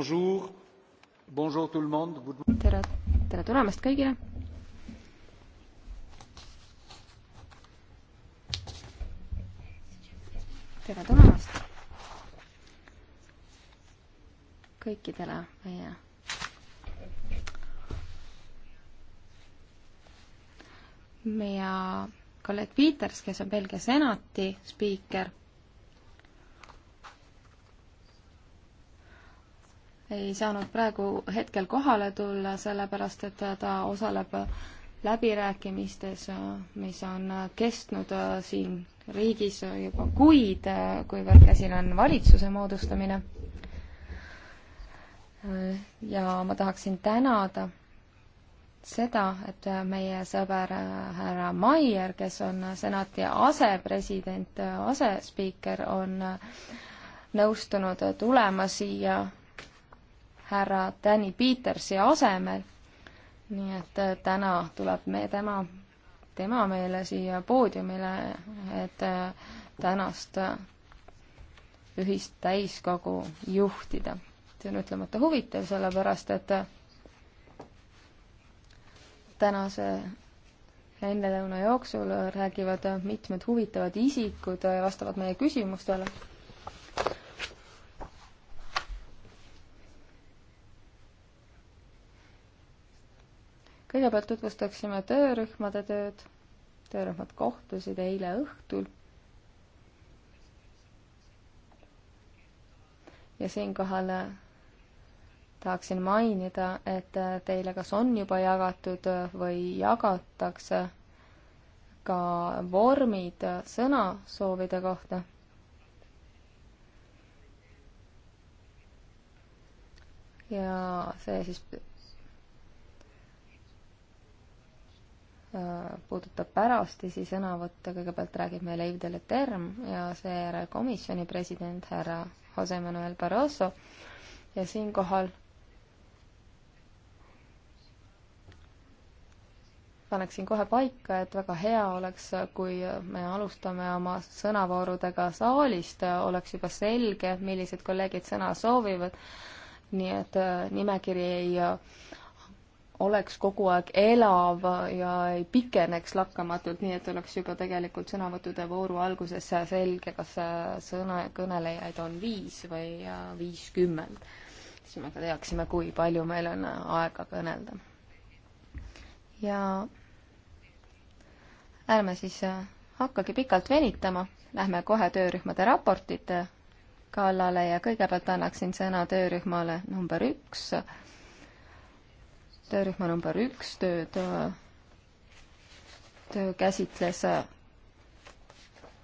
tere, tere tulemast kõigile. tere tulemast kõikidele meie meie kolleeg Peters, kes on Belgia senati spiiker ei saanud praegu hetkel kohale tulla, sellepärast et ta osaleb läbirääkimistes, mis on kestnud äh, siin riigis juba kuid, äh, kuivõrd käsil on valitsuse moodustamine. Äh, ja ma tahaksin tänada seda, et meie sõber härra Maier, kes on senati asepresident, asespiiker, on nõustunud tulema siia härra Danny Petersi asemel. nii et äh, täna tuleb me tema, tema meile siia poodiumile, et äh, tänast äh, ühist täiskogu juhtida. see on ütlemata huvitav, sellepärast et tänase ennelõuna jooksul räägivad mitmed huvitavad isikud, vastavad meie küsimustele kõigepealt tutvustaksime töörühmade tööd. töörühmad kohtusid eile õhtul. ja siinkohal äh, tahaksin mainida, et äh, teile kas on juba jagatud äh, või jagatakse ka vormid sõnasoovide kohta. ja see siis puudutab pärastisi sõnavõtte, kõigepealt räägib meile Yves Deleterm ja seejärel komisjoni president härra Jose Manuel Barroso ja siinkohal paneksin kohe paika, et väga hea oleks, kui me alustame oma sõnavoorudega saalist, oleks juba selge, millised kolleegid sõna soovivad, nii et äh, nimekiri ei äh, oleks kogu aeg elav ja ei pikeneks lakkamatult, nii et oleks juba tegelikult sõnavõttude vooru alguses selge, kas sõna, kõnelejaid on viis või viiskümmend. siis me ka teaksime, kui palju meil on aega kõnelda. ja ärme siis hakkagi pikalt venitama, lähme kohe töörühmade raportite kallale ja kõigepealt annaksin sõna töörühmale number üks töörühma number üks tööd, töö käsitles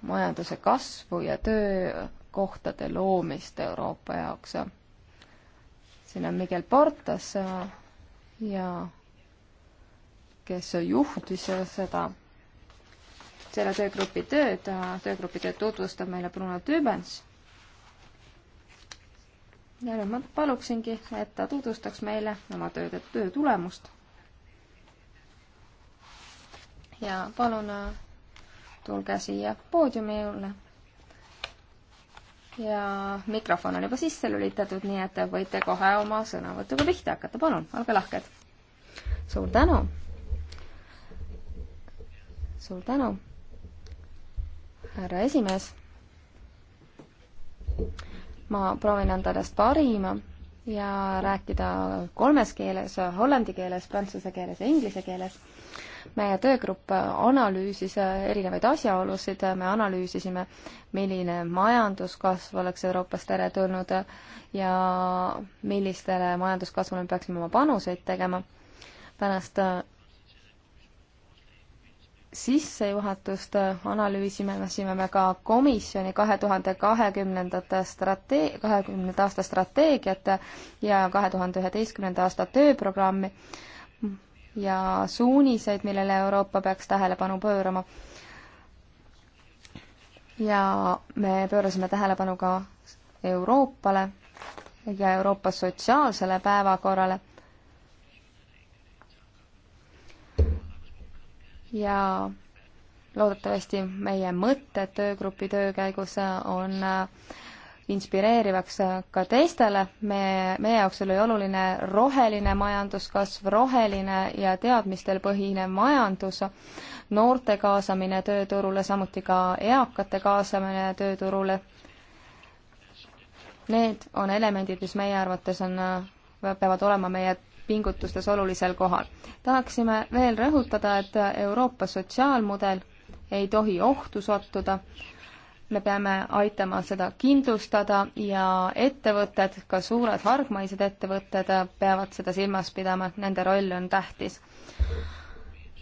majanduse kasvu ja töökohtade loomist Euroopa jaoks. siin on Miguel Portas ja kes juhtis seda, selle töögrupi tööd, töögrupi tööd tutvustab meile Bruno Tübens ja nüüd ma paluksingi, et ta tutvustaks meile oma tööd, töö tulemust. ja palun äh, tulge siia poodiumile. ja mikrofon on juba sisse lülitatud, nii et võite kohe oma sõnavõtuga pihta hakata, palun, olge lahked. suur tänu. suur tänu, härra esimees ma proovin anda endast parima ja rääkida kolmes keeles, hollandi keeles, prantsuse keeles ja inglise keeles. meie töögrupp analüüsis erinevaid asjaolusid, me analüüsisime, milline majanduskasv oleks Euroopas teretulnud ja millistele majanduskasvule me peaksime oma panuseid tegema. pärast sissejuhatust äh, analüüsime me ka komisjoni kahe tuhande kahekümnendate strate-, kahekümnenda aasta strateegiat ja kahe tuhande üheteistkümnenda aasta tööprogrammi ja suuniseid, millele Euroopa peaks tähelepanu pöörama. ja me pöörasime tähelepanu ka Euroopale ja Euroopa sotsiaalsele päevakorrale ja loodetavasti meie mõtted töögrupi töö käigus äh, on äh, inspireerivaks äh, ka teistele. me, meie jaoks oli oluline roheline majanduskasv, roheline ja teadmistel põhinev majandus, noorte kaasamine tööturule, samuti ka eakate kaasamine tööturule. Need on elemendid, mis meie arvates on, peavad olema meie pingutustes olulisel kohal. tahaksime veel rõhutada, et Euroopa sotsiaalmudel ei tohi ohtu sattuda, me peame aitama seda kindlustada ja ettevõtted, ka suured hargmaised ettevõtted peavad seda silmas pidama, et nende roll on tähtis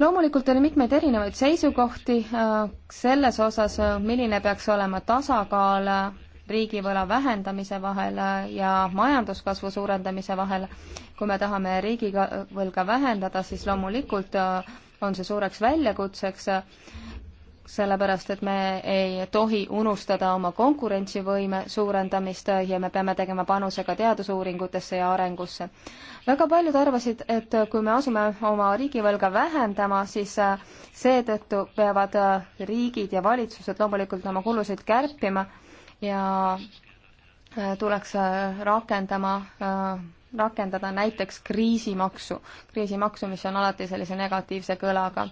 loomulikult oli mitmeid erinevaid seisukohti äh, selles osas, äh, milline peaks olema tasakaal riigivõla vähendamise vahel ja majanduskasvu suurendamise vahel. kui me tahame riigivõlga vähendada, siis loomulikult äh, on see suureks väljakutseks, sellepärast et me ei tohi unustada oma konkurentsivõime suurendamist ja me peame tegema panuse ka teadusuuringutesse ja arengusse. väga paljud arvasid, et kui me asume oma riigivõlga vähendama, siis äh, seetõttu peavad äh, riigid ja valitsused loomulikult oma kulusid kärpima ja äh, tuleks äh, rakendama, äh, rakendada näiteks kriisimaksu, kriisimaksu, mis on alati sellise negatiivse kõlaga.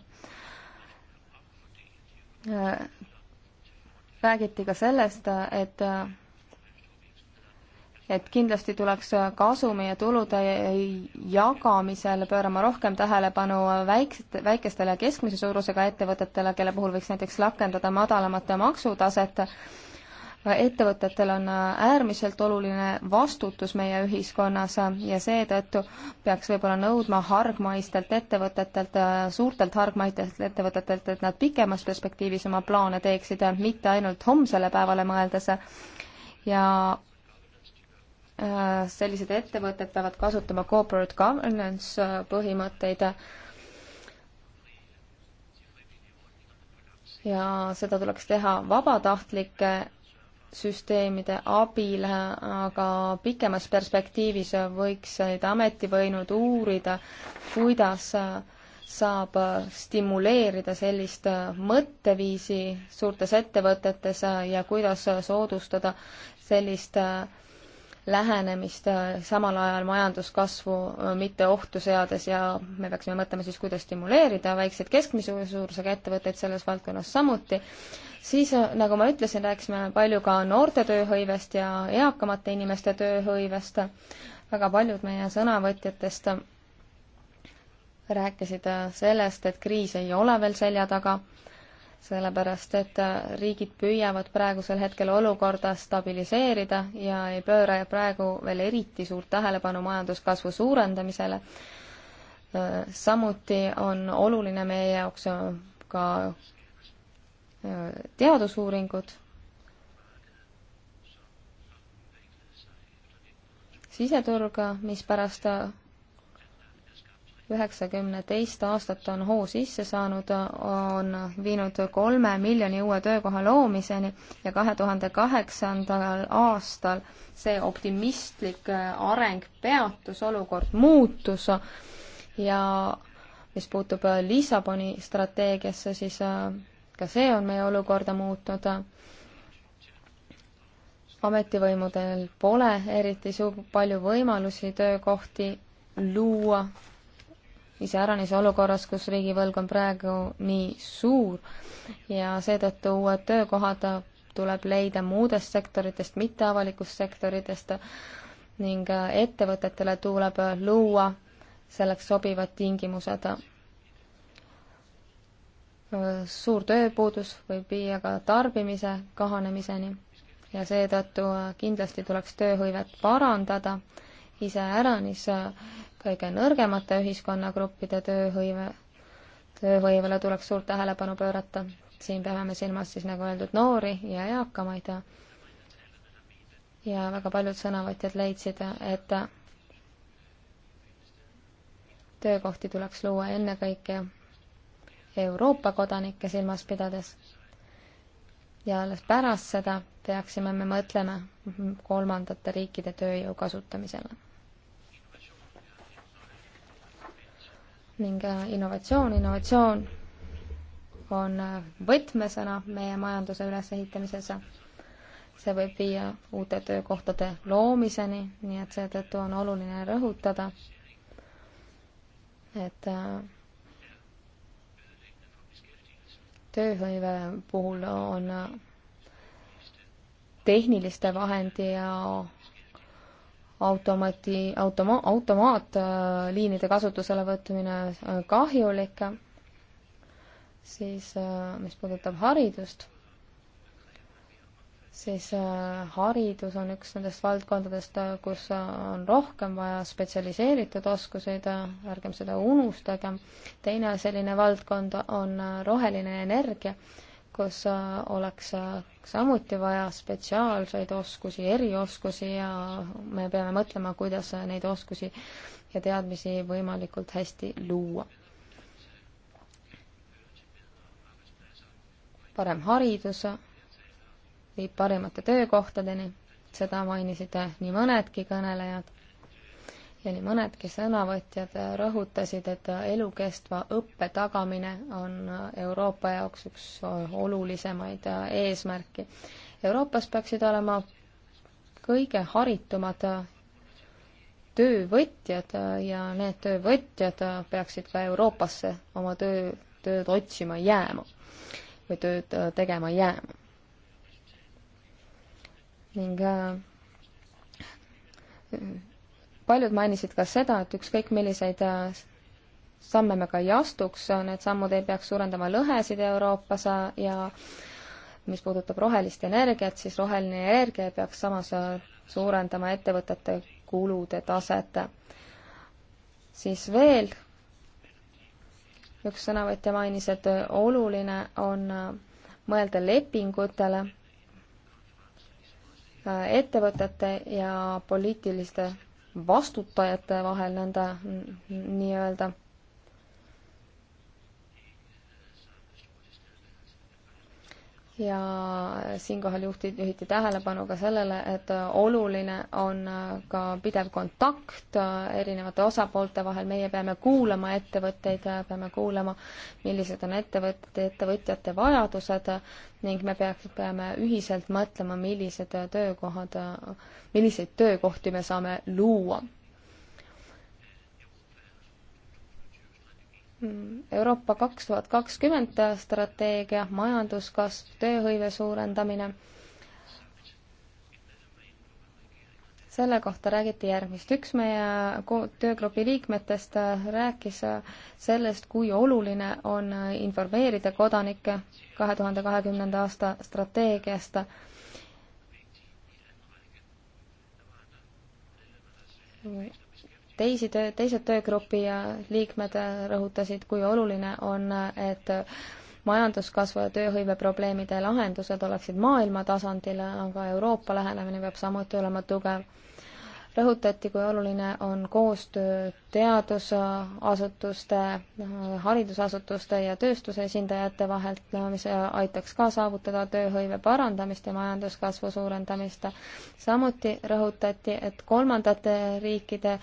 räägiti ka sellest, et et kindlasti tuleks kasumi ja tulude jagamisel pöörama rohkem tähelepanu väikeste, väikestele ja keskmise suurusega ettevõtetele, kelle puhul võiks näiteks rakendada madalamat maksutaset ettevõtetel on äärmiselt oluline vastutus meie ühiskonnas ja seetõttu peaks võib-olla nõudma hargmaistelt ettevõtetelt, suurtelt hargmaistelt ettevõtetelt, et nad pikemas perspektiivis oma plaane teeksid, mitte ainult homsele päevale mõeldes. ja äh, sellised ettevõtted peavad kasutama corporate governance põhimõtteid ja seda tuleks teha vabatahtlike süsteemide abil, aga pikemas perspektiivis võiksid ametivõinud uurida, kuidas saab stimuleerida sellist mõtteviisi suurtes ettevõtetes ja kuidas soodustada sellist äh, lähenemist, äh, samal ajal majanduskasvu äh, mitte ohtu seades ja me peaksime mõtlema siis, kuidas stimuleerida väikseid keskmise suurusega ettevõtteid selles valdkonnas samuti, siis äh, nagu ma ütlesin, rääkisime palju ka noorte tööhõivest ja eakamate inimeste tööhõivest, väga paljud meie sõnavõtjatest rääkisid sellest, et kriis ei ole veel selja taga sellepärast et riigid püüavad praegusel hetkel olukorda stabiliseerida ja ei pööra praegu veel eriti suurt tähelepanu majanduskasvu suurendamisele. samuti on oluline meie jaoks ka äh, teadusuuringud. siseturg, mis pärast üheksakümne teist aastat on hoo sisse saanud, on viinud kolme miljoni uue töökoha loomiseni ja kahe tuhande kaheksandal aastal see optimistlik äh, areng peatus, olukord muutus ja mis puutub äh, Lissaboni strateegiasse, siis äh, ka see on meie olukorda muutnud. ametivõimudel pole eriti palju võimalusi töökohti luua iseäranis olukorras, kus riigivõlg on praegu nii suur ja seetõttu uued töökohad tuleb leida muudest sektoritest, mitte avalikust sektoritest ning ettevõtetele tuleb luua selleks sobivad tingimused. suur tööpuudus võib viia ka tarbimise kahanemiseni ja seetõttu kindlasti tuleks tööhõivet parandada iseäranis kõige nõrgemate ühiskonnagruppide tööhõive, tööhõivele tuleks suurt tähelepanu pöörata. siin peame silmas siis nagu öeldud noori ja eakamaid ja ja väga paljud sõnavõtjad leidsid, et töökohti tuleks luua ennekõike Euroopa kodanikke silmas pidades. ja alles pärast seda peaksime me mõtlema kolmandate riikide tööjõu kasutamisele ning äh, innovatsioon, innovatsioon on äh, võtmesõna meie majanduse ülesehitamises. see võib viia uute töökohtade loomiseni, nii et seetõttu on oluline rõhutada, et äh, tööhõive puhul on tehniliste vahendi ja automaati, automa-, automaatliinide kasutusele võtmine äh, kahjulik, siis äh, mis puudutab haridust, siis äh, haridus on üks nendest valdkondadest, kus on rohkem vaja spetsialiseeritud oskuseid, ärgem seda unustagem. teine selline valdkond on roheline energia kus äh, oleks äh, samuti vaja spetsiaalseid oskusi, erioskusi ja me peame mõtlema, kuidas neid oskusi ja teadmisi võimalikult hästi luua. parem haridus viib parimate töökohtadeni, seda mainisid nii mõnedki kõnelejad ja nii mõnedki sõnavõtjad äh, rõhutasid, et äh, elukestva õppe tagamine on äh, Euroopa jaoks üks olulisemaid eesmärki. Euroopas peaksid olema kõige haritumad töövõtjad ja need töövõtjad peaksid ka Euroopasse oma töö, tööd otsima jääma või tööd tegema jääma. ning paljud mainisid ka seda, et ükskõik milliseid äh, samme me ka ei astuks, äh, need sammud ei peaks suurendama lõhesid Euroopas äh, ja mis puudutab rohelist energiat, siis roheline energia peaks samas suurendama ettevõtete kulude taset. siis veel üks sõnavõtja mainis, et oluline on mõelda lepingutele ettevõtete ja poliitiliste vastutajate vahel nõnda nii-öelda ja siinkohal juhti, juhiti tähelepanu ka sellele, et oluline on ka pidev kontakt erinevate osapoolte vahel, meie peame kuulama ettevõtteid, peame kuulama, millised on ettevõtete, ettevõtjate vajadused ning me peaks, peame ühiselt mõtlema, millised töökohad, milliseid töökohti me saame luua Euroopa kaks tuhat kakskümmend strateegia, majanduskasv, tööhõive suurendamine. selle kohta räägiti järgmist. üks meie töögrupi liikmetest rääkis sellest, kui oluline on informeerida kodanikke kahe tuhande kahekümnenda aasta strateegiast teisi töö, teised töögrupi liikmed äh, rõhutasid, kui oluline on, äh, et majanduskasvu ja tööhõive probleemide lahendused oleksid maailma tasandil, aga Euroopa lähenemine peab samuti olema tugev rõhutati, kui oluline on koostöö teadusasutuste, haridusasutuste ja tööstuse esindajate vahelt, mis aitaks ka saavutada tööhõive parandamist ja majanduskasvu suurendamist. samuti rõhutati, et kolmandate riikide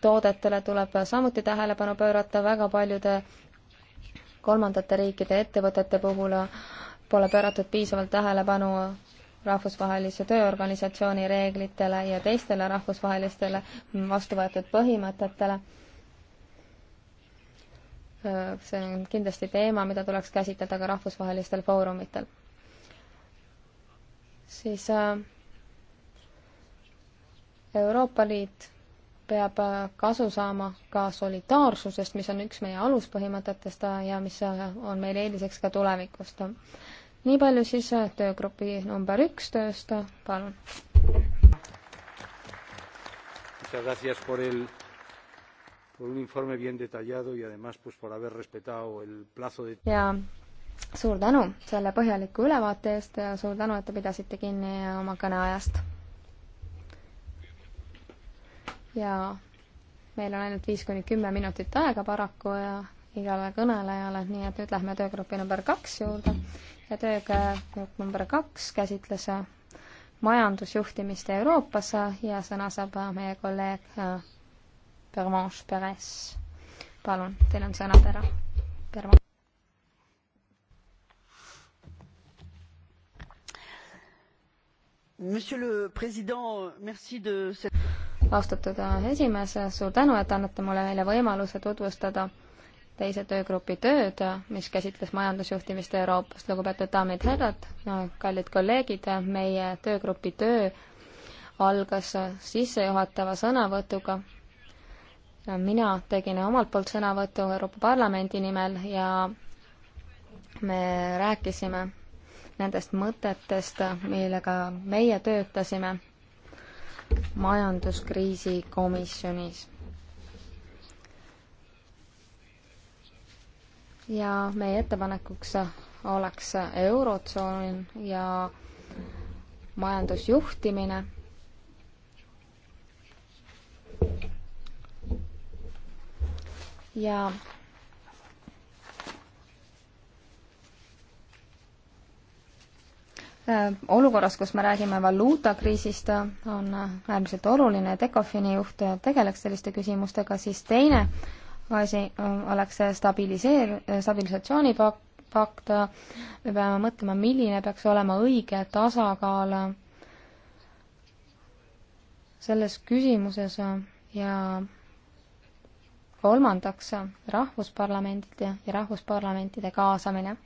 toodetele tuleb samuti tähelepanu pöörata väga paljude kolmandate riikide ettevõtete puhul pole pööratud piisavalt tähelepanu rahvusvahelise tööorganisatsiooni reeglitele ja teistele rahvusvahelistele vastu võetud põhimõtetele. see on kindlasti teema, mida tuleks käsitleda ka rahvusvahelistel foorumitel. siis äh, Euroopa Liit peab äh, kasu saama ka solidaarsusest, mis on üks meie aluspõhimõtetest äh, ja mis on meil eeliseks ka tulevikust nii palju siis äh, töögrupi number üks tööst, palun. ja suur tänu selle põhjaliku ülevaate eest ja suur tänu, et te pidasite kinni oma kõneajast. ja meil on ainult viis kuni kümme minutit aega paraku ja igale kõnelejale, nii et nüüd lähme töögrupi number kaks juurde ja töökäekulup number kaks käsitles majandusjuhtimist Euroopas ja sõna saab meie kolleeg äh, Permanche Perez. palun, teil on sõnad ära. Monsieur le Président, merci de austatud äh, esimees, suur tänu, et annate mulle välja võimaluse tutvustada teise töögrupi tööd, mis käsitles majandusjuhtimist Euroopas. lugupeetud daamid ja härrad, kallid kolleegid, meie töögrupi töö algas sissejuhatava sõnavõtuga. mina tegin omalt poolt sõnavõtu Euroopa Parlamendi nimel ja me rääkisime nendest mõtetest, millega meie töötasime majanduskriisi komisjonis ja meie ettepanekuks oleks Eurotsoon ja majandusjuhtimine. ja äh, olukorras, kus me räägime valuutakriisist, on äärmiselt oluline, et ECOFIN-i juht tegeleks selliste küsimustega, siis teine äh, asi äh, oleks stabiliseer-, äh, stabilisatsioonipakt, äh, me peame mõtlema, milline peaks olema õige tasakaal selles küsimuses ja kolmandaks rahvusparlamendid ja rahvusparlamentide kaasamine.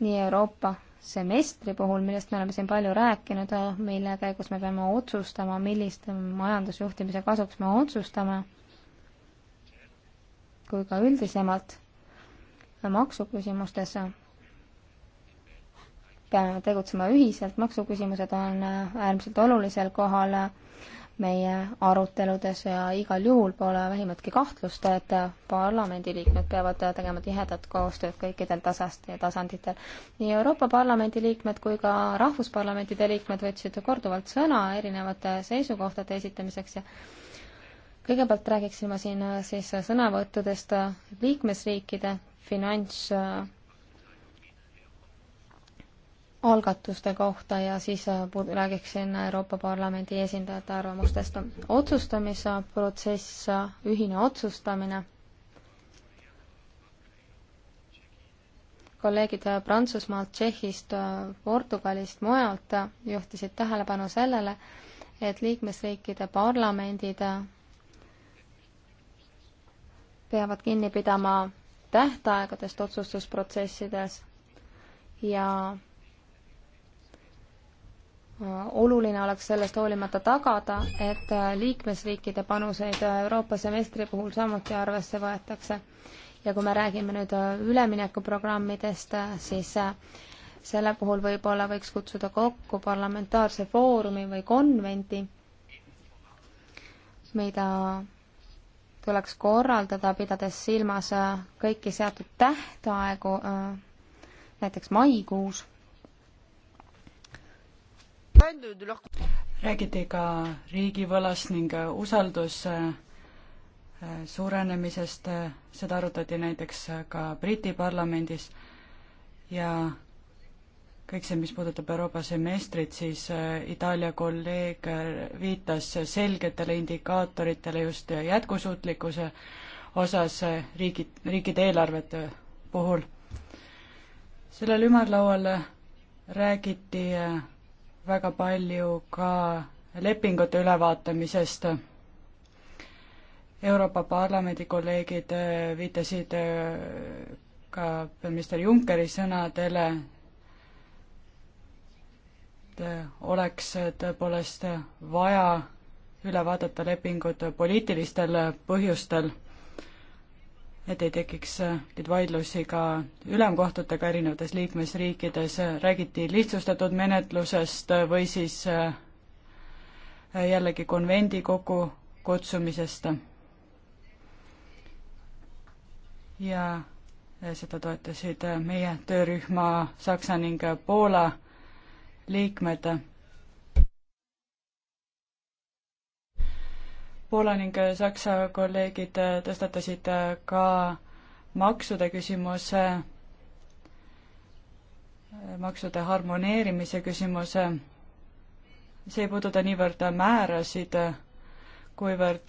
nii Euroopa semestri puhul, millest me oleme siin palju rääkinud, ah, mille käigus me peame otsustama, millist majandusjuhtimise kasuks me otsustame, kui ka üldisemalt maksuküsimustes peame tegutsema ühiselt, maksuküsimused on äärmiselt olulisel kohal meie aruteludes ja igal juhul pole vähimatki kahtlust, et parlamendiliikmed peavad tegema tihedat koostööd kõikidel tasast ja tasanditel. nii Euroopa Parlamendi liikmed kui ka rahvusparlamentide liikmed võtsid korduvalt sõna erinevate seisukohtade esitamiseks ja kõigepealt räägiksin ma siin siis sõnavõttudest liikmesriikide finants algatuste kohta ja siis äh, räägiksin Euroopa Parlamendi esindajate arvamustest. otsustamise protsess, äh, ühine otsustamine. kolleegid äh, Prantsusmaalt, Tšehhist, Portugalist, mujalt juhtisid tähelepanu sellele, et liikmesriikide parlamendid peavad kinni pidama tähtaegadest otsustusprotsessides ja oluline oleks sellest hoolimata tagada, et liikmesriikide panuseid Euroopa semestri puhul samuti arvesse võetakse. ja kui me räägime nüüd üleminekuprogrammidest, siis selle puhul võib-olla võiks kutsuda kokku parlamentaarse foorumi või konventi, mida tuleks korraldada, pidades silmas kõiki seatud tähtaegu, näiteks maikuus räägiti ka riigivõlast ning äh, usaldus äh, äh, suurenemisest, seda arutati näiteks ka Briti parlamendis ja kõik see, mis puudutab Euroopa semestrit, siis Itaalia kolleeg viitas selgetele indikaatoritele just jätkusuutlikkuse osas riigi, riikide eelarvete puhul. sellel ümarlaual räägiti väga palju ka lepingute ülevaatamisest. Euroopa Parlamendi kolleegid äh, viitasid äh, ka peaminister Junckeri sõnadele, et äh, oleks tõepoolest vaja üle vaadata lepingud poliitilistel põhjustel et ei tekiks neid vaidlusi ka ülemkohtutega erinevates liikmesriikides, räägiti lihtsustatud menetlusest või siis äh, jällegi konvendi kokkukutsumisest. ja äh, seda toetasid äh, meie töörühma Saksa ning Poola liikmed Poola ning Saksa kolleegid äh, tõstatasid äh, ka maksude küsimuse, äh, maksude harmoneerimise küsimuse. see ei puuduta niivõrd määrasid, kuivõrd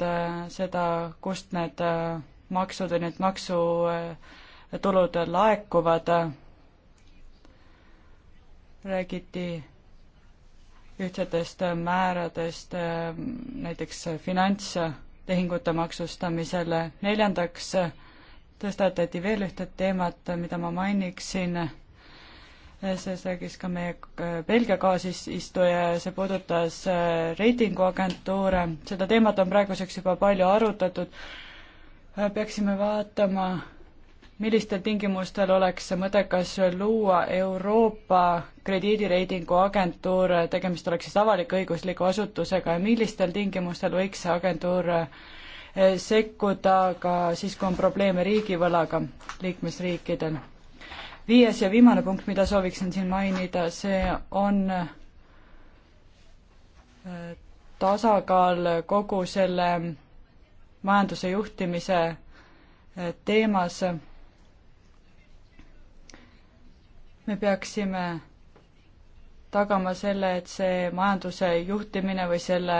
seda, kust need maksud või need maksutulud laekuvad. räägiti ühtsetest määradest ähm, näiteks finantstehingute maksustamisele. neljandaks tõstatati veel ühte teemat, mida ma mainiksin, sellest rääkis ka meie äh, Belgia kaasistuja ja see puudutas äh, reitinguagentuure. seda teemat on praeguseks juba palju arutatud. peaksime vaatama, millistel tingimustel oleks mõttekas luua Euroopa krediidireitingu agentuur, tegemist oleks siis avalik-õigusliku asutusega ja millistel tingimustel võiks see agentuur eh, sekkuda ka siis, kui on probleeme riigivõlaga liikmesriikidel. viies ja viimane punkt, mida sooviksin siin mainida, see on eh, tasakaal kogu selle majanduse juhtimise eh, teemas me peaksime tagama selle, et see majanduse juhtimine või selle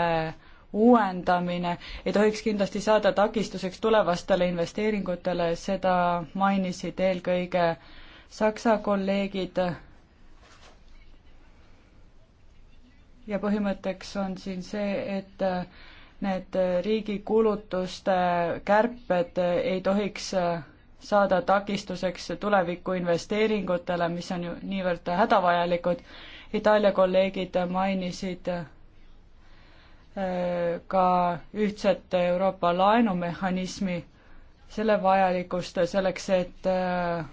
uuendamine ei tohiks kindlasti saada takistuseks tulevastele investeeringutele, seda mainisid eelkõige Saksa kolleegid. ja põhimõtteks on siin see, et need riigi kulutuste kärped ei tohiks saada takistuseks tuleviku investeeringutele, mis on ju niivõrd hädavajalikud. Itaalia kolleegid mainisid äh, ka ühtset Euroopa laenumehhanismi, selle vajalikkust selleks, et äh,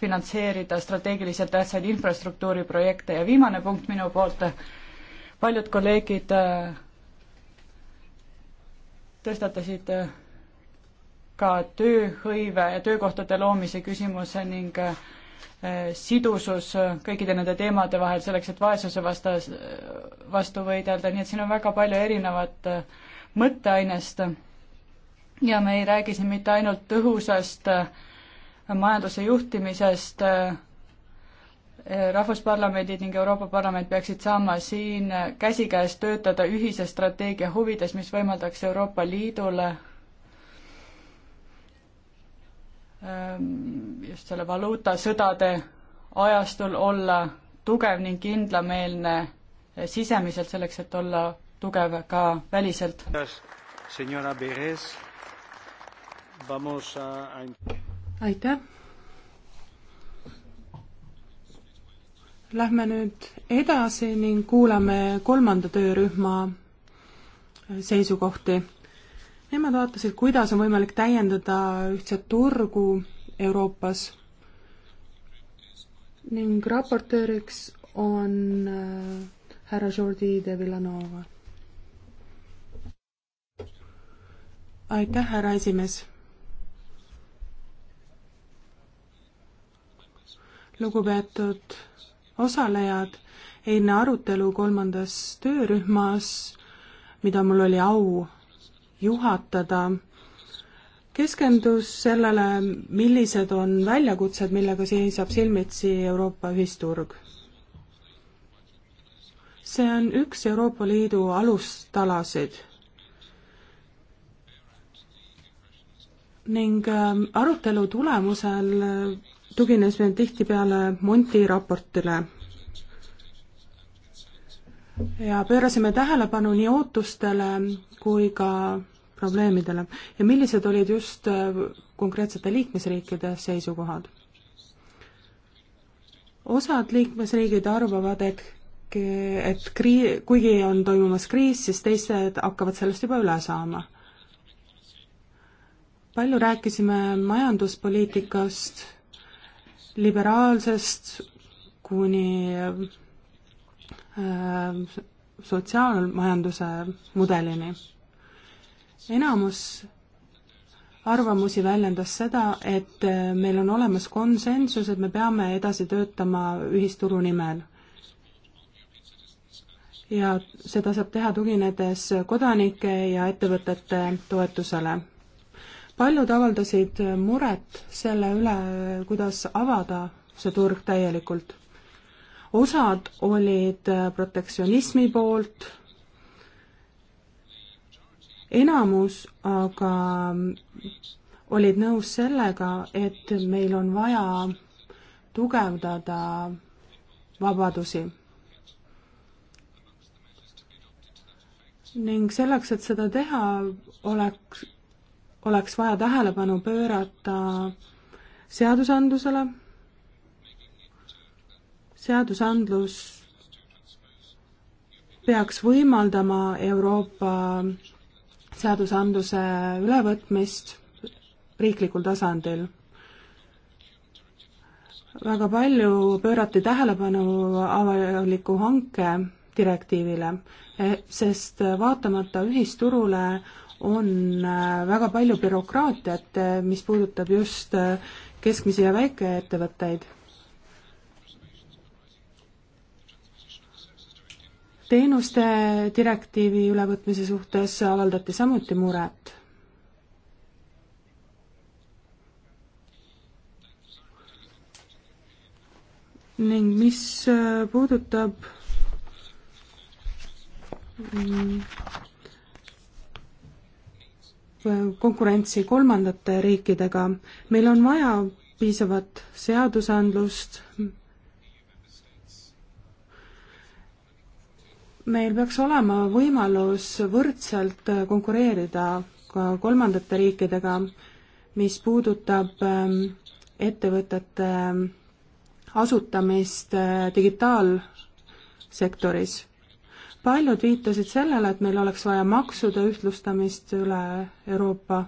finantseerida strateegiliselt tähtsaid infrastruktuuriprojekte ja viimane punkt minu poolt, paljud kolleegid äh, tõstatasid ka tööhõive ja töökohtade loomise küsimus ning äh, sidusus kõikide nende teemade vahel selleks, et vaesuse vastas, vastu võidelda, nii et siin on väga palju erinevat äh, mõtteainest. ja me ei räägi siin mitte ainult tõhusast äh, majanduse juhtimisest, rahvusparlamendid ning Euroopa Parlament peaksid saama siin käsikäes töötada ühise strateegia huvides, mis võimaldaks Euroopa Liidule Ähm, just selle valuutasõdade ajastul olla tugev ning kindlameelne eh, sisemiselt, selleks et olla tugev ka väliselt. aitäh. Lähme nüüd edasi ning kuulame kolmanda töörühma seisukohti Nemad vaatasid, kuidas on võimalik täiendada ühtset turgu Euroopas ning raportööriks on äh, härra Jordi de Villanova. aitäh, härra esimees. lugupeetud osalejad, eilne arutelu kolmandas töörühmas, mida mul oli au juhatada, keskendus sellele, millised on väljakutsed, millega seisab silmitsi Euroopa ühisturg. see on üks Euroopa Liidu alustalasid ning ähm, arutelu tulemusel tuginesime tihtipeale Monti raportile ja pöörasime tähelepanu nii ootustele kui ka probleemidele ja millised olid just äh, konkreetsete liikmesriikide seisukohad. osad liikmesriigid arvavad, et et krii-, kuigi on toimumas kriis, siis teised hakkavad sellest juba üle saama. palju rääkisime majanduspoliitikast, liberaalsest kuni Äh, sotsiaalmajanduse mudelini. enamus arvamusi väljendas seda, et äh, meil on olemas konsensus, et me peame edasi töötama ühisturu nimel. ja seda saab teha tuginedes kodanike ja ettevõtete toetusele. paljud avaldasid muret selle üle, kuidas avada see turg täielikult osad olid äh, protektsionismi poolt, enamus aga mm, olid nõus sellega, et meil on vaja tugevdada vabadusi. ning selleks, et seda teha, oleks, oleks vaja tähelepanu pöörata seadusandlusele seadusandlus peaks võimaldama Euroopa seadusandluse ülevõtmist riiklikul tasandil. väga palju pöörati tähelepanu avaliku hanke direktiivile, e, sest vaatamata ühisturule on e, väga palju bürokraatiat, e, mis puudutab just keskmisi ja väikeettevõtteid teenuste direktiivi ülevõtmise suhtes avaldati samuti muret. ning mis äh, puudutab mm, äh, konkurentsi kolmandate riikidega, meil on vaja piisavat seadusandlust, meil peaks olema võimalus võrdselt konkureerida ka kolmandate riikidega, mis puudutab ähm, ettevõtete ähm, asutamist äh, digitaalsektoris. paljud viitasid sellele, et meil oleks vaja maksude ühtlustamist üle Euroopa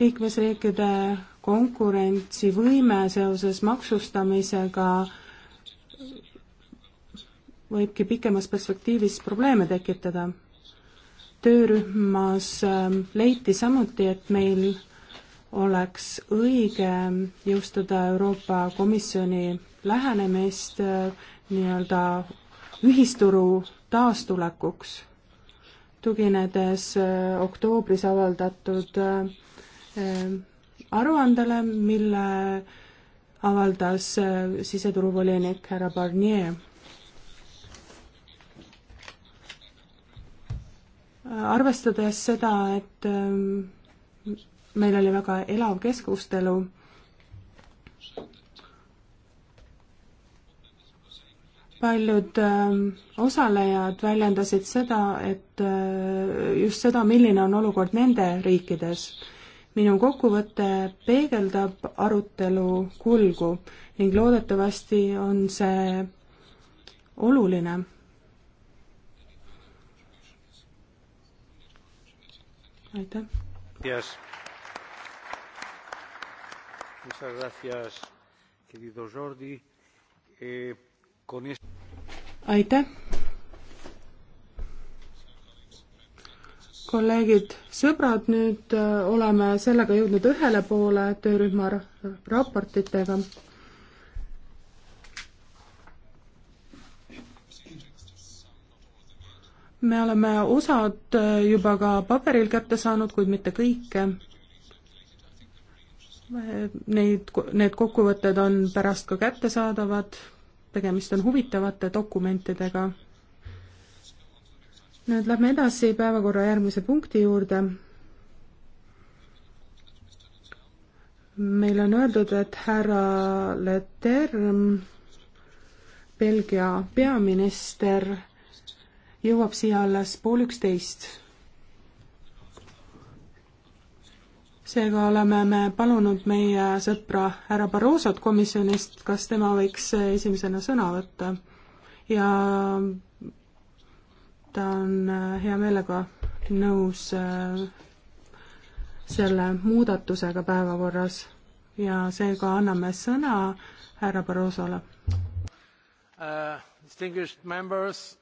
liikmesriikide konkurentsivõime seoses maksustamisega võibki pikemas perspektiivis probleeme tekitada. töörühmas ähm, leiti samuti, et meil oleks õige jõustada Euroopa Komisjoni lähenemist äh, nii-öelda ühisturu taastulekuks, tuginedes äh, oktoobris avaldatud äh, aruandele, mille avaldas siseturuvolinik härra Barnier arvestades seda, et ähm, meil oli väga elav keskustelu, paljud ähm, osalejad väljendasid seda, et äh, just seda, milline on olukord nende riikides. minu kokkuvõte peegeldab arutelu kulgu ning loodetavasti on see oluline aitäh yes.. Muchas gracias, querido Jordi eh,. Con... aitäh. kolleegid, sõbrad, nüüd äh, oleme sellega jõudnud ühele poole töörühma raportitega me oleme osad äh, juba ka paberil kätte saanud, kuid mitte kõike. Neid, need kokkuvõtted on pärast ka kättesaadavad, tegemist on huvitavate dokumentidega. nüüd lähme edasi päevakorra järgmise punkti juurde meile on öeldud, et härra Leterm, Belgia peaminister, jõuab siia alles pool üksteist. seega oleme me palunud meie sõpra härra Barrosot komisjonist, kas tema võiks esimesena sõna võtta ja ta on äh, hea meelega nõus äh, selle muudatusega päevakorras ja seega anname sõna härra Barrosole uh,. Distinguished members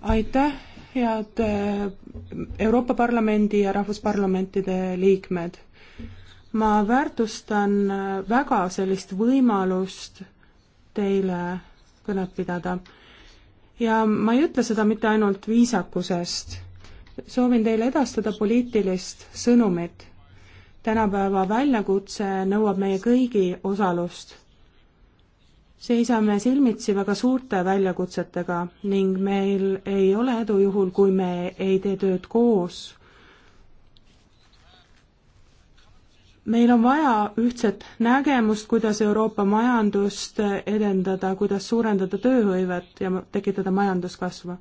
aitäh, head äh, Euroopa Parlamendi ja Rahvusparlamentide liikmed. ma väärtustan äh, väga sellist võimalust teile kõnet pidada. ja ma ei ütle seda mitte ainult viisakusest, soovin teile edastada poliitilist sõnumit. tänapäeva väljakutse nõuab meie kõigi osalust seisame silmitsi väga suurte väljakutsetega ning meil ei ole edu juhul, kui me ei tee tööd koos. meil on vaja ühtset nägemust, kuidas Euroopa majandust edendada, kuidas suurendada tööhõivet ja tekitada majanduskasvu.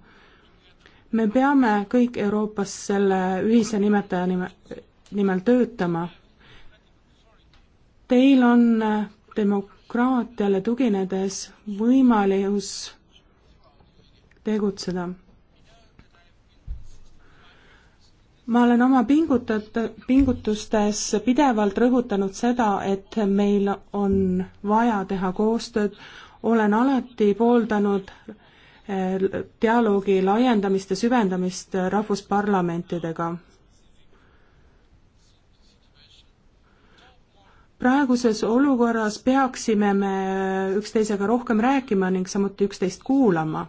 me peame kõik Euroopas selle ühise nimetaja nime, nimel töötama. Teil on eh, demo-, demokraatiale tuginedes võimalus tegutseda. ma olen oma pingutat-, pingutustes pidevalt rõhutanud seda, et meil on vaja teha koostööd, olen alati pooldanud eh, dialoogi laiendamist ja süvendamist rahvusparlamentidega praeguses olukorras peaksime me üksteisega rohkem rääkima ning samuti üksteist kuulama.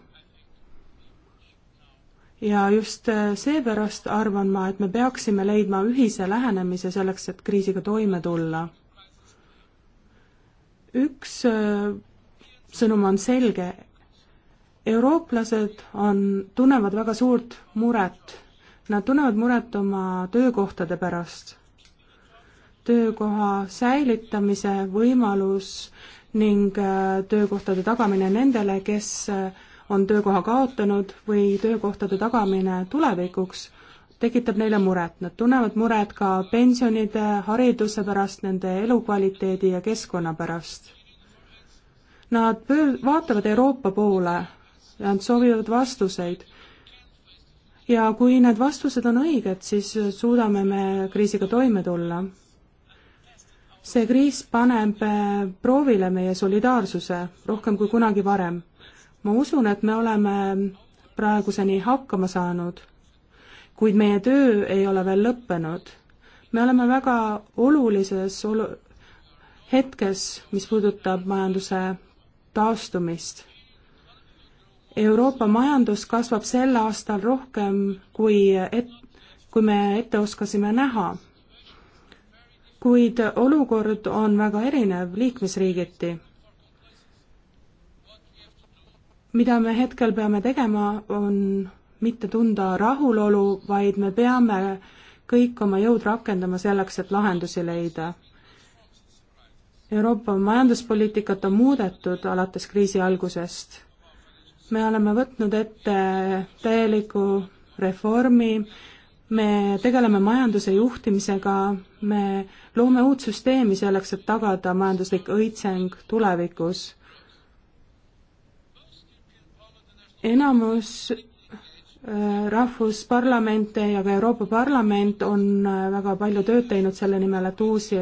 ja just seepärast arvan ma, et me peaksime leidma ühise lähenemise selleks, et kriisiga toime tulla. üks äh, sõnum on selge, eurooplased on, tunnevad väga suurt muret. Nad tunnevad muret oma töökohtade pärast töökoha säilitamise võimalus ning äh, töökohtade tagamine nendele, kes äh, on töökoha kaotanud või töökohtade tagamine tulevikuks, tekitab neile muret, nad tunnevad muret ka pensionide, hariduse pärast, nende elukvaliteedi ja keskkonna pärast. Nad pöör-, vaatavad Euroopa poole ja nad soovivad vastuseid. ja kui need vastused on õiged, siis suudame me kriisiga toime tulla see kriis paneb äh, proovile meie solidaarsuse rohkem kui kunagi varem. ma usun, et me oleme praeguseni hakkama saanud, kuid meie töö ei ole veel lõppenud. me oleme väga olulises olu-, hetkes, mis puudutab majanduse taastumist. Euroopa majandus kasvab sel aastal rohkem, kui et-, kui me ette oskasime näha kuid olukord on väga erinev liikmesriigiti. mida me hetkel peame tegema, on mitte tunda rahulolu, vaid me peame kõik oma jõud rakendama selleks, et lahendusi leida. Euroopa majanduspoliitikat on muudetud alates kriisi algusest. me oleme võtnud ette täieliku reformi, me tegeleme majanduse juhtimisega, me loome uut süsteemi selleks, et tagada majanduslik õitseng tulevikus. enamus äh, rahvusparlamente ja ka Euroopa Parlament on äh, väga palju tööd teinud selle nimel, et uusi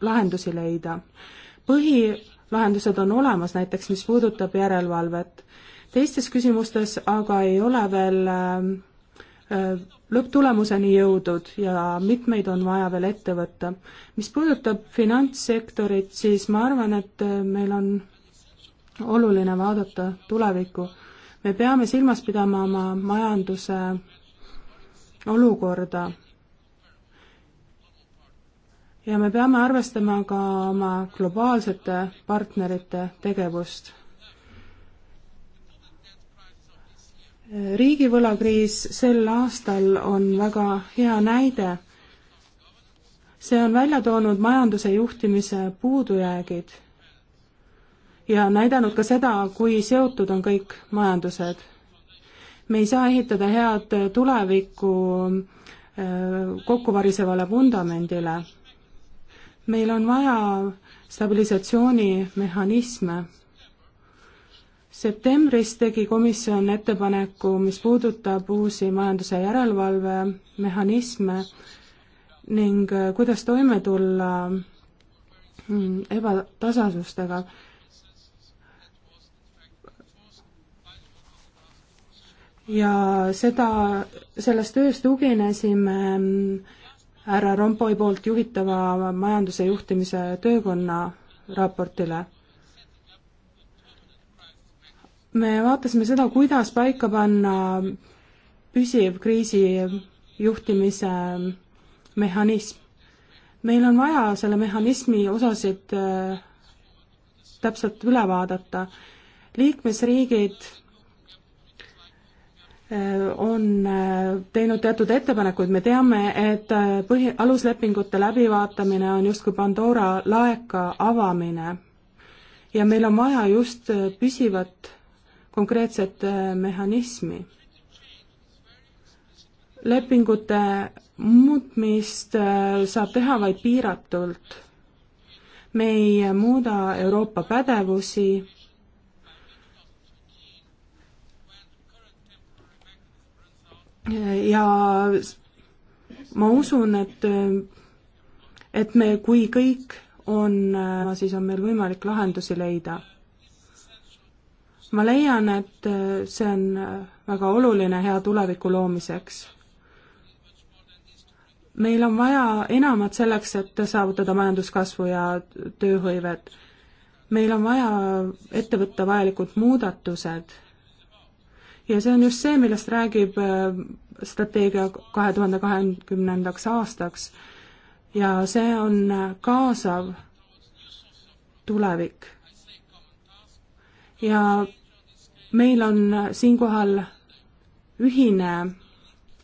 lahendusi leida. põhilahendused on olemas, näiteks mis puudutab järelevalvet. teistes küsimustes aga ei ole veel äh, lõpptulemuseni jõudnud ja mitmeid on vaja veel ette võtta. mis puudutab finantssektorit, siis ma arvan, et meil on oluline vaadata tulevikku. me peame silmas pidama oma majanduse olukorda ja me peame arvestama ka oma globaalsete partnerite tegevust riigivõlakriis sel aastal on väga hea näide. see on välja toonud majanduse juhtimise puudujäägid ja näidanud ka seda, kui seotud on kõik majandused. me ei saa ehitada head tulevikku äh, kokkuvarisevale vundamendile. meil on vaja stabilisatsioonimehhanisme septembris tegi komisjon ettepaneku, mis puudutab uusi majanduse järelevalve mehhanisme ning äh, kuidas toime tulla mm, ebatasasustega. ja seda, selles töös tuginesime mm, härra Rompoi poolt juhitava majanduse juhtimise töökonna raportile me vaatasime seda, kuidas paika panna püsiv kriisijuhtimise mehhanism. meil on vaja selle mehhanismi osasid äh, täpselt üle vaadata. liikmesriigid äh, on äh, teinud teatud ettepanekuid, me teame, et põhi, aluslepingute läbivaatamine on justkui Pandora laeka avamine. ja meil on vaja just püsivat konkreetset äh, mehhanismi. lepingute muutmist äh, saab teha vaid piiratult. me ei muuda Euroopa pädevusi, ja ma usun, et, et me, kui kõik on, äh, siis on meil võimalik lahendusi leida ma leian, et äh, see on äh, väga oluline hea tuleviku loomiseks. meil on vaja enamat selleks, et saavutada majanduskasvu ja tööhõivet. meil on vaja ette võtta vajalikud muudatused ja see on just see, millest räägib äh, strateegia kahe tuhande kahekümnendaks aastaks ja see on kaasav tulevik ja meil on siinkohal ühine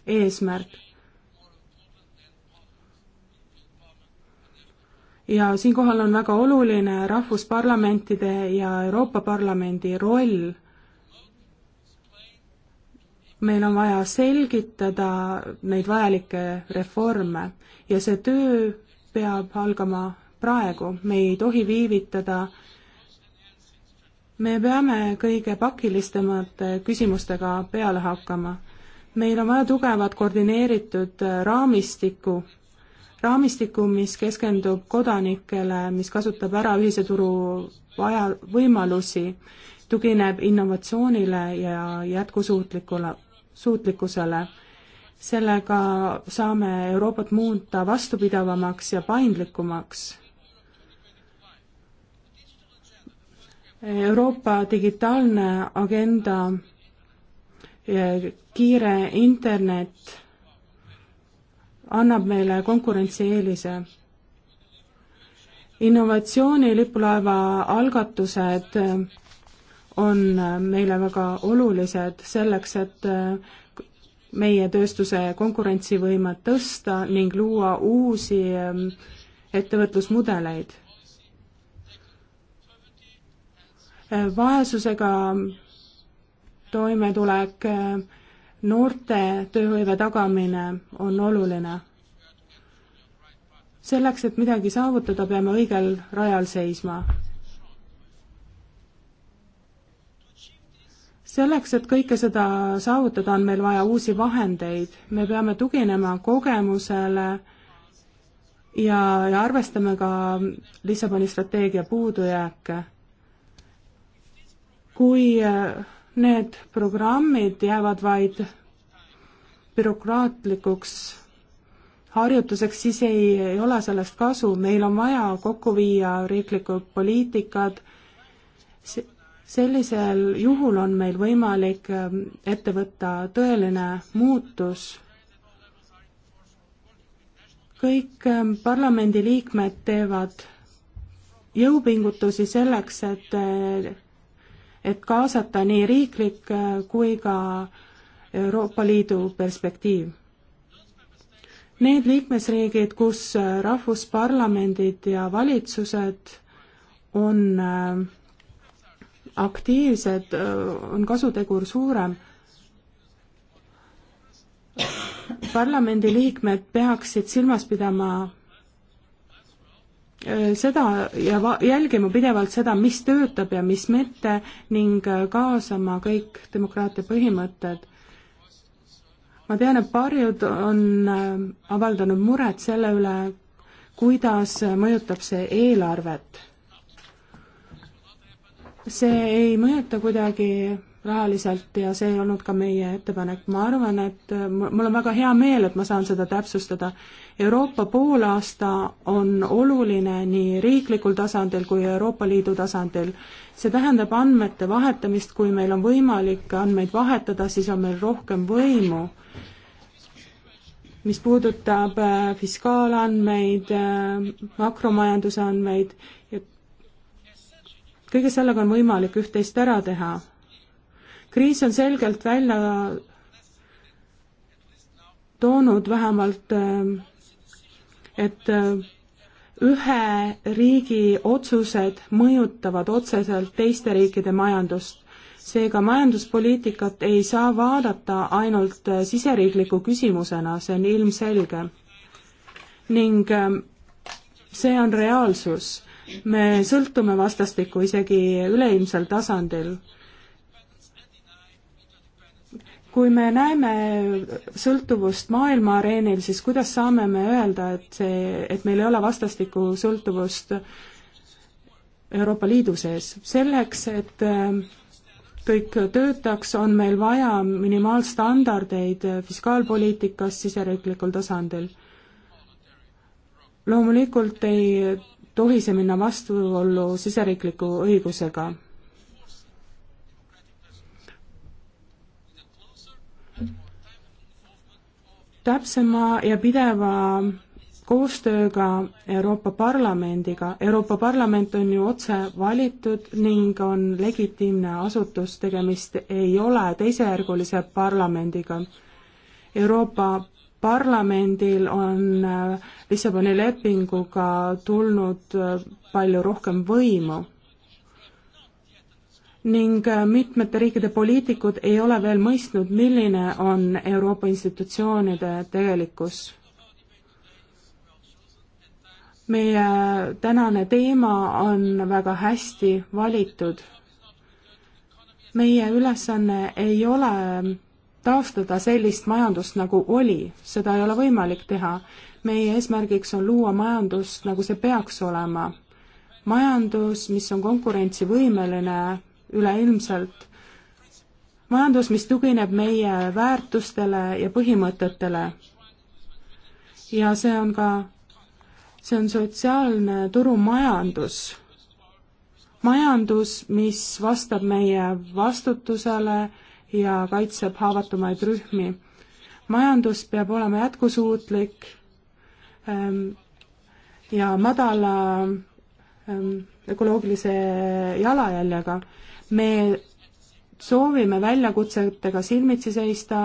eesmärk. ja siinkohal on väga oluline rahvusparlamentide ja Euroopa Parlamendi roll. meil on vaja selgitada neid vajalikke reforme ja see töö peab algama praegu, me ei tohi viivitada äh, me peame kõige pakilisemate küsimustega peale hakkama. meil on vaja tugevat koordineeritud raamistikku, raamistikku, mis keskendub kodanikele, mis kasutab ära ühise turu vaja, võimalusi, tugineb innovatsioonile ja jätkusuutlikule, suutlikkusele. sellega saame Euroopat muuta vastupidavamaks ja paindlikumaks Euroopa digitaalne agenda, kiire internet annab meile konkurentsieelise. innovatsiooni lipulaeva algatused on meile väga olulised selleks, et meie tööstuse konkurentsivõimet tõsta ning luua uusi ettevõtlusmudeleid vaesusega toimetulek, noorte tööhõive tagamine on oluline. selleks, et midagi saavutada, peame õigel rajal seisma. selleks, et kõike seda saavutada, on meil vaja uusi vahendeid, me peame tuginema kogemusele ja, ja arvestame ka Lissaboni strateegia puudujääke kui äh, need programmid jäävad vaid bürokraatlikuks harjutuseks, siis ei, ei ole sellest kasu, meil on vaja kokku viia riiklikud poliitikad, sellisel juhul on meil võimalik ähm, ette võtta tõeline muutus. kõik ähm, parlamendiliikmed teevad jõupingutusi selleks, et äh, et kaasata nii riiklik äh, kui ka Euroopa Liidu perspektiiv. Need liikmesriigid, kus äh, rahvusparlamendid ja valitsused on äh, aktiivsed, on kasutegur suurem. parlamendiliikmed peaksid silmas pidama Äh, seda ja va-, jälgima pidevalt seda, mis töötab ja mis mitte ning äh, kaasama kõik demokraatia põhimõtted. ma tean, et paljud on äh, avaldanud muret selle üle, kuidas mõjutab see eelarvet. see ei mõjuta kuidagi rahaliselt ja see ei olnud ka meie ettepanek. ma arvan, et äh, mul on väga hea meel, et ma saan seda täpsustada. Euroopa poolaasta on oluline nii riiklikul tasandil kui Euroopa Liidu tasandil. see tähendab andmete vahetamist, kui meil on võimalik andmeid vahetada, siis on meil rohkem võimu. mis puudutab äh, fiskaalandmeid, äh, makromajanduse andmeid ja kõige sellega on võimalik üht-teist ära teha kriis on selgelt välja toonud vähemalt, äh, et äh, ühe riigi otsused mõjutavad otseselt teiste riikide majandust. seega majanduspoliitikat ei saa vaadata ainult äh, siseriikliku küsimusena, see on ilmselge. ning see on reaalsus. me sõltume vastastikku isegi üleilmsel tasandil kui me näeme sõltuvust maailma areenil, siis kuidas saame me öelda, et see, et meil ei ole vastastikku sõltuvust Euroopa Liidu sees? selleks, et äh, kõik töötaks, on meil vaja minimaalstandardeid fiskaalpoliitikas siseriiklikul tasandil. loomulikult ei tohi see minna vastuollu siseriikliku õigusega täpsema ja pideva koostööga Euroopa Parlamendiga. Euroopa Parlament on ju otse valitud ning on legitiimne asutus, tegemist ei ole teisejärgulise parlamendiga. Euroopa Parlamendil on äh, Lissaboni lepinguga tulnud äh, palju rohkem võimu ning äh, mitmete riikide poliitikud ei ole veel mõistnud, milline on Euroopa institutsioonide tegelikkus. meie tänane teema on väga hästi valitud. meie ülesanne ei ole taastada sellist majandust, nagu oli, seda ei ole võimalik teha. meie eesmärgiks on luua majandust, nagu see peaks olema. majandus, mis on konkurentsivõimeline üleilmselt. majandus, mis tugineb meie väärtustele ja põhimõtetele. ja see on ka, see on sotsiaalne turumajandus. majandus, mis vastab meie vastutusele ja kaitseb haavatumaid rühmi. majandus peab olema jätkusuutlik ähm, ja madala ähm, ökoloogilise jalajäljega me soovime väljakutsetega silmitsi seista,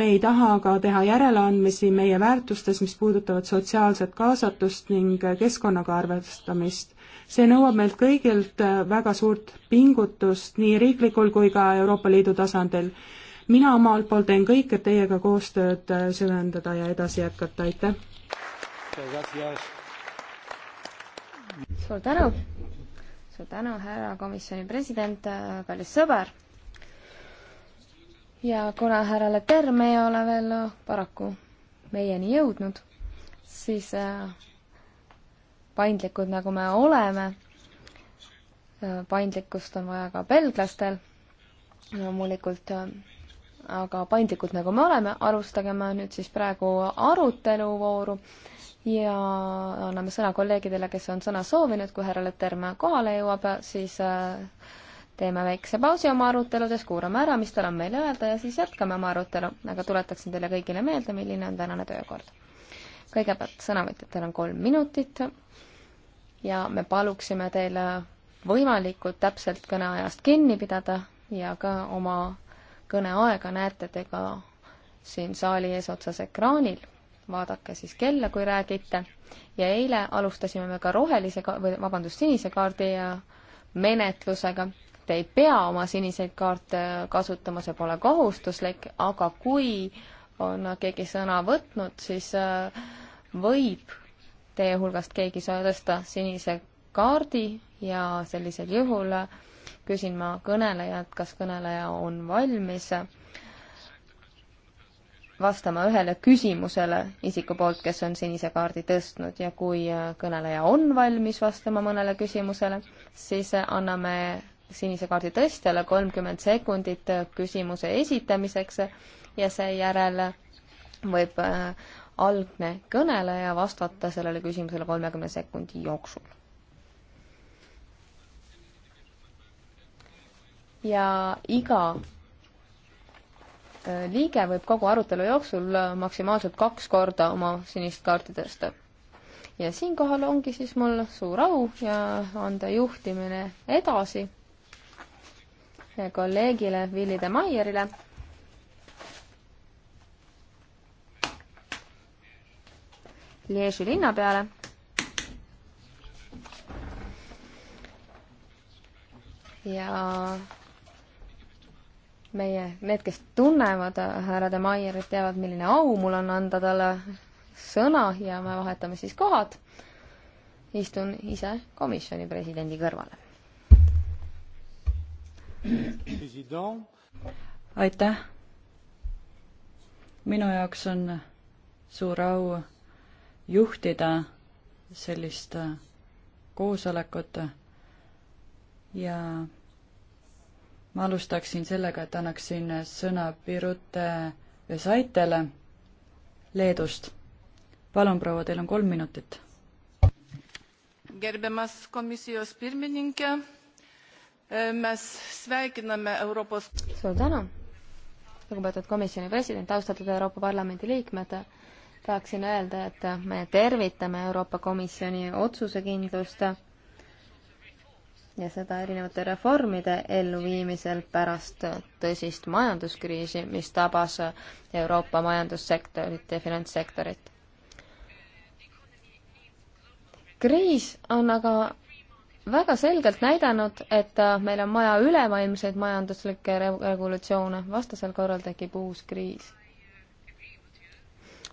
me ei taha ka teha järeleandmisi meie väärtustes, mis puudutavad sotsiaalset kaasatust ning keskkonnaga arvestamist. see nõuab meilt kõigilt väga suurt pingutust nii riiklikul kui ka Euroopa Liidu tasandil. mina omalt poolt teen kõik, et teiega koostööd süvendada ja edasi jätkata, aitäh! suur tänu! suur tänu, härra komisjoni president, kallis sõber. ja kuna härra Leter, me ei ole veel paraku meieni jõudnud, siis äh, paindlikud nagu me oleme, äh, paindlikkust on vaja ka belglastel loomulikult äh, aga paindlikud nagu me oleme, alustagem nüüd siis praegu aruteluvooru ja anname sõna kolleegidele, kes on sõna soovinud, kui härra Leterme kohale jõuab, siis äh, teeme väikse pausi oma aruteludes, kuulame ära, mis tal on meile öelda ja siis jätkame oma arutelu, aga tuletaksin teile kõigile meelde, milline on tänane töökord. kõigepealt sõnavõtjatel on kolm minutit ja me paluksime teile võimalikult täpselt kõneajast kinni pidada ja ka oma kõneaega näete te ka siin saali eesotsas ekraanil vaadake siis kella, kui räägite. ja eile alustasime me ka rohelise ka-, või vabandust, sinise kaardi menetlusega. Te ei pea oma siniseid kaarte kasutama, see pole kohustuslik, aga kui on keegi sõna võtnud, siis äh, võib teie hulgast keegi tõsta sinise kaardi ja sellisel juhul äh, küsin ma kõnelejalt, kas kõneleja on valmis vastama ühele küsimusele isiku poolt, kes on sinise kaardi tõstnud ja kui äh, kõneleja on valmis vastama mõnele küsimusele, siis äh, anname sinise kaardi tõstjale kolmkümmend sekundit äh, küsimuse esitamiseks ja seejärel võib algne kõneleja vastata sellele küsimusele kolmekümne sekundi jooksul. ja iga liige võib kogu arutelu jooksul äh, maksimaalselt kaks korda oma sinist kaarti tõsta. ja siinkohal ongi siis mul suur au ja anda juhtimine edasi kolleegile Willie de Maierile. Lieži linna peale ja meie, need, kes tunnevad äh, härra De Maierit, teavad, milline au mul on anda talle sõna ja me vahetame siis kohad. istun ise komisjoni presidendi kõrvale. aitäh. minu jaoks on suur au juhtida sellist koosolekut ja ma alustaksin sellega, et annaksin sõna Birute Vesaitele Leedust. palun, proua, teil on kolm minutit. gerbiamas komisjonis pirmininke, me sveikiname Euroopas. suur tänu, lugupeetud komisjoni president, austatud Euroopa Parlamendi liikmed. tahaksin öelda, et me tervitame Euroopa Komisjoni otsusekindlust ja seda erinevate reformide elluviimisel pärast tõsist majanduskriisi, mis tabas Euroopa majandussektorit ja finantssektorit. kriis on aga väga selgelt näidanud, et meil on vaja ülemaailmseid majanduslikke regulatsioone, vastasel korral tekib uus kriis.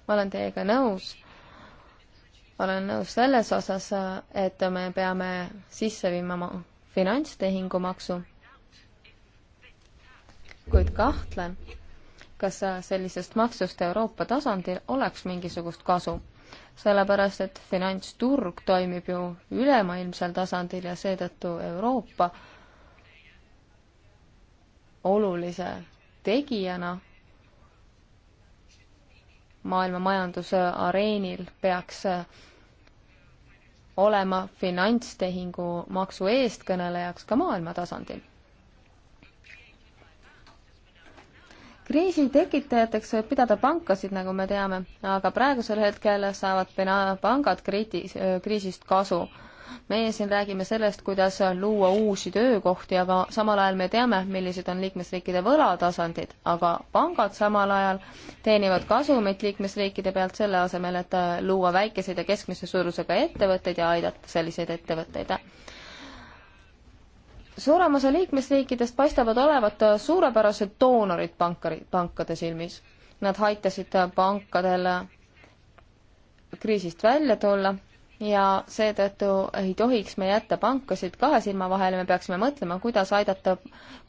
ma olen teiega nõus olen nõus selles osas, et me peame sisse viima finantstehingumaksu, kuid kahtlen, kas sellisest maksust Euroopa tasandil oleks mingisugust kasu. sellepärast, et finantsturg toimib ju ülemaailmsel tasandil ja seetõttu Euroopa olulise tegijana maailma majanduse areenil peaks olema finantstehingu maksu eestkõnelejaks ka maailma tasandil. kriisi tekitajateks võib pidada pankasid, nagu me teame, aga praegusel hetkel saavad pangad kriitis, kriisist kasu meie siin räägime sellest, kuidas luua uusi töökohti, aga samal ajal me teame, millised on liikmesriikide võlatasandid, aga pangad samal ajal teenivad kasumit liikmesriikide pealt selle asemel, et äh, luua väikeseid ja keskmise suurusega ettevõtteid ja aidata selliseid ettevõtteid. Äh. suurem osa liikmesriikidest paistavad olevat äh, suurepärased doonorid pankari, pankade silmis. Nad aitasid pankadel kriisist välja tulla ja seetõttu ei tohiks me jätta pankasid kahe silma vahele, me peaksime mõtlema, kuidas aidata,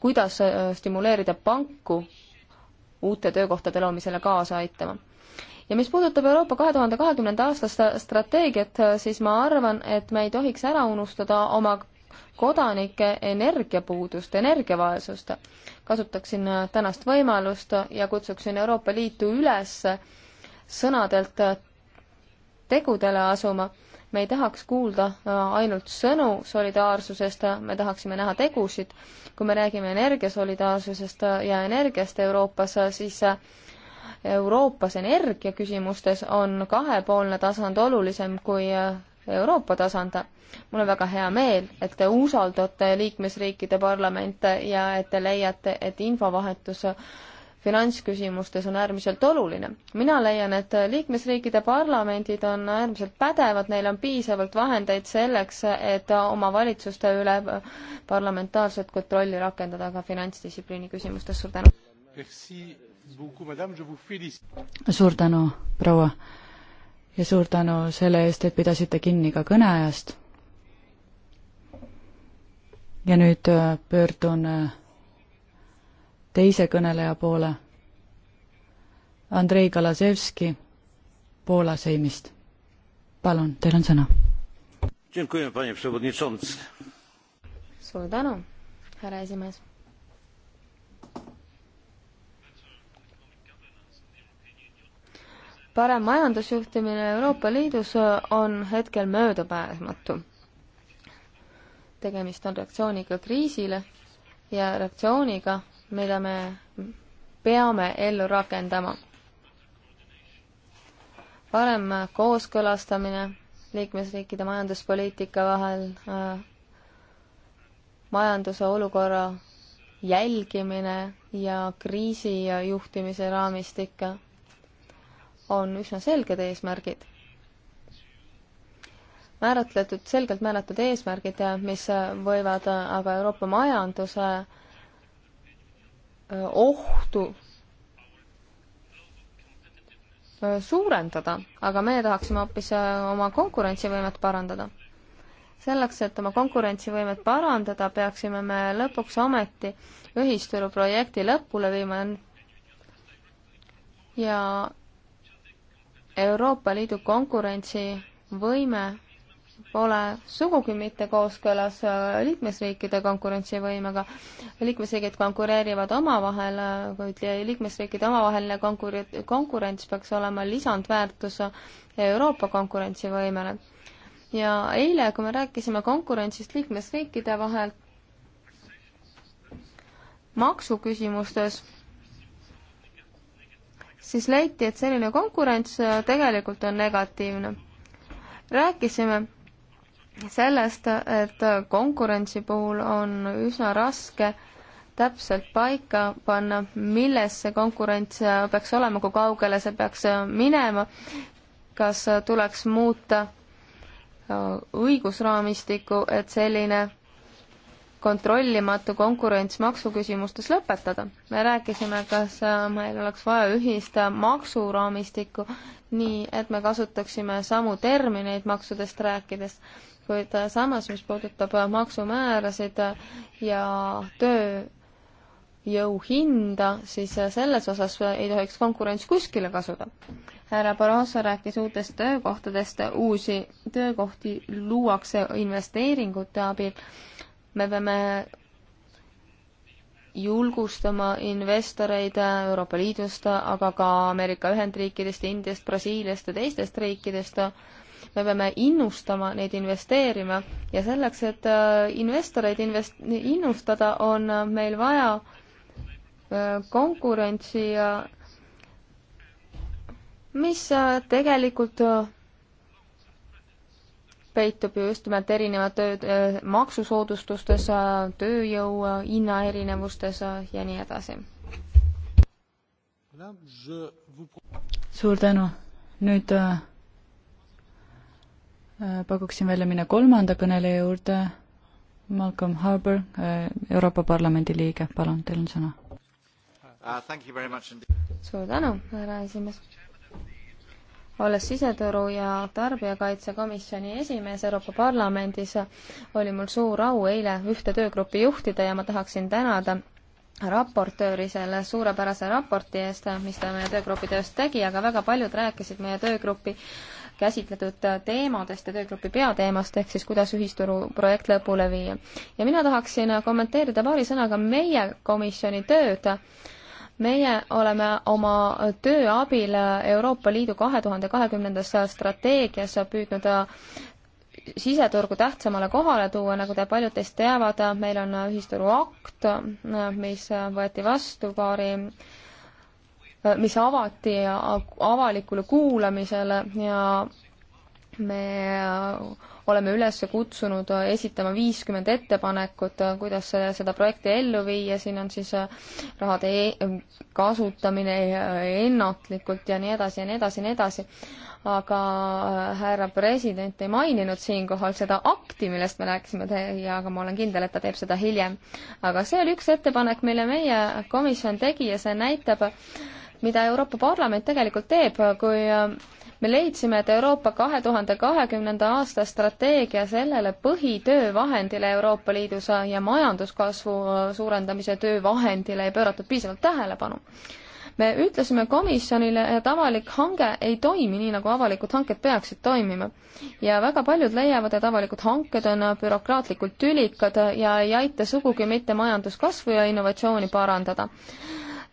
kuidas äh, stimuleerida panku uute töökohtade loomisele kaasa aitama. ja mis puudutab Euroopa kahe tuhande kahekümnenda aasta strateegiat, äh, siis ma arvan, et me ei tohiks ära unustada oma kodanike energiapuudust, energiavaesust. kasutaksin äh, tänast võimalust ja kutsuksin Euroopa Liitu üles sõnadelt tegudele asuma me ei tahaks kuulda äh, ainult sõnu solidaarsusest, äh, me tahaksime näha tegusid. kui me räägime energiasolidaarsusest äh, ja energiast Euroopas, siis Euroopas energia küsimustes on kahepoolne tasand olulisem kui Euroopa tasand. mul on väga hea meel, et te usaldate liikmesriikide parlamente ja et te leiate, et infovahetus finantsküsimustes on äärmiselt oluline. mina leian, et liikmesriikide parlamendid on äärmiselt pädevad, neil on piisavalt vahendeid selleks, et oma valitsuste üle parlamentaarset kontrolli rakendada ka finantsdistsipliini küsimustes. suur tänu! suur tänu, proua! ja suur tänu selle eest, et pidasite kinni ka kõneajast. ja nüüd äh, pöördun äh, teise kõneleja poole, Andrei Kalasevski Poola seimist. palun, teil on sõna. suur tänu, härra esimees parem majandusjuhtimine Euroopa Liidus on hetkel möödapääsmatu. tegemist on reaktsiooniga kriisile ja reaktsiooniga, mida me peame ellu rakendama. parem kooskõlastamine liikmesriikide majanduspoliitika vahel äh,, majanduse olukorra jälgimine ja kriisi ja juhtimise raamistik on üsna selged eesmärgid. määratletud, selgelt määratud eesmärgid, mis võivad aga Euroopa majanduse äh, Äh, ohtu äh, suurendada, aga meie tahaksime hoopis äh, oma konkurentsivõimet parandada. selleks, et oma konkurentsivõimet parandada, peaksime me lõpuks ometi ühisturuprojekti lõpule viima ja Euroopa Liidu konkurentsivõime pole sugugi mitte kooskõlas äh, liikmesriikide konkurentsivõimega. liikmesriigid konkureerivad omavahel, äh, kuid liikmesriikide omavaheline konkur-, konkurents peaks olema lisandväärtus Euroopa konkurentsivõimele. ja eile, kui me rääkisime konkurentsist liikmesriikide vahel maksuküsimustes, siis leiti, et selline konkurents äh, tegelikult on negatiivne. rääkisime sellest, et konkurentsi puhul on üsna raske täpselt paika panna, milles see konkurents peaks olema, kui kaugele see peaks minema, kas tuleks muuta õigusraamistikku, et selline kontrollimatu konkurents maksuküsimustes lõpetada. me rääkisime, kas meil oleks vaja ühist maksuraamistikku, nii et me kasutaksime samu termineid maksudest rääkides kuid samas, mis puudutab maksumäärasid ja tööjõu hinda, siis selles osas ei tohiks konkurents kuskile kasuda. härra Barroso rääkis uutest töökohtadest, uusi töökohti luuakse investeeringute abil. me peame julgustama investoreid Euroopa Liidust, aga ka Ameerika Ühendriikidest, Indiast, Brasiiliast ja teistest riikidest me peame innustama neid investeerima ja selleks, et äh, investoreid invest-, innustada, on äh, meil vaja äh, konkurentsi ja mis tegelikult peitub ju just nimelt erinevate maksusoodustustes, tööjõu hinnaerinevustes ja nii edasi. suur tänu. nüüd Äh, pakuksin välja minna kolmanda kõneleja juurde, Malcolm Harbour, äh, Euroopa Parlamendi liige, palun, teil on sõna uh,. suur tänu, härra esimees olles siseturu ja tarbijakaitsekomisjoni esimees Euroopa Parlamendis, oli mul suur au eile ühte töögruppi juhtida ja ma tahaksin tänada raportööri selle suurepärase raporti eest, mis ta meie töögrupi tööst tegi, aga väga paljud rääkisid meie töögrupi käsitletud teemadest ja töögrupi peateemast, ehk siis kuidas ühisturu projekt lõpule viia. ja mina tahaksin kommenteerida paari sõnaga meie komisjoni tööd. meie oleme oma töö abil Euroopa Liidu kahe tuhande kahekümnendas strateegias püüdnud siseturgu tähtsamale kohale tuua, nagu te paljud teist teavad, meil on ühisturu akt, mis võeti vastu paari mis avati avalikule kuulamisele ja me oleme üles kutsunud esitama viiskümmend ettepanekut, kuidas seda projekti ellu viia, siin on siis rahade e-, kasutamine ennatlikult ja nii edasi ja nii edasi ja nii edasi. aga äh, härra president ei maininud siinkohal seda akti, millest me rääkisime ja aga ma olen kindel, et ta teeb seda hiljem. aga see oli üks ettepanek, mille meie komisjon tegi ja see näitab, mida Euroopa Parlament tegelikult teeb, kui äh, me leidsime, et Euroopa kahe tuhande kahekümnenda aasta strateegia sellele põhitöövahendile Euroopa Liidus ja majanduskasvu äh, suurendamise töövahendile ei pööratud piisavalt tähelepanu. me ütlesime komisjonile, et avalik hange ei toimi nii, nagu avalikud hanked peaksid toimima. ja väga paljud leiavad, et avalikud hanked on bürokraatlikult tülikad ja ei aita sugugi mitte majanduskasvu ja innovatsiooni parandada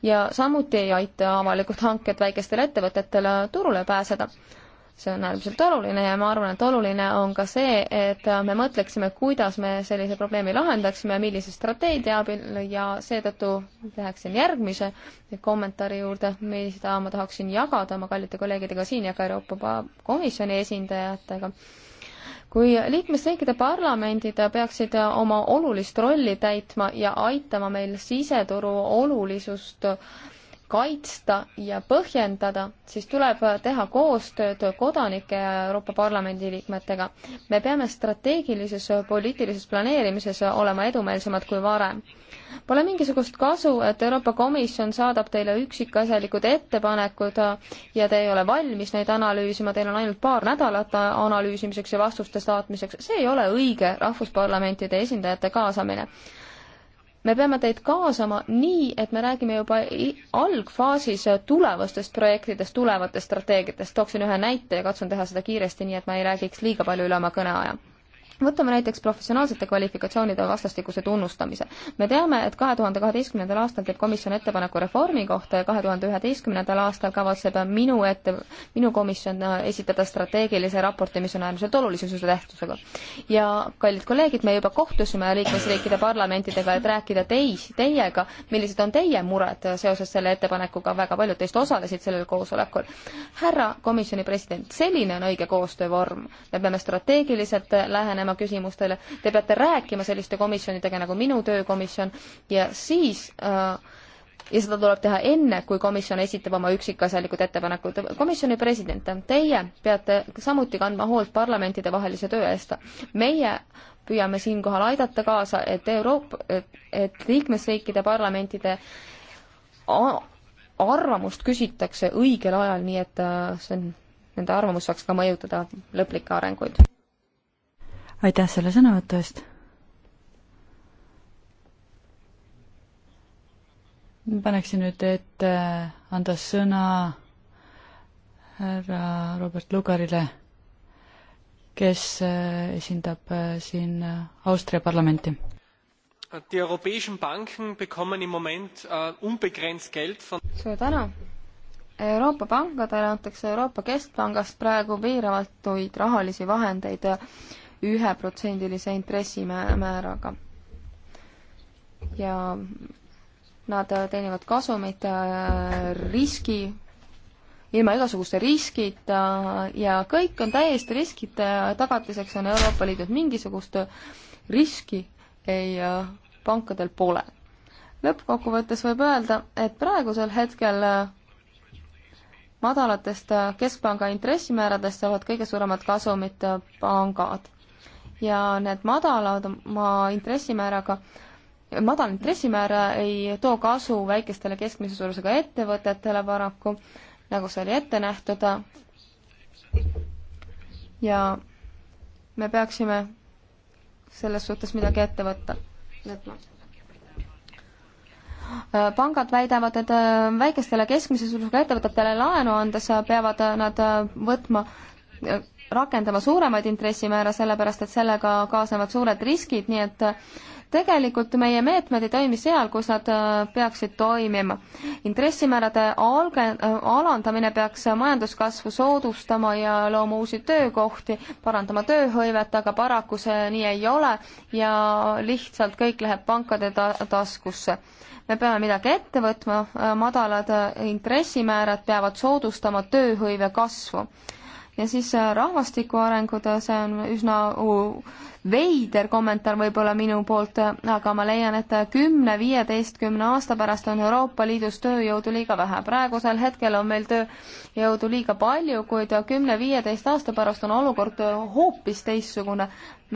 ja samuti ei aita avalikud hanked väikestel ettevõtetel turule pääseda. see on äärmiselt oluline ja ma arvan, et oluline on ka see, et me mõtleksime, kuidas me sellise probleemi lahendaksime, millise strateegia abil ja seetõttu läheksin järgmise kommentaari juurde, mida ma tahaksin jagada oma kallite kolleegidega siin ja ka Euroopa Komisjoni esindajatega kui liikmesriikide parlamendid peaksid oma olulist rolli täitma ja aitama meil siseturu olulisust kaitsta ja põhjendada, siis tuleb teha koostööd kodanike ja Euroopa Parlamendi liikmetega. me peame strateegilises poliitilises planeerimises olema edumeelsemad kui varem. Pole mingisugust kasu, et Euroopa Komisjon saadab teile üksikasjalikud ettepanekud ja te ei ole valmis neid analüüsima, teil on ainult paar nädalat analüüsimiseks ja vastuste saatmiseks, see ei ole õige rahvusparlamentide esindajate kaasamine me peame teid kaasama nii, et me räägime juba algfaasis tulevastest projektidest, tulevatest strateegiatest. tooksin ühe näite ja katsun teha seda kiiresti, nii et ma ei räägiks liiga palju üle oma kõneaja võtame näiteks professionaalsete kvalifikatsioonide vastastikuse tunnustamise. me teame, et kahe tuhande kaheteistkümnendal aastal teeb komisjon ettepaneku reformi kohta ja kahe tuhande üheteistkümnendal aastal kavatseb minu ette, minu komisjon äh, esitada strateegilise raporti, mis on äärmiselt olulise sisuse tähtsusega. ja kallid kolleegid, me juba kohtusime liikmesriikide parlamentidega, et rääkida teis, teiega, millised on teie mured seoses selle ettepanekuga, väga paljud teist osalesid sellel koosolekul. härra komisjoni president, selline on õige koostöövorm, me peame strateegiliselt lähenema vastama küsimustele, te peate rääkima selliste komisjonidega nagu minu töökomisjon ja siis äh, ja seda tuleb teha enne, kui komisjon esitab oma üksikasjalikud ettepanekud. komisjoni president, teie peate samuti kandma hoolt parlamentide vahelise töö eest. meie püüame siinkohal aidata kaasa, et Euroopa, et liikmesriikide parlamentide arvamust küsitakse õigel ajal, nii et äh, see on, nende arvamus saaks ka mõjutada lõplikke arenguid aitäh selle sõnavõtu eest. ma paneksin nüüd ette äh, anda sõna härra Robert Lugarile, kes äh, esindab äh, siin Austria parlamenti die europäischen banken bekommen im moment äh, unbegrenzt geld von suur tänu Euroopa pankadele antakse Euroopa Keskpangast praegu piiramatuid rahalisi vahendeid üheprotsendilise intressimääraga. ja nad teenivad kasumit äh, riski, ilma igasuguste riskita ja kõik on täiesti riskita ja tagatiseks on Euroopa Liidus mingisugust riski ei, äh, pankadel pole. lõppkokkuvõttes võib öelda, et praegusel hetkel äh, madalatest keskpanga intressimääradest saavad kõige suuremat kasumit pangad ja need madalama intressimääraga madal intressimäär ei too kasu väikestele keskmise suurusega ettevõtetele paraku, nagu see oli ette nähtud. ja me peaksime selles suhtes midagi ette võtta, võtma pangad väidavad, et väikestele keskmise suurusega ettevõtetele laenu andes peavad nad võtma rakendama suuremaid intressimäära, sellepärast et sellega kaasnevad suured riskid, nii et tegelikult meie meetmed ei toimi seal, kus nad äh, peaksid toimima. intressimäärade alge, äh, alandamine peaks majanduskasvu soodustama ja looma uusi töökohti, parandama tööhõivet, aga paraku see nii ei ole ja lihtsalt kõik läheb pankade ta taskusse. me peame midagi ette võtma, äh, madalad intressimäärad peavad soodustama tööhõive kasvu ja siis äh, rahvastiku arengud, äh, see on üsna veider kommentaar võib-olla minu poolt, äh, aga ma leian, et kümne-viieteistkümne aasta pärast on Euroopa Liidus tööjõudu liiga vähe. praegusel hetkel on meil tööjõudu liiga palju, kuid kümne-viieteist aasta pärast on olukord hoopis teistsugune.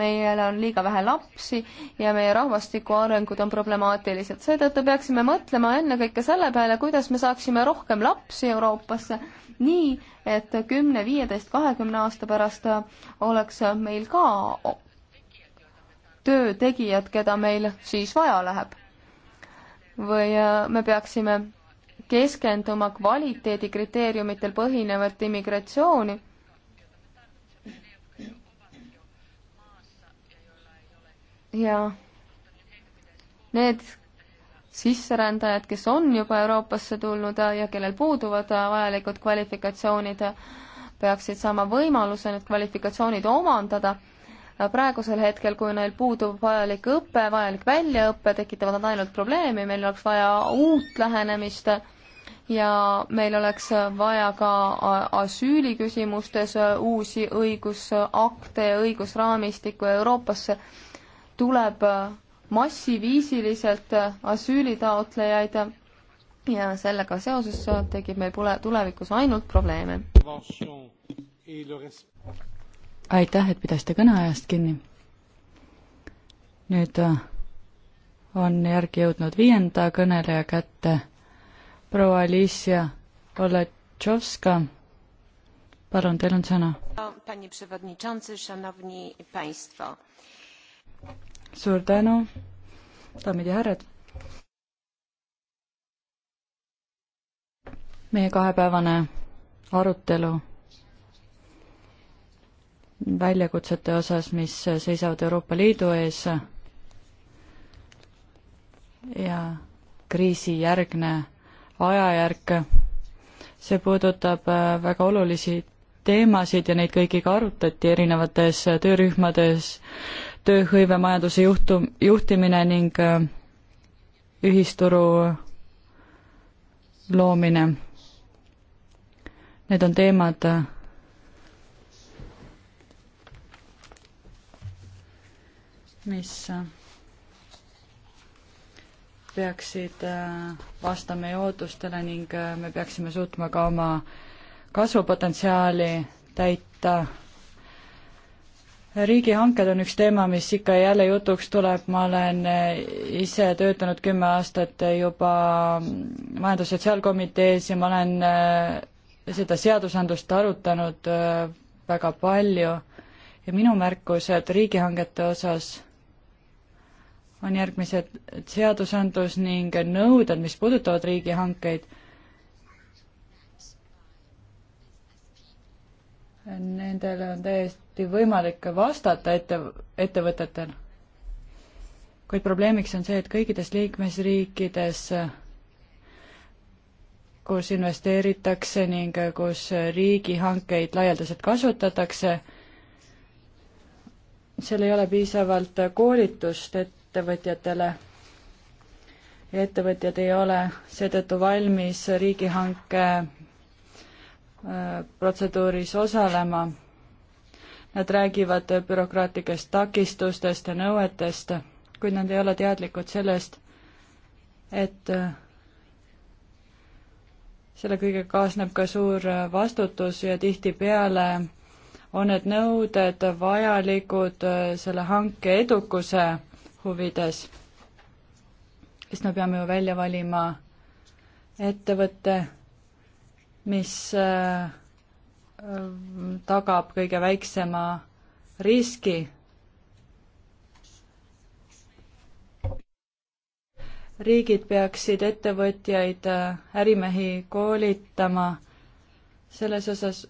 meil on liiga vähe lapsi ja meie rahvastiku arengud on problemaatilised. seetõttu peaksime mõtlema ennekõike selle peale, kuidas me saaksime rohkem lapsi Euroopasse nii, et kümne, viieteist, kahekümne aasta pärast oleks meil ka töötegijad, keda meil siis vaja läheb. või äh, me peaksime keskenduma kvaliteedikriteeriumitel põhinevat immigratsiooni ja need sisserändajad, kes on juba Euroopasse tulnud ja kellel puuduvad vajalikud kvalifikatsioonid, peaksid saama võimaluse need kvalifikatsioonid omandada. praegusel hetkel, kui neil puudub vajalik õpe, vajalik väljaõpe, tekitavad nad ainult probleemi, meil oleks vaja uut lähenemist ja meil oleks vaja ka asüüliküsimustes uusi õigusakte ja õigusraamistikku Euroopasse tuleb massiviisiliselt äh, asüülitaotlejaid ja sellega seoses äh, tekib meil pole tulevikus ainult probleeme. aitäh, et pidasite kõneajast kinni. nüüd äh, on järgi jõudnud viienda kõneleja kätte, proua Alicia Oletšovska. palun, teil on sõna suur tänu, daamid ja härrad. meie kahepäevane arutelu väljakutsete osas, mis seisavad Euroopa Liidu ees ja kriisijärgne ajajärk, see puudutab äh, väga olulisi teemasid ja neid kõigiga arutati erinevates töörühmades tööhõive majanduse juhtu, juhtimine ning äh, ühisturu loomine. Need on teemad, äh, mis äh, peaksid vastama meie ootustele ning me peaksime suutma ka oma kasvupotentsiaali täita riigihanked on üks teema, mis ikka ja jälle jutuks tuleb, ma olen ise töötanud kümme aastat juba Majandus- ja Sotsiaalkomitees ja ma olen äh, seda seadusandlust arutanud äh, väga palju ja minu märkused riigihangete osas on järgmised seadusandlus ning nõuded, mis puudutavad riigihankeid Nendele on täiesti võimalik vastata ette, ettevõtetel. kuid probleemiks on see, et kõikides liikmesriikides, kus investeeritakse ning kus riigihankeid laialdaselt kasutatakse, seal ei ole piisavalt koolitust ettevõtjatele ja ettevõtjad ei ole seetõttu valmis riigihanke äh, protseduuris osalema Nad räägivad bürokraatlikest takistustest ja nõuetest, kuid nad ei ole teadlikud sellest, et selle kõigega kaasneb ka suur vastutus ja tihtipeale on need nõuded vajalikud selle hanke edukuse huvides. sest me peame ju välja valima ettevõtte, mis äh, tagab kõige väiksema riski riigid peaksid ettevõtjaid, äh, ärimehi koolitama selles osas,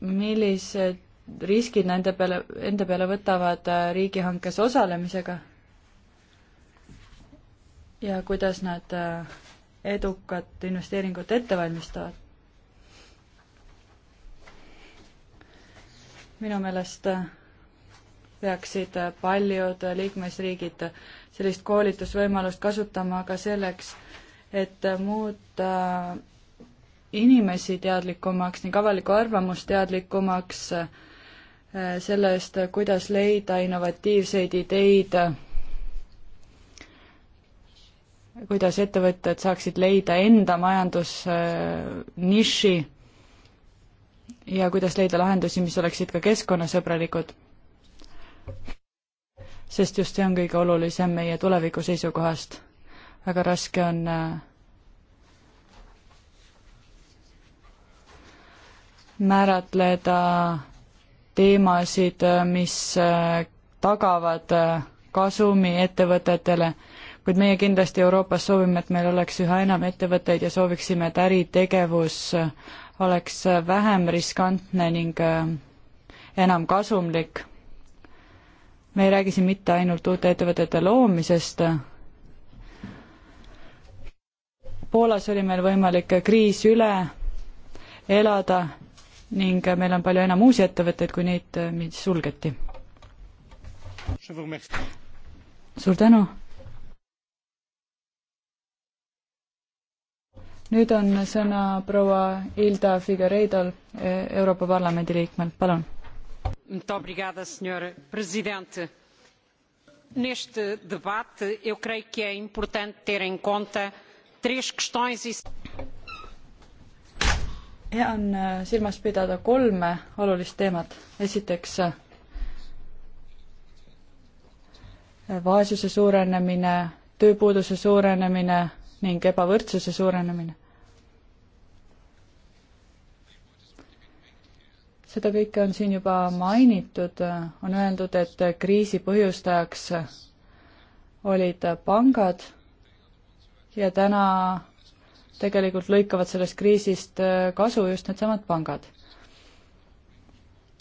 millised riskid nende peale, enda peale võtavad äh, riigihankes osalemisega ja kuidas nad äh, edukat investeeringut ette valmistavad minu meelest peaksid paljud liikmesriigid sellist koolitusvõimalust kasutama ka selleks, et muuta inimesi teadlikumaks ning avalikku arvamust teadlikumaks sellest, kuidas leida innovatiivseid ideid, kuidas ettevõtted saaksid leida enda majandusniši äh, ja kuidas leida lahendusi, mis oleksid ka keskkonnasõbralikud. sest just see on kõige olulisem meie tuleviku seisukohast. väga raske on äh, määratleda teemasid, äh, mis äh, tagavad kasumi ettevõtetele, kuid meie kindlasti Euroopas soovime, et meil oleks üha enam ettevõtteid ja sooviksime, et äritegevus oleks äh, vähem riskantne ning äh, enam kasumlik. me ei räägi siin mitte ainult uute ettevõtete loomisest, Poolas oli meil võimalik kriis üle elada ning äh, meil on palju enam uusi ettevõtteid kui neid, mis sulgeti. suur tänu! nüüd on sõna proua Ilda Figuereidol, eh, Euroopa Parlamendi liikmel, palun. Neste debate, eu creio que é importante ter em conta três questões e... hea on eh, silmas pidada kolme olulist teemat. esiteks eh, vaesuse suurenemine, tööpuuduse suurenemine ning ebavõrdsuse suurenemine. seda kõike on siin juba mainitud, on öeldud, et kriisi põhjustajaks olid pangad ja täna tegelikult lõikavad sellest kriisist kasu just needsamad pangad.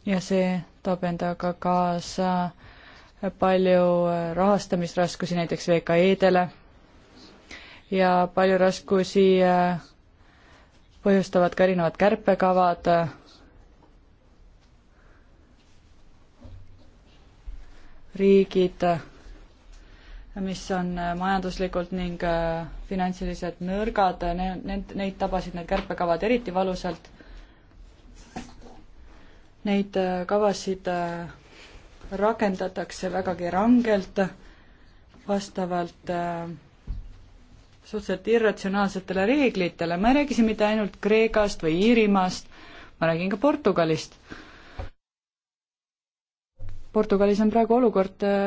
ja see toob endaga kaasa palju rahastamisraskusi näiteks VKE-dele ja palju raskusi äh, põhjustavad ka erinevad kärpekavad. riigid, mis on äh, majanduslikult ning äh, finantsiliselt nõrgad, need, neid tabasid need kärpekavad eriti valusalt. Neid kavasid rakendatakse vägagi rangelt vastavalt äh, suhteliselt irratsionaalsetele reeglitele, ma ei räägi siin mitte ainult Kreekast või Iirimaast, ma räägin ka Portugalist. Portugalis on praegu olukord äh,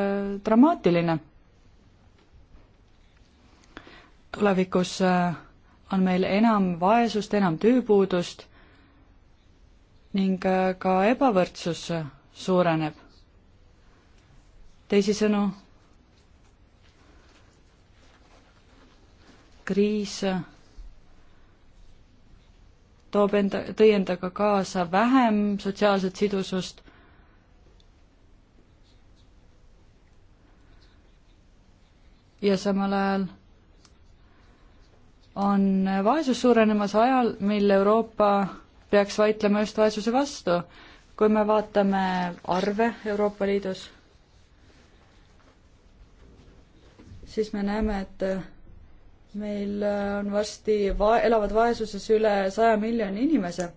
dramaatiline. tulevikus äh, on meil enam vaesust, enam tööpuudust ning äh, ka ebavõrdsus äh, suureneb. teisisõnu kriis toob enda, tõi endaga kaasa vähem sotsiaalset sidusust. ja samal ajal on vaesus suurenemas ajal, mil Euroopa peaks vaidlema just vaesuse vastu. kui me vaatame arve Euroopa Liidus, siis me näeme, et meil äh, on varsti va-, elavad vaesuses üle saja miljoni inimese.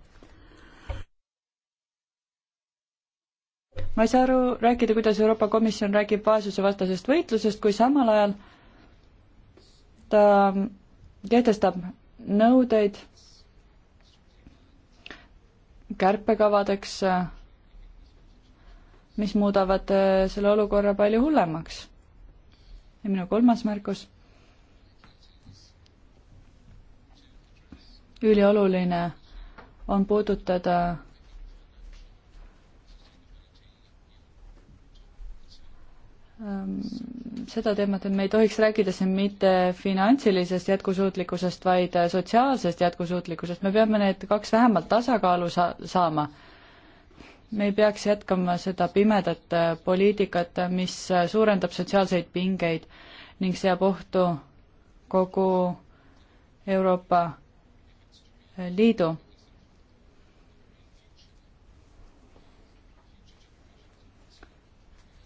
ma ei saa aru rääkida, kuidas Euroopa Komisjon räägib vaesusevastasest võitlusest, kui samal ajal ta kehtestab nõudeid kärpekavadeks, mis muudavad äh, selle olukorra palju hullemaks. ja minu kolmas märkus ülioluline on puudutada ähm, seda teemat, et me ei tohiks rääkida siin mitte finantsilisest jätkusuutlikkusest, vaid sotsiaalsest jätkusuutlikkusest, me peame need kaks vähemalt tasakaalu sa-, saama. me ei peaks jätkama seda pimedat poliitikat, mis suurendab sotsiaalseid pingeid ning seab ohtu kogu Euroopa Liidu.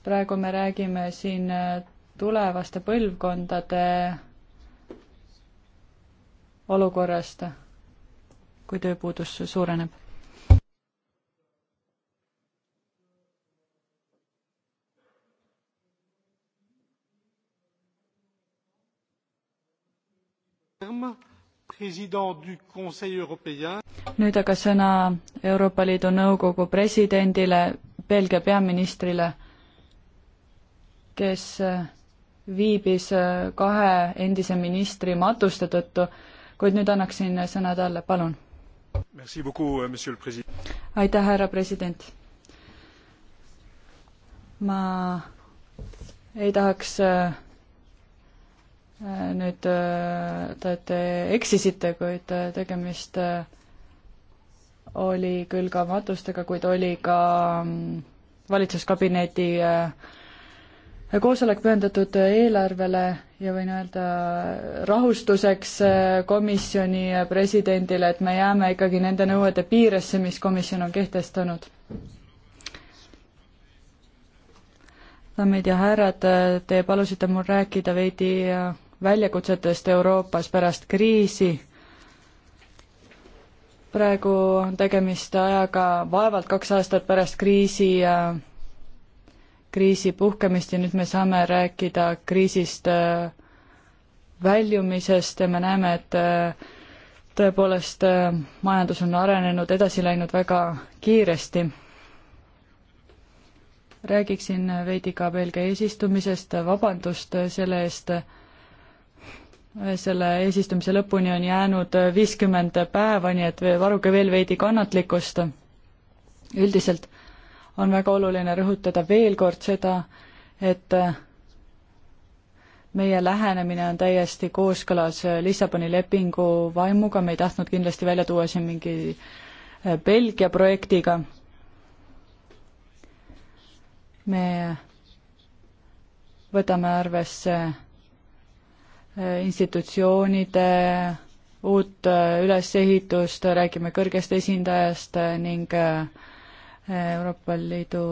praegu me räägime siin äh, tulevaste põlvkondade olukorrast, kui tööpuudus suureneb. Amma nüüd aga sõna Euroopa Liidu Nõukogu presidendile, Belgia peaministrile, kes äh, viibis äh, kahe endise ministri matuste tõttu, kuid nüüd annaksin sõna talle, palun. Euh, aitäh, härra president. ma ei tahaks äh, nüüd äh, te, te eksisite, kuid äh, tegemist äh, oli küll ka matustega, kuid oli ka mm, valitsuskabineti koosolek pühendatud eelarvele ja võin öelda rahustuseks komisjoni presidendile, et me jääme ikkagi nende nõuete piiresse, mis komisjon on kehtestanud. daamid ja härrad, te palusite mul rääkida veidi väljakutsetest Euroopas pärast kriisi. praegu on tegemist ajaga vaevalt kaks aastat pärast kriisi ja kriisi puhkemist ja nüüd me saame rääkida kriisist äh, väljumisest ja me näeme, et äh, tõepoolest äh, majandus on arenenud, edasi läinud väga kiiresti räägiksin veidi ka Belgia eesistumisest, vabandust selle eest, selle eesistumise lõpuni on jäänud viiskümmend päeva, nii et varuge veel veidi kannatlikkust. üldiselt on väga oluline rõhutada veel kord seda, et meie lähenemine on täiesti kooskõlas Lissaboni lepingu vaimuga, me ei tahtnud kindlasti välja tuua siin mingi eh, Belgia projektiga. me võtame arvesse institutsioonide uut äh, ülesehitust, räägime kõrgest esindajast äh, ning äh, Euroopa Liidu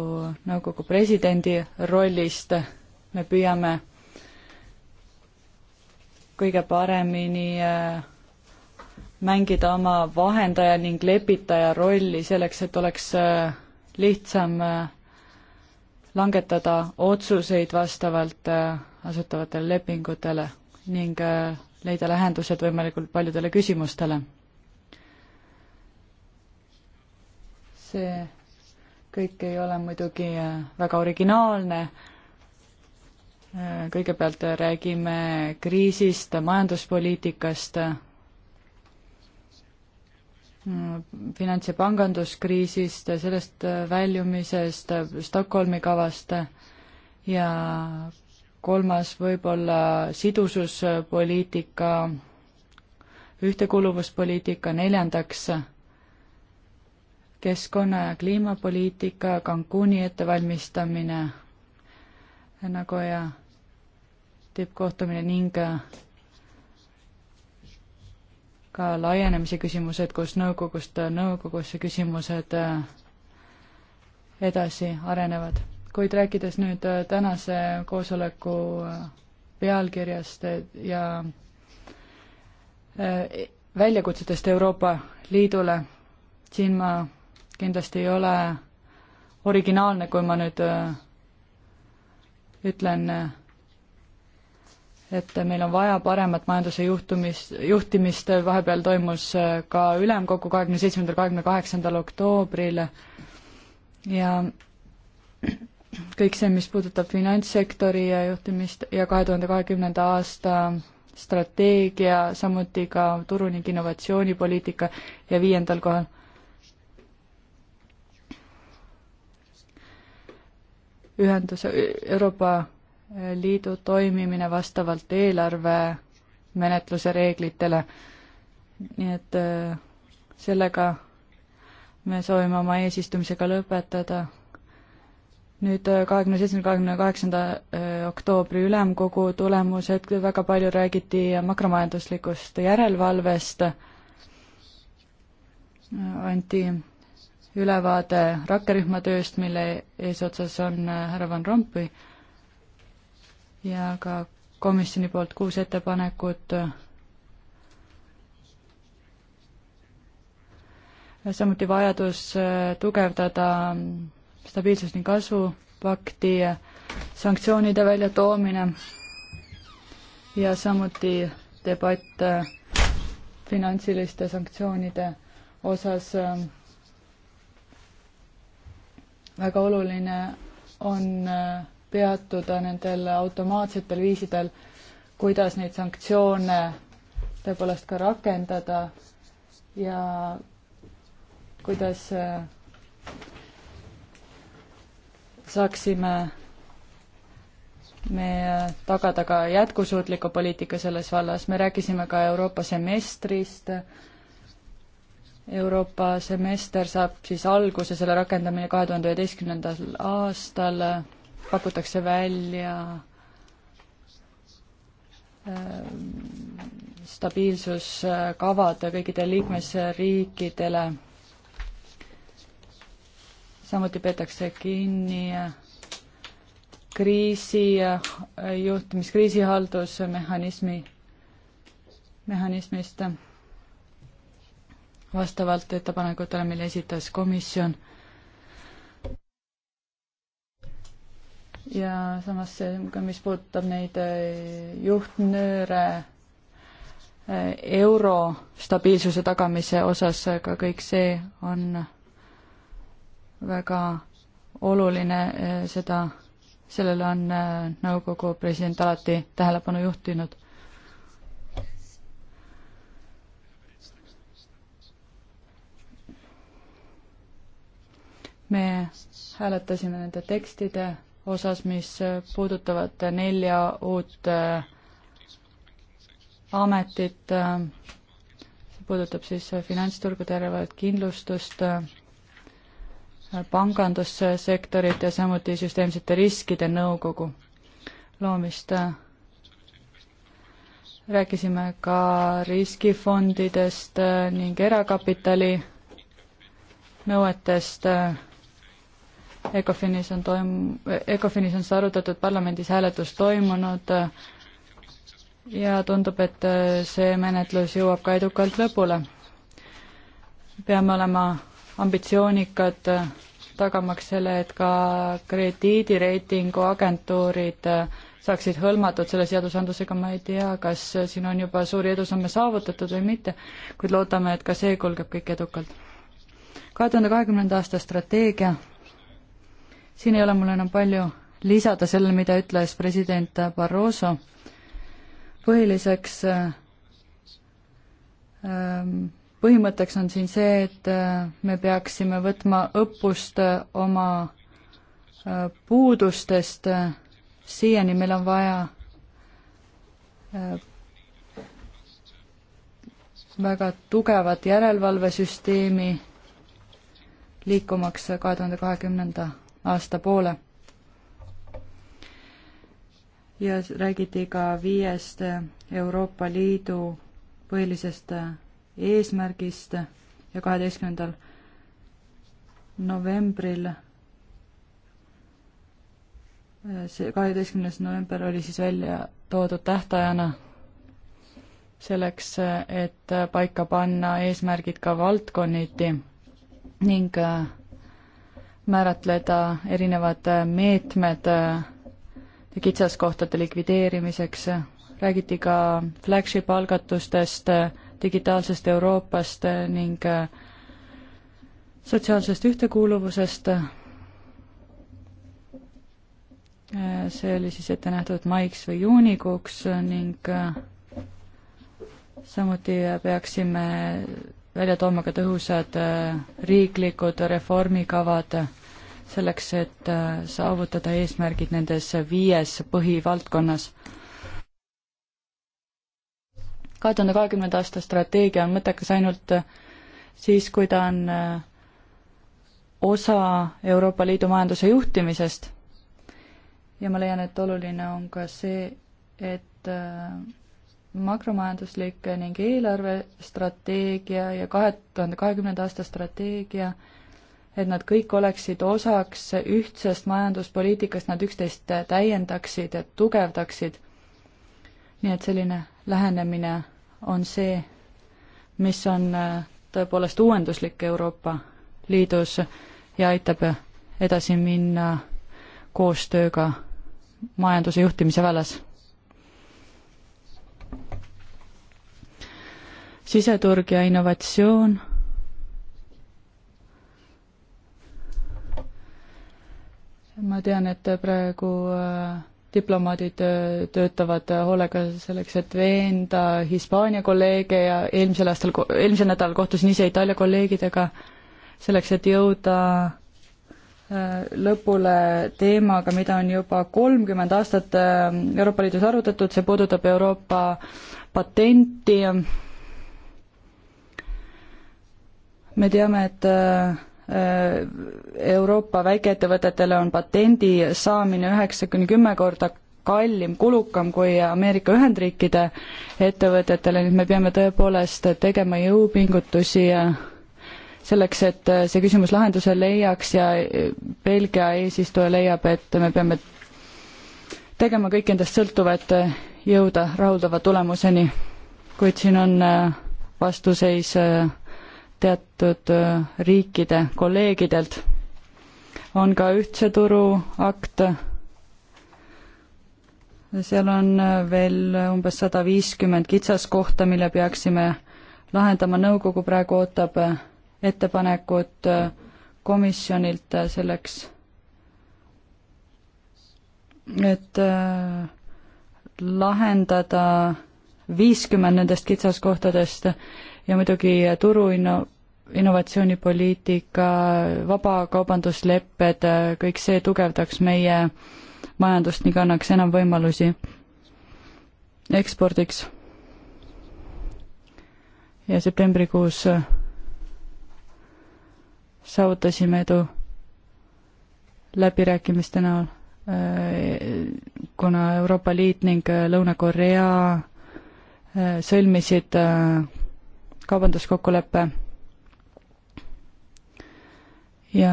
Nõukogu presidendi rollist. me püüame kõige paremini mängida oma vahendaja ning lepitaja rolli selleks, et oleks lihtsam langetada otsuseid vastavalt asutavatele lepingutele ning äh, leida lahendused võimalikult paljudele küsimustele. see kõik ei ole muidugi äh, väga originaalne, äh, kõigepealt räägime kriisist, majanduspoliitikast, finants- ja panganduskriisist, sellest väljumisest, Stockholmi kavast ja kolmas võib-olla sidususpoliitika, ühtekuuluvuspoliitika, neljandaks keskkonna- ja kliimapoliitika, Cancuni ettevalmistamine, Nagoya tippkohtumine ning ka laienemise küsimused, kus nõukogust nõukogusse küsimused äh, edasi arenevad kuid rääkides nüüd äh, tänase koosoleku äh, pealkirjast äh, ja väljakutsetest Euroopa Liidule, siin ma kindlasti ei ole originaalne, kui ma nüüd ütlen, et meil on vaja paremat majanduse juhtumist, juhtimist, vahepeal toimus ka ülemkogu kahekümne seitsmendal, kahekümne kaheksandal oktoobril ja kõik see, mis puudutab finantssektori ja juhtimist ja kahe tuhande kahekümnenda aasta strateegia, samuti ka turu ning innovatsioonipoliitika ja viiendal kohal. ühenduse, Euroopa Liidu toimimine vastavalt eelarvemenetluse reeglitele. nii et äh, sellega me soovime oma eesistumisega lõpetada nüüd äh, kahekümne seitsmenda, kahekümne kaheksanda äh, oktoobri ülemkogu tulemused, väga palju räägiti makromajanduslikust järelevalvest, anti ülevaade rakkerühma tööst, mille eesotsas on äh, härra Van Rompuy ja ka komisjoni poolt kuus ettepanekut samuti vajadus tugevdada stabiilsus ning kasvupakti sanktsioonide väljatoomine ja samuti debatt äh, finantsiliste sanktsioonide osas ähm, väga oluline on äh, peatuda nendel automaatsetel viisidel, kuidas neid sanktsioone tõepoolest ka rakendada ja kuidas äh, saaksime me tagada ka jätkusuutliku poliitika selles vallas, me rääkisime ka Euroopa semestrist, Euroopa semester saab siis alguse, selle rakendamine kahe tuhande üheteistkümnendal aastal, pakutakse välja ähm, stabiilsuskavad kõikidele liikmesriikidele samuti peetakse kinni äh, kriisi äh, juhtimis, kriisihaldusmehhanismi, mehhanismist äh, vastavalt ettepanekutele, mille esitas komisjon. ja samas see ka, mis puudutab neid juhtnööre euro stabiilsuse tagamise osas, ka kõik see on väga oluline, eh, seda, sellele on eh, nõukogu president alati tähelepanu juhtinud. me hääletasime nende tekstide osas, mis puudutavad nelja uut eh, ametit, see puudutab siis finantsturgude järelevalvet, kindlustust, pangandussektorit ja samuti süsteemsete riskide nõukogu loomist. rääkisime ka riskifondidest ning erakapitali nõuetest. ECOFINis on toim-, ECOFINis on seda arutatud, parlamendis hääletus toimunud ja tundub, et see menetlus jõuab ka edukalt lõpule. peame olema ambitsioonikad, tagamaks selle, et ka krediidireitingu agentuurid saaksid hõlmatud selle seadusandlusega, ma ei tea, kas siin on juba suuri edusamme saavutatud või mitte, kuid loodame, et ka see kulgeb kõik edukalt. kahe tuhande kahekümnenda aasta strateegia, siin ei ole mul enam palju lisada sellele, mida ütles president Barroso, põhiliseks ähm, põhimõtteks on siin see, et äh, me peaksime võtma õppust äh, oma äh, puudustest, siiani meil on vaja väga tugevat järelevalvesüsteemi liikumaks kahe tuhande kahekümnenda aasta poole. ja räägiti ka viiest Euroopa Liidu põhilisest eesmärgist ja kaheteistkümnendal novembril see kaheteistkümnes november oli siis välja toodud tähtajana selleks, et paika panna eesmärgid ka valdkonniti ning määratleda erinevad meetmed kitsaskohtade likvideerimiseks. räägiti ka flagship algatustest, digitaalsest Euroopast ning äh, sotsiaalsest ühtekuuluvusest. Äh, see oli siis ette nähtud maiks või juunikuuks ning äh, samuti peaksime välja tooma ka tõhusad riiklikud reformikavad selleks, et saavutada eesmärgid nendes viies põhivaldkonnas kahe tuhande kahekümnenda aasta strateegia on mõttekas ainult äh, siis, kui ta on äh, osa Euroopa Liidu majanduse juhtimisest. ja ma leian, et oluline on ka see, et äh, makromajanduslik ning eelarvestrateegia ja kahe tuhande kahekümnenda aasta strateegia et nad kõik oleksid osaks ühtsest majanduspoliitikast, nad üksteist täiendaksid ja tugevdaksid. nii et selline lähenemine on see, mis on äh, tõepoolest uuenduslik Euroopa Liidus ja aitab edasi minna koostööga majanduse juhtimise vallas. siseturg ja innovatsioon ma tean, et praegu äh, diplomaadid töötavad äh, hoolega selleks, et veenda Hispaania kolleege ja eelmisel aastal, eelmisel nädalal kohtusin ise Itaalia kolleegidega, selleks, et jõuda äh, lõpule teemaga, mida on juba kolmkümmend aastat äh, Euroopa Liidus arutatud, see puudutab Euroopa patenti. me teame, et Äh, Euroopa väikeettevõtetele on patendi saamine üheksa kuni kümme korda kallim, kulukam kui Ameerika Ühendriikide ettevõtetele, nii et me peame tõepoolest tegema jõupingutusi äh, selleks, et äh, see küsimus lahenduse leiaks ja Belgia eesistuja leiab, et me peame tegema kõik endast sõltuva, et jõuda rahuldava tulemuseni. kuid siin on vastuseis teatud äh, riikide kolleegidelt. on ka ühtse turu akt. seal on äh, veel umbes sada viiskümmend kitsaskohta, mille peaksime lahendama, nõukogu praegu ootab äh, ettepanekut komisjonilt selleks, et lahendada viiskümmend nendest kitsaskohtadest ja muidugi turu inno-, innovatsioonipoliitika, vabakaubanduslepped, kõik see tugevdaks meie majandust ning annaks enam võimalusi ekspordiks. ja septembrikuus saavutasime edu läbirääkimiste näol, kuna Euroopa Liit ning Lõuna-Korea äh, sõlmisid äh, kaubanduskokkulepe. ja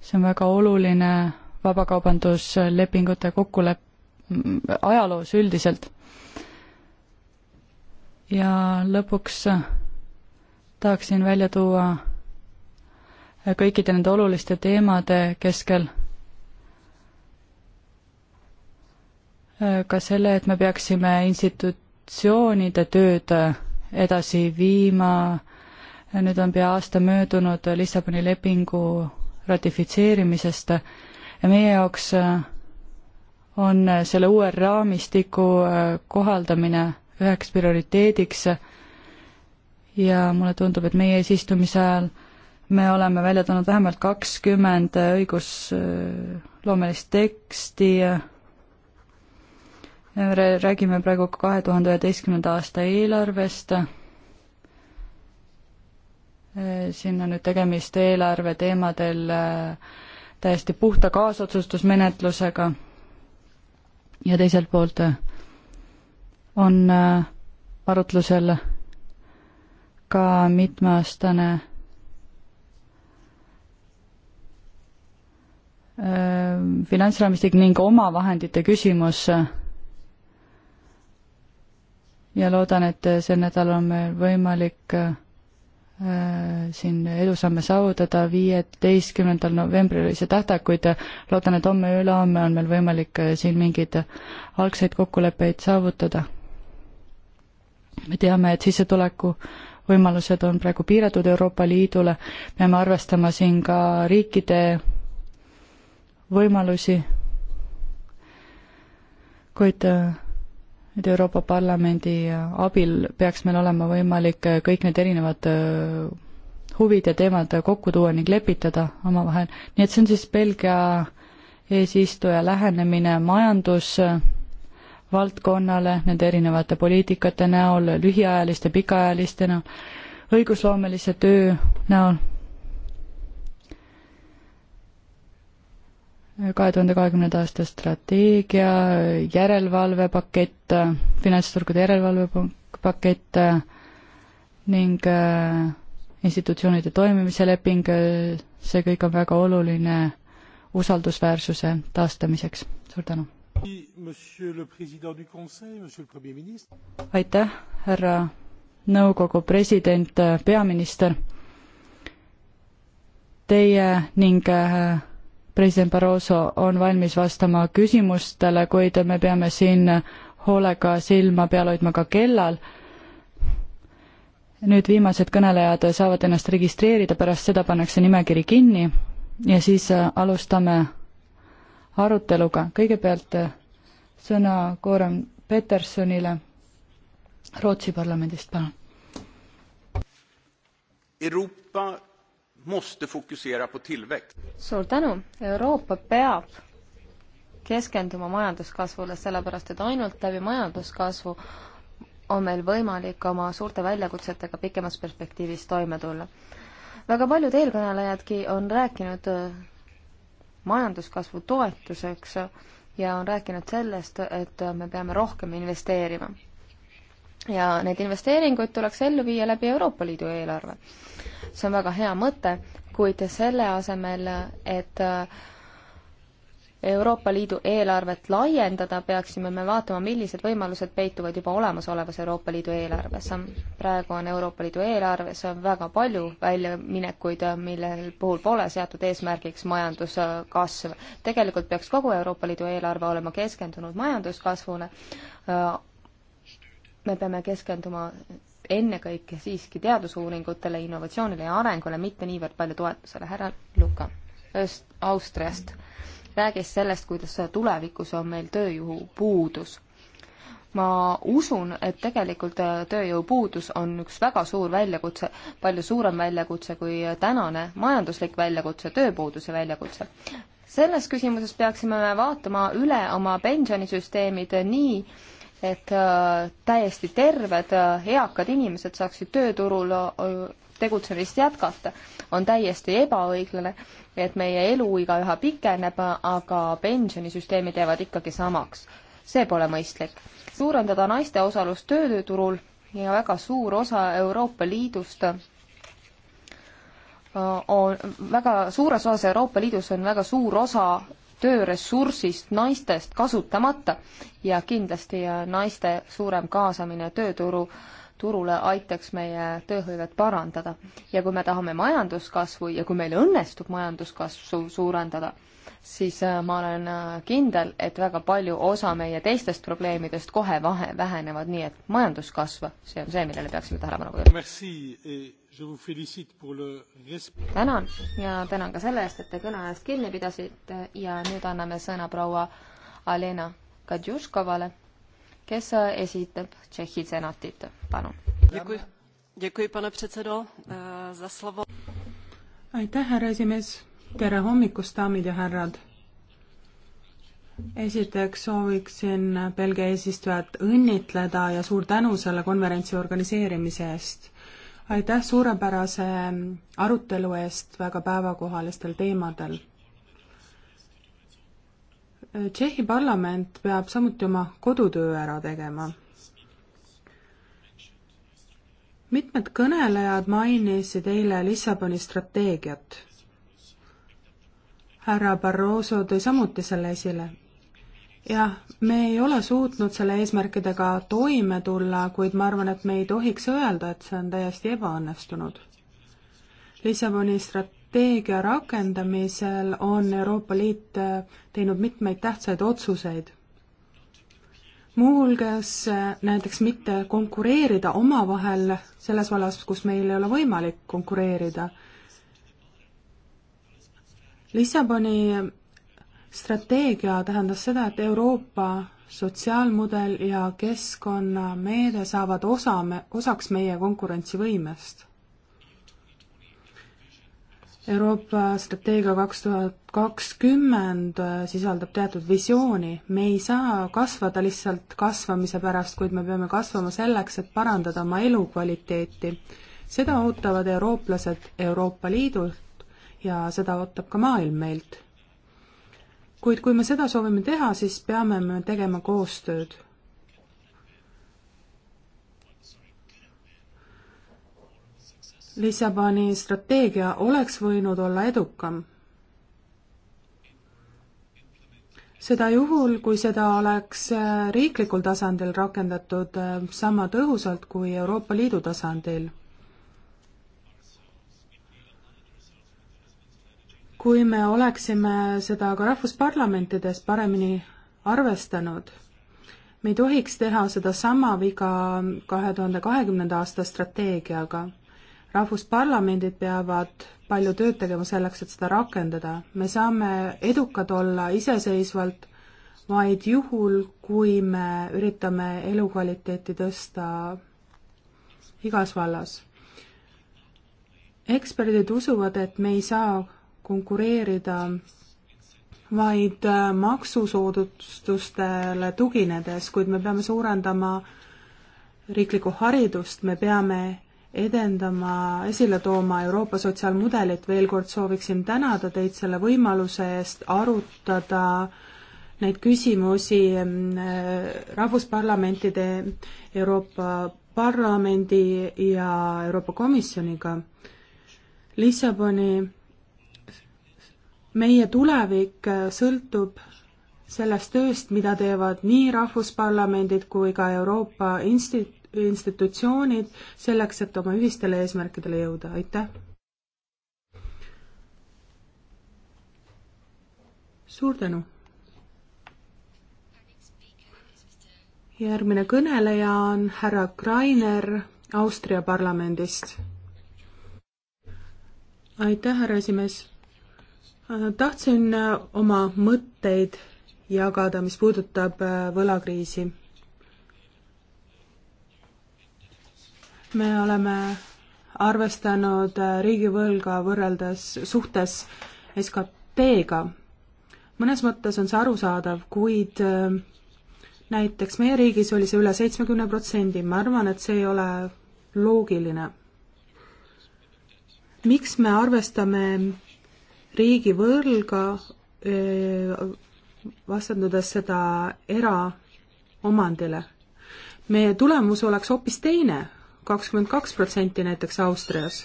see on väga oluline vabakaubanduslepingute kokkulepp-, mm, ajaloos üldiselt. ja lõpuks tahaksin välja tuua kõikide nende oluliste teemade keskel ka selle, et me peaksime institutsioonide tööd edasi viima. nüüd on pea aasta möödunud Lissaboni lepingu ratifitseerimisest ja meie jaoks äh, on äh, selle uue raamistiku äh, kohaldamine üheks prioriteediks ja mulle tundub, et meie eesistumise ajal me oleme välja toonud vähemalt kakskümmend õigusloomelist teksti räägime praegu kahe tuhande üheteistkümnenda aasta eelarvest. siin on nüüd tegemist eelarve teemadel äh, täiesti puhta kaasotsustusmenetlusega ja teiselt poolt äh, on äh, arutlusel ka mitmeaastane finantsraamistik ning omavahendite küsimus ja loodan, et sel nädalal on meil võimalik äh, siin edusamme saavutada, viieteistkümnendal novembril oli see tähtaeg, kuid loodan, et homme ja ülehomme on meil võimalik äh, siin mingeid algseid kokkuleppeid saavutada. me teame, et sissetuleku võimalused on praegu piiratud Euroopa Liidule, peame arvestama siin ka riikide võimalusi, kuid äh, et Euroopa Parlamendi abil peaks meil olema võimalik kõik need erinevad äh, huvid ja teemad kokku tuua ning lepitada omavahel. nii et see on siis Belgia eesistuja lähenemine majandusvaldkonnale nende erinevate poliitikate näol, lühiajaliste, pikaajaliste näol, õigusloomelise töö näol kahe tuhande kahekümnenda aasta strateegia, järelevalvepakett, finantsturgude järelevalvepakett ning äh, institutsioonide toimimise leping, see kõik on väga oluline usaldusväärsuse taastamiseks. suur tänu! aitäh, härra nõukogu president, peaminister! Teie ning äh, president Barroso on valmis vastama küsimustele, kuid me peame siin hoolega silma peal hoidma ka kellal. nüüd viimased kõnelejad saavad ennast registreerida, pärast seda pannakse nimekiri kinni ja siis alustame aruteluga. kõigepealt sõna Koorem Petersonile Rootsi parlamendist, palun. Euroopa måste fokusera på tillväxt. suur tänu, Euroopa peab keskenduma majanduskasvule, sellepärast et ainult läbi majanduskasvu on meil võimalik oma suurte väljakutsetega pikemas perspektiivis toime tulla. väga paljud eelkõnelejadki on rääkinud äh, majanduskasvu toetuseks ja on rääkinud sellest, et äh, me peame rohkem investeerima ja neid investeeringuid tuleks ellu viia läbi Euroopa Liidu eelarve. see on väga hea mõte, kuid selle asemel, et äh, Euroopa Liidu eelarvet laiendada, peaksime me vaatama, millised võimalused peituvad juba olemasolevas Euroopa Liidu eelarves. praegu on Euroopa Liidu eelarves väga palju väljaminekuid, millel puhul pole seatud eesmärgiks majanduskasv. tegelikult peaks kogu Euroopa Liidu eelarve olema keskendunud majanduskasvule, äh, me peame keskenduma ennekõike siiski teadusuuringutele, innovatsioonile ja arengule, mitte niivõrd palju toetusele. härra Luka Öst, Austriast räägis sellest, kuidas tulevikus on meil tööjuhu puudus. ma usun, et tegelikult tööjõupuudus on üks väga suur väljakutse, palju suurem väljakutse kui tänane majanduslik väljakutse, tööpuuduse väljakutse selles küsimuses peaksime me vaatama üle oma pensionisüsteemid nii, et äh, täiesti terved äh, eakad inimesed saaksid tööturul äh, tegutsemist jätkata, on täiesti ebaõiglane, et meie eluiga üha pikeneb, aga pensionisüsteemid jäävad ikkagi samaks. see pole mõistlik. suurendada naiste osalust tööturul ja väga suur osa Euroopa Liidust on väga suures osas Euroopa Liidus on väga suur osa tööressursist, naistest kasutamata ja kindlasti äh, naiste suurem kaasamine tööturu turule aitaks meie tööhõivet parandada. ja kui me tahame majanduskasvu ja kui meil õnnestub majanduskasvu suurendada, siis äh, ma olen äh, kindel, et väga palju osa meie teistest probleemidest kohe vahe vähenevad, nii et majanduskasv, see on see, millele peaksime tähelepanu pöörama tänan ja tänan ka selle eest, et te kõne ajast kinni pidasite ja nüüd anname sõna proua Alena Kadjuškovale, kes esitab Tšehhi senatit, palun. Eh, aitäh, härra esimees, tere hommikust, daamid ja härrad esiteks sooviksin Belgia eesistujat õnnitleda ja suur tänu selle konverentsi organiseerimise eest aitäh suurepärase arutelu eest väga päevakohalistel teemadel. Tšehhi parlament peab samuti oma kodutöö ära tegema. mitmed kõnelejad mainisid eile Lissaboni strateegiat. härra Barroso tõi samuti selle esile jah, me ei ole suutnud selle eesmärkidega toime tulla, kuid ma arvan, et me ei tohiks öelda, et see on täiesti ebaõnnestunud. Lissaboni strateegia rakendamisel on Euroopa Liit äh, teinud mitmeid tähtsaid otsuseid muuhulgas äh, näiteks mitte konkureerida omavahel selles vallas, kus meil ei ole võimalik konkureerida. Lissaboni strateegia tähendas seda, et Euroopa sotsiaalmudel ja keskkonnameede saavad osa, osaks meie konkurentsivõimest. Euroopa strateegia kaks tuhat kakskümmend äh, sisaldab teatud visiooni, me ei saa kasvada lihtsalt kasvamise pärast, kuid me peame kasvama selleks, et parandada oma elukvaliteeti. seda ootavad eurooplased Euroopa Liidult ja seda ootab ka maailm meilt kuid kui me seda soovime teha, siis peame me tegema koostööd. Lissaboni strateegia oleks võinud olla edukam. seda juhul, kui seda oleks äh, riiklikul tasandil rakendatud äh, sama tõhusalt kui Euroopa Liidu tasandil kui me oleksime seda ka rahvusparlamentides paremini arvestanud. me ei tohiks teha sedasama viga kahe tuhande kahekümnenda aasta strateegiaga. rahvusparlamendid peavad palju tööd tegema selleks, et seda rakendada. me saame edukad olla iseseisvalt vaid juhul, kui me üritame elukvaliteeti tõsta igas vallas. eksperdid usuvad, et me ei saa konkureerida vaid äh, maksusoodustustele tuginedes, kuid me peame suurendama riiklikku haridust, me peame edendama, esile tooma Euroopa sotsiaalmudelit, veel kord sooviksin tänada teid selle võimaluse eest arutada neid küsimusi mm, äh, rahvusparlamentide, Euroopa Parlamendi ja Euroopa Komisjoniga. Lissaboni meie tulevik äh, sõltub sellest tööst, mida teevad nii rahvusparlamendid kui ka Euroopa insti-, institutsioonid selleks, et oma ühistele eesmärkidele jõuda, aitäh! suur tänu! järgmine kõneleja on härra Greiner Austria parlamendist. aitäh, härra esimees Äh, tahtsin äh, oma mõtteid jagada, mis puudutab äh, võlakriisi. me oleme arvestanud riigivõlga võrreldes suhtes SKT-ga. mõnes mõttes on see arusaadav, kuid näiteks meie riigis oli see üle seitsmekümne protsendi, ma arvan, et see ei ole loogiline. miks me arvestame riigivõlga, vastandudes seda eraomandile. meie tulemus oleks hoopis teine, kakskümmend kaks protsenti näiteks Austrias.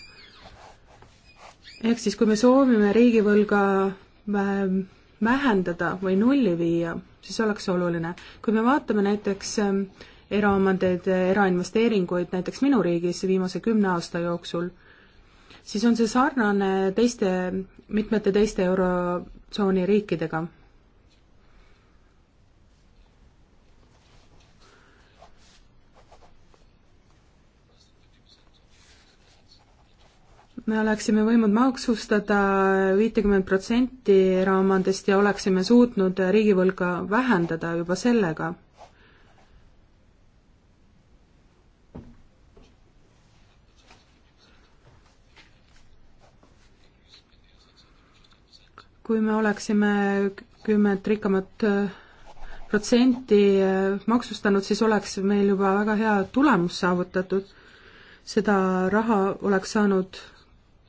ehk siis, kui me soovime riigivõlga vähendada või nulli viia, siis oleks oluline. kui me vaatame näiteks eraomandeid, erainvesteeringuid näiteks minu riigis viimase kümne aasta jooksul siis on see sarnane teiste, mitmete teiste Eurotsooni riikidega. me oleksime võinud maksustada viitekümmet protsenti eraomandist ja oleksime suutnud riigivõlga vähendada juba sellega kui me oleksime kümmet rikkamat äh, protsenti äh, maksustanud, siis oleks meil juba väga hea tulemus saavutatud. seda raha oleks saanud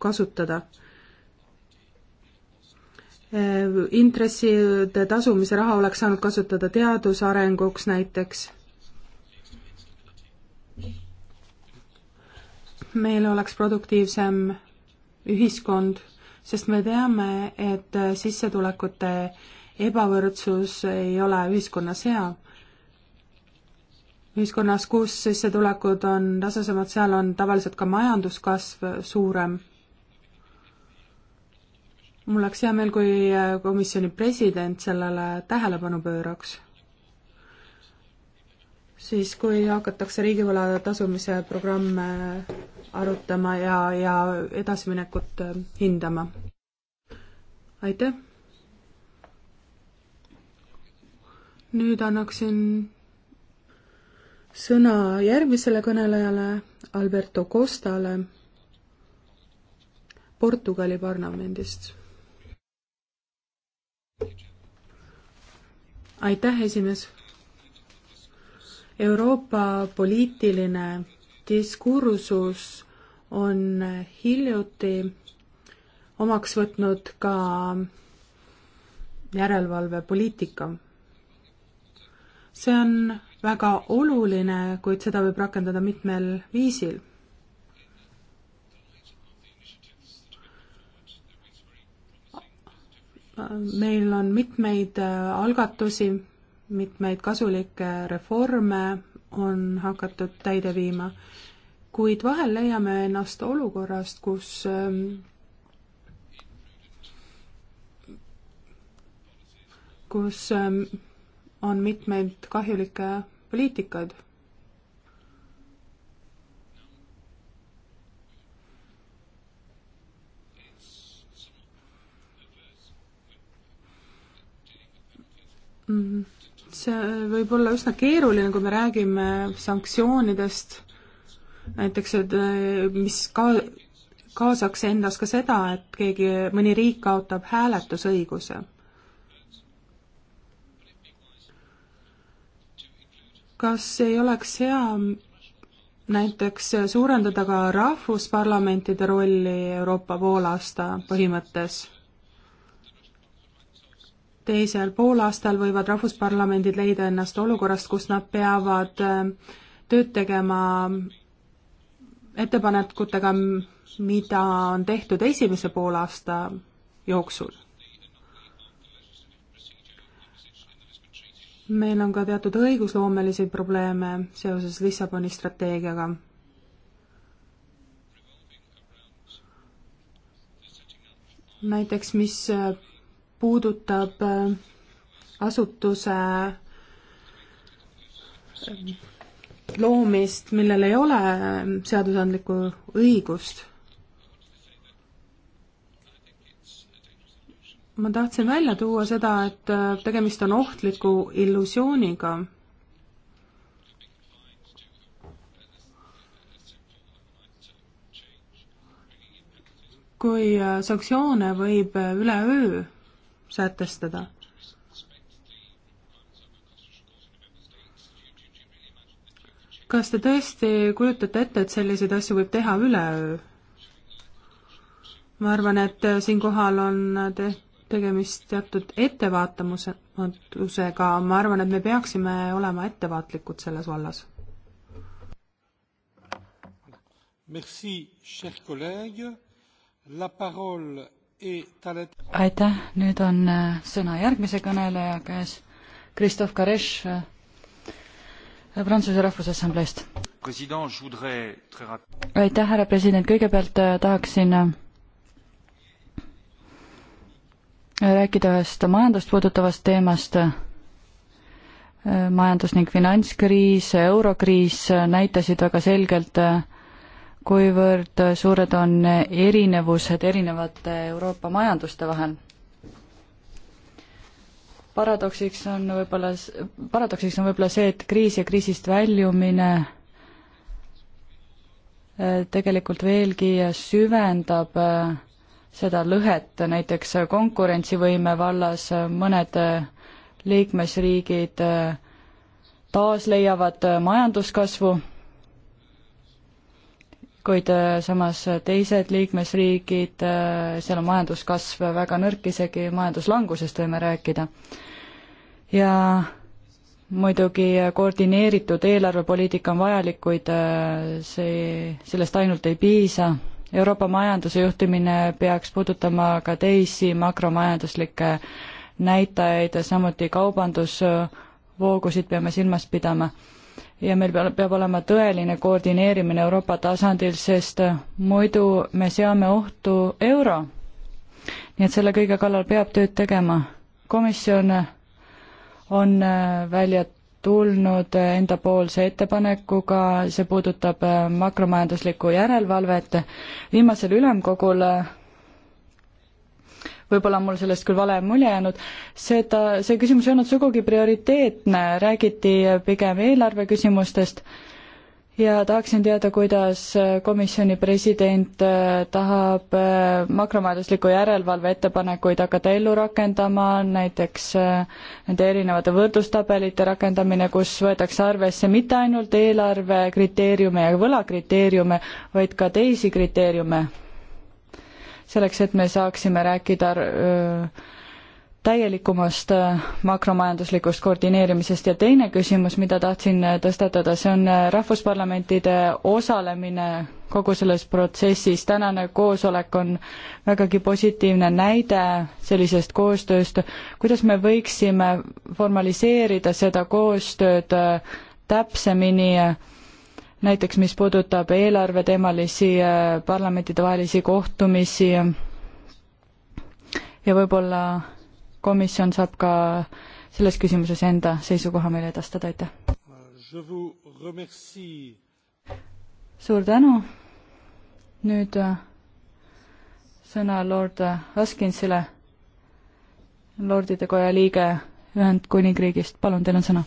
kasutada. Äh, intresside tasumise raha oleks saanud kasutada teaduse arenguks näiteks. meil oleks produktiivsem ühiskond sest me teame, et sissetulekute ebavõrdsus ei ole ühiskonnas hea. ühiskonnas, kus sissetulekud on tasasemad, seal on tavaliselt ka majanduskasv suurem. mul oleks hea meel, kui komisjoni president sellele tähelepanu pööraks. siis, kui hakatakse riigivõla tasumise programme arutama ja, ja edasiminekut äh, hindama. aitäh! nüüd annaksin sõna järgmisele kõnelejale, Alberto Costale Portugali parlamendist. aitäh, esimees! Euroopa poliitiline diskursus on hiljuti omaks võtnud ka järelevalvepoliitika. see on väga oluline, kuid seda võib rakendada mitmel viisil. meil on mitmeid algatusi, mitmeid kasulikke reforme on hakatud täide viima kuid vahel leiame ennast olukorrast, kus ähm, kus ähm, on mitmeid kahjulikke poliitikaid. Mm, see võib olla üsna keeruline, kui me räägime sanktsioonidest näiteks, et äh, mis ka kaasaks endas ka seda, et keegi, mõni riik kaotab hääletusõiguse. kas ei oleks hea näiteks suurendada ka rahvusparlamentide rolli Euroopa poolaasta põhimõttes? teisel poolaastal võivad rahvusparlamendid leida ennast olukorrast, kus nad peavad äh, tööd tegema ettepanekutega, mida on tehtud esimese poolaasta jooksul. meil on ka teatud õigusloomelisi probleeme seoses Lissaboni strateegiaga. näiteks, mis puudutab asutuse loomist, millel ei ole seadusandlikku õigust. ma tahtsin välja tuua seda, et tegemist on ohtliku illusiooniga kui sanktsioone võib üleöö sätestada. kas te tõesti kujutate ette, et selliseid asju võib teha üleöö? ma arvan, et äh, siinkohal on äh, te-, tegemist teatud ettevaatamatusega, ma arvan, et me peaksime olema ettevaatlikud selles vallas. aitäh, nüüd on äh, sõna järgmise kõneleja käes, Kristof Kareš Prantsuse Rahvusassambleest. aitäh, härra president, kõigepealt äh, tahaksin äh, rääkida ühest majandust puudutavast teemast, äh, majandus- ning finantskriis, eurokriis näitasid väga selgelt, kuivõrd suured on erinevused erinevate Euroopa majanduste vahel paradoksiks on võib-olla, paradoksiks on võib-olla see, et kriis ja kriisist väljumine äh, tegelikult veelgi süvendab äh, seda lõhet näiteks konkurentsivõime vallas, äh, mõned liikmesriigid taas leiavad majanduskasvu kuid äh, samas teised liikmesriigid, äh, seal on majanduskasv väga nõrk, isegi majanduslangusest võime rääkida. ja muidugi koordineeritud eelarvepoliitika on vajalik, kuid äh, see, sellest ainult ei piisa. Euroopa majanduse juhtimine peaks puudutama ka teisi makromajanduslikke näitajaid, samuti kaubandusvoogusid peame silmas pidama ja meil peab olema tõeline koordineerimine Euroopa tasandil, sest äh, muidu me seame ohtu euro. nii et selle kõige kallal peab tööd tegema. komisjon äh, on äh, välja tulnud endapoolse ettepanekuga, see puudutab makromajanduslikku järelevalvet. viimasel ülemkogul võib-olla on mul sellest küll vale mulje jäänud, seda, see küsimus ei olnud sugugi prioriteetne, räägiti pigem eelarve küsimustest ja tahaksin teada, kuidas komisjoni president äh, tahab äh, makromajandusliku järelevalve ettepanekuid hakata ellu rakendama, näiteks äh, nende erinevate võrdlustabelite rakendamine, kus võetakse arvesse mitte ainult eelarve kriteeriume ja võlakriteeriume, vaid ka teisi kriteeriume selleks, et me saaksime rääkida äh, täielikumast äh, makromajanduslikust koordineerimisest ja teine küsimus, mida tahtsin äh, tõstatada, see on rahvusparlamentide osalemine kogu selles protsessis, tänane koosolek on vägagi positiivne näide sellisest koostööst, kuidas me võiksime formaliseerida seda koostööd täpsemini näiteks mis puudutab eelarveteemalisi äh, parlamentidevahelisi kohtumisi ja võib-olla komisjon saab ka selles küsimuses enda seisukoha meile edastada, aitäh! suur tänu, nüüd äh, sõna lord Haskinsile, lordide koja liige Ühendkuningriigist, palun, teil on sõna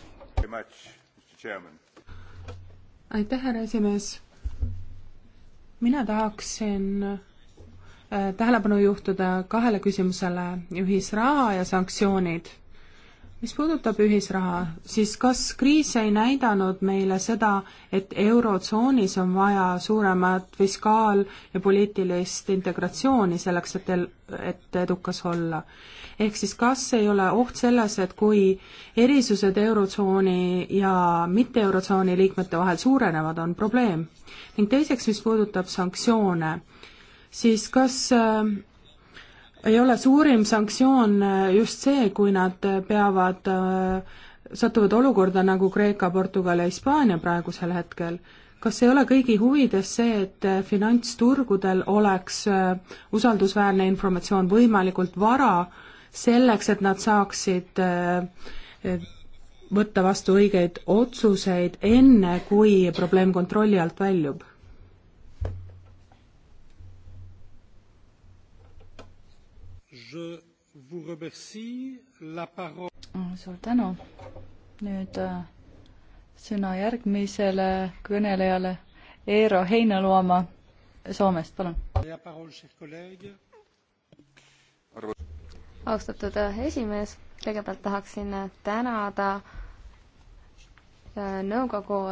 aitäh, härra esimees. mina tahaksin äh, tähelepanu juhtuda kahele küsimusele, ühisraha ja sanktsioonid. mis puudutab ühisraha, siis kas kriis ei näidanud meile seda, et Eurotsoonis on vaja suuremat fiskaal- ja poliitilist integratsiooni selleks, et, et edukas olla? ehk siis kas ei ole oht selles, et kui erisused Eurotsooni ja mitte Eurotsooni liikmete vahel suurenevad, on probleem? ning teiseks, mis puudutab sanktsioone, siis kas äh, ei ole suurim sanktsioon äh, just see, kui nad peavad äh,, satuvad olukorda nagu Kreeka, Portugal ja Hispaania praegusel hetkel, kas ei ole kõigi huvides see, et äh, finantsturgudel oleks äh, usaldusväärne informatsioon võimalikult vara selleks, et nad saaksid äh, võtta vastu õigeid otsuseid, enne kui probleem kontrolli alt väljub. suur tänu. nüüd äh, sõna järgmisele kõnelejale, Eero Heinaluoma Soomest, palun. arvo- austatud äh, esimees, kõigepealt tahaksin äh, tänada äh, nõukogu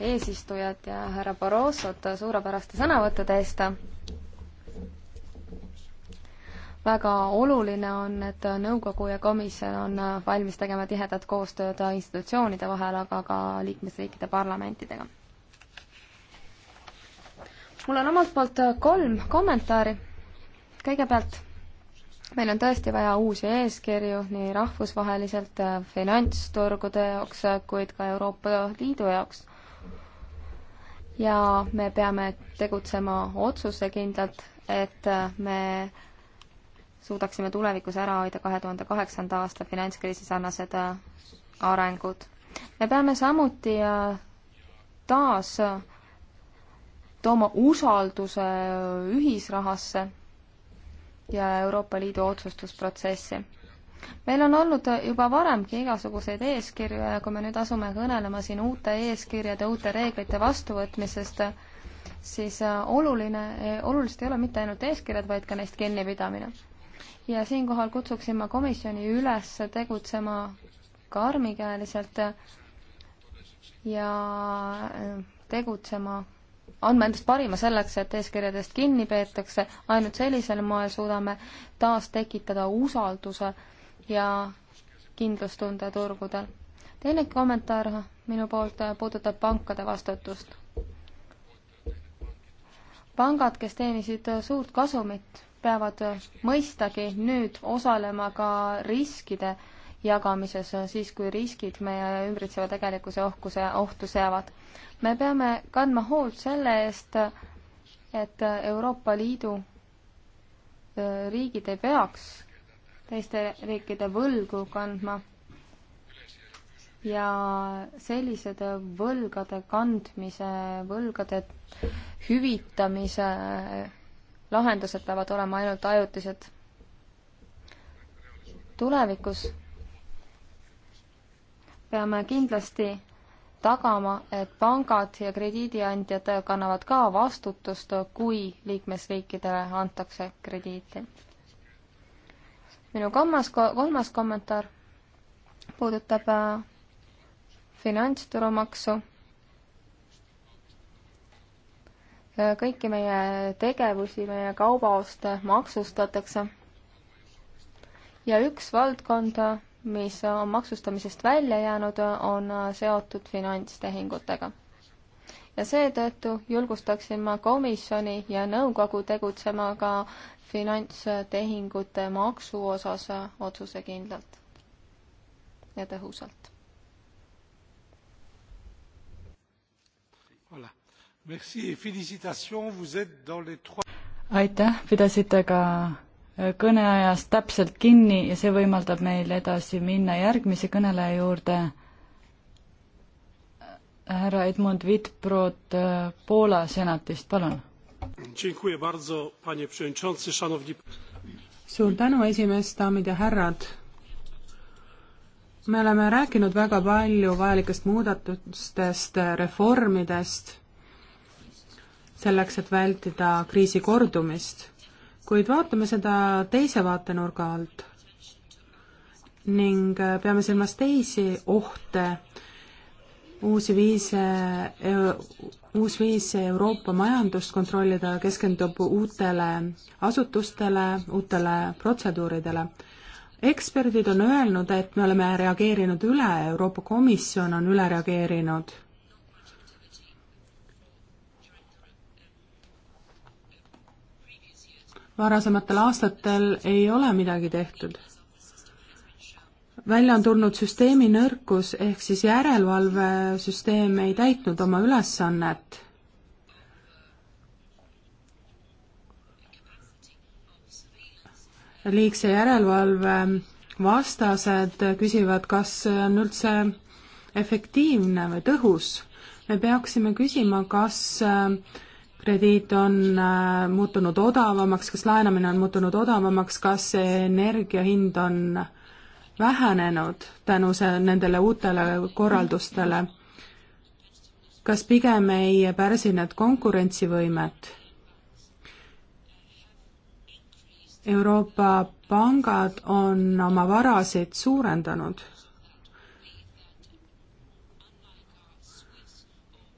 eesistujat ja härra Borossot suurepäraste sõnavõttude eest. väga oluline on, et nõukogu ja komisjon on valmis tegema tihedat koostööd institutsioonide vahel, aga ka liikmesriikide parlamentidega. mul on omalt poolt kolm kommentaari. kõigepealt meil on tõesti vaja uusi eeskirju nii rahvusvaheliselt äh, finantsturgude jaoks, äh, kuid ka Euroopa Liidu jaoks. ja me peame tegutsema otsusekindlalt, et äh, me suudaksime tulevikus ära hoida kahe tuhande kaheksanda aasta finantskriisi sarnased arengud. me peame samuti taas tooma usalduse ühisrahasse ja Euroopa Liidu otsustusprotsessi. meil on olnud juba varemgi igasuguseid eeskirju ja kui me nüüd asume kõnelema siin uute eeskirjade, uute reeglite vastuvõtmisest, siis äh, oluline, olulised ei ole mitte ainult eeskirjad, vaid ka neist kinnipidamine. ja siinkohal kutsuksin ma komisjoni üles tegutsema karmikäeliselt ja äh, tegutsema andma endast parima selleks, et eeskirjadest kinni peetakse, ainult sellisel moel suudame taastekitada usalduse ja kindlustunde turgudel. teine kommentaar minu poolt puudutab pankade vastutust. pangad, kes teenisid suurt kasumit, peavad mõistagi nüüd osalema ka riskide äh, jagamises, äh, siis kui riskid meie ümbritseva tegelikkuse ohkuse, ohtu seavad. me peame kandma hoolt selle eest, et Euroopa Liidu äh, riigid ei peaks teiste riikide võlgu kandma ja sellised võlgade kandmise, võlgade hüvitamise äh, lahendused peavad olema ainult ajutised. tulevikus peame kindlasti tagama, et pangad ja krediidiandjad kannavad ka vastutust, kui liikmesriikidele antakse krediiti. minu kolmas, kolmas kommentaar puudutab äh, finantsturumaksu. Äh, kõiki meie tegevusi, meie kaubaoste maksustatakse. ja üks valdkond, äh, mis on maksustamisest välja jäänud, on seotud finantstehingutega. ja seetõttu julgustaksin ma komisjoni ja nõukogu tegutsema ka finantstehingute maksu osas otsusekindlalt ja tõhusalt. aitäh, pidasite ka kõneajast täpselt kinni ja see võimaldab meil edasi minna järgmise kõneleja juurde. härra Edmund Wittbrod äh, Poola senatist, palun. suur tänu, esimees, daamid ja härrad. me oleme rääkinud väga palju vajalikest muudatustest, reformidest, selleks, et vältida kriisi kordumist kuid vaatame seda teise vaatenurga alt ning äh, peame silmas teisi ohte, uusi viise, uus viis Euroopa majandust kontrollida keskendub uutele asutustele, uutele protseduuridele eksperdid on öelnud, et me oleme reageerinud üle, Euroopa Komisjon on üle reageerinud. varasematel aastatel ei ole midagi tehtud. välja on tulnud süsteemi nõrkus, ehk siis järelevalvesüsteem ei täitnud oma ülesannet. liigse järelevalve vastased küsivad, kas see on üldse efektiivne või tõhus. me peaksime küsima, kas äh, krediit on äh, muutunud odavamaks, kas laenamine on muutunud odavamaks, kas energia hind on vähenenud tänu see, nendele uutele korraldustele? kas pigem ei pärsi need konkurentsivõimet? Euroopa pangad on oma varasid suurendanud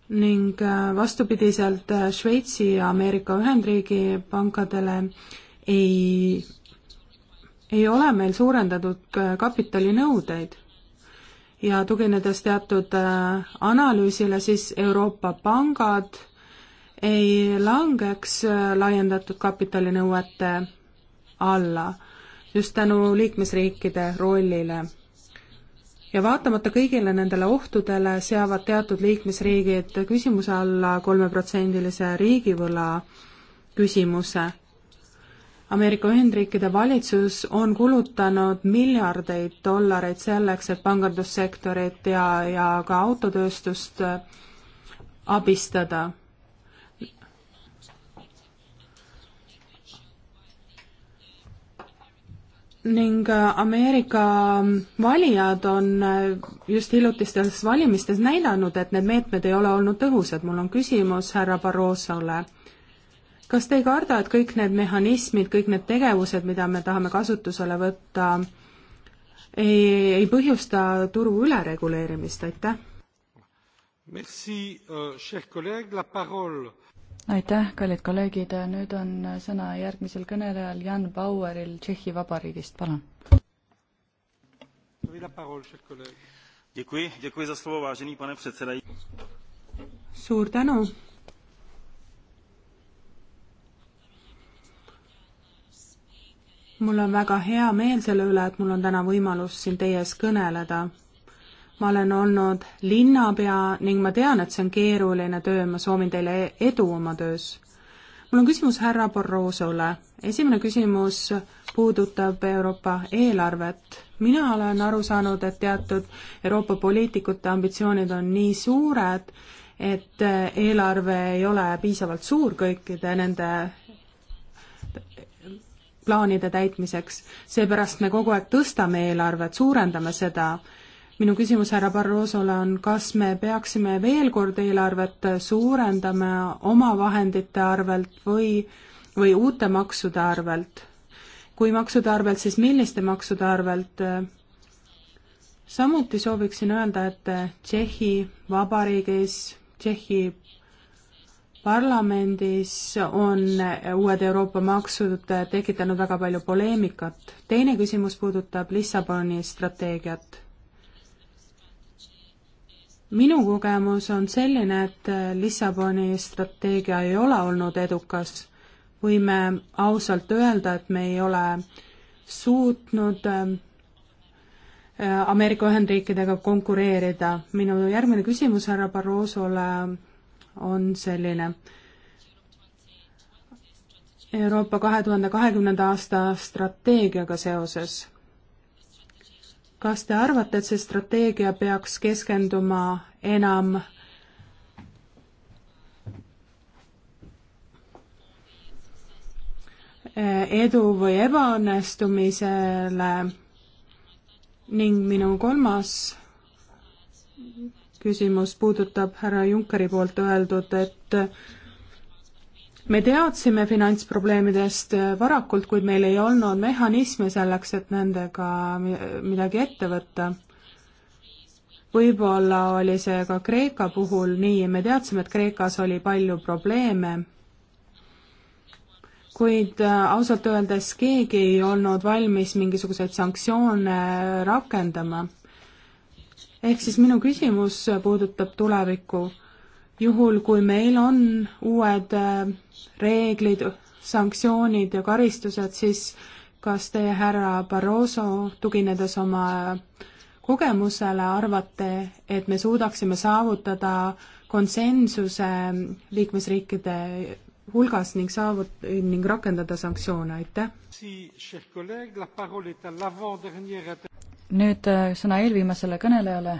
ning äh, vastupidiselt äh, Šveitsi ja Ameerika Ühendriigi pankadele ei, ei ole meil suurendatud äh, kapitalinõudeid. ja tuginedes teatud analüüsile, siis Euroopa pangad ei langeks laiendatud kapitalinõuete alla just tänu liikmesriikide rollile ja vaatamata kõigile nendele ohtudele seavad teatud liikmesriigid küsimuse alla kolmeprotsendilise riigivõla küsimuse. Ameerika Ühendriikide valitsus on kulutanud miljardeid dollareid selleks, et pangandussektorit ja, ja ka autotööstust abistada ning äh, Ameerika ähm, valijad on äh, just hiljutistes valimistes näidanud, et need meetmed ei ole olnud tõhusad. mul on küsimus härra Barrosole. kas te ei karda, et kõik need mehhanismid, kõik need tegevused, mida me tahame kasutusele võtta, ei, ei põhjusta turu ülereguleerimist, aitäh? Merci, euh, cher collègue, la parole aitäh, kallid kolleegid, nüüd on sõna järgmisel kõnelejal Jan Baueril Tšehhi Vabariigist, palun. suur tänu. mul on väga hea meel selle üle, et mul on täna võimalus siin teie ees kõneleda ma olen olnud linnapea ning ma tean, et see on keeruline töö, ma soovin teile edu oma töös. mul on küsimus härra Borrosole. esimene küsimus puudutab Euroopa eelarvet. mina olen aru saanud, et teatud Euroopa poliitikute ambitsioonid on nii suured, et eelarve ei ole piisavalt suur kõikide nende plaanide täitmiseks, seepärast me kogu aeg tõstame eelarvet, suurendame seda minu küsimus härra Barrosole on, kas me peaksime veel kord eelarvet suurendama omavahendite arvelt või, või uute maksude arvelt? kui maksude arvelt, siis milliste maksude arvelt? samuti sooviksin öelda, et Tšehhi Vabariigis, Tšehhi parlamendis on uued Euroopa maksud tekitanud väga palju poleemikat. teine küsimus puudutab Lissaboni strateegiat minu kogemus on selline, et Lissaboni strateegia ei ole olnud edukas. võime ausalt öelda, et me ei ole suutnud ähm, äh, Ameerika Ühendriikidega konkureerida. minu järgmine küsimus härra Barrosole on selline. Euroopa kahe tuhande kahekümnenda aasta strateegiaga seoses kas te arvate, et see strateegia peaks keskenduma enam edu või ebaõnnestumisele ning minu kolmas küsimus puudutab härra Junckeri poolt öeldud, et me teadsime finantsprobleemidest äh, varakult, kuid meil ei olnud mehhanisme selleks, et nendega midagi ette võtta. võib-olla oli see ka Kreeka puhul nii, me teadsime, et Kreekas oli palju probleeme, kuid äh, ausalt öeldes keegi ei olnud valmis mingisuguseid sanktsioone rakendama. ehk siis minu küsimus puudutab tulevikku juhul, kui meil on uued äh, reeglid, sanktsioonid ja karistused, siis kas teie, härra Barroso, tuginedes oma kogemusele, arvate, et me suudaksime saavutada konsensuse liikmesriikide hulgas ning saavut-, ning rakendada sanktsioone, aitäh! nüüd äh, sõna eelviimasele kõnelejale,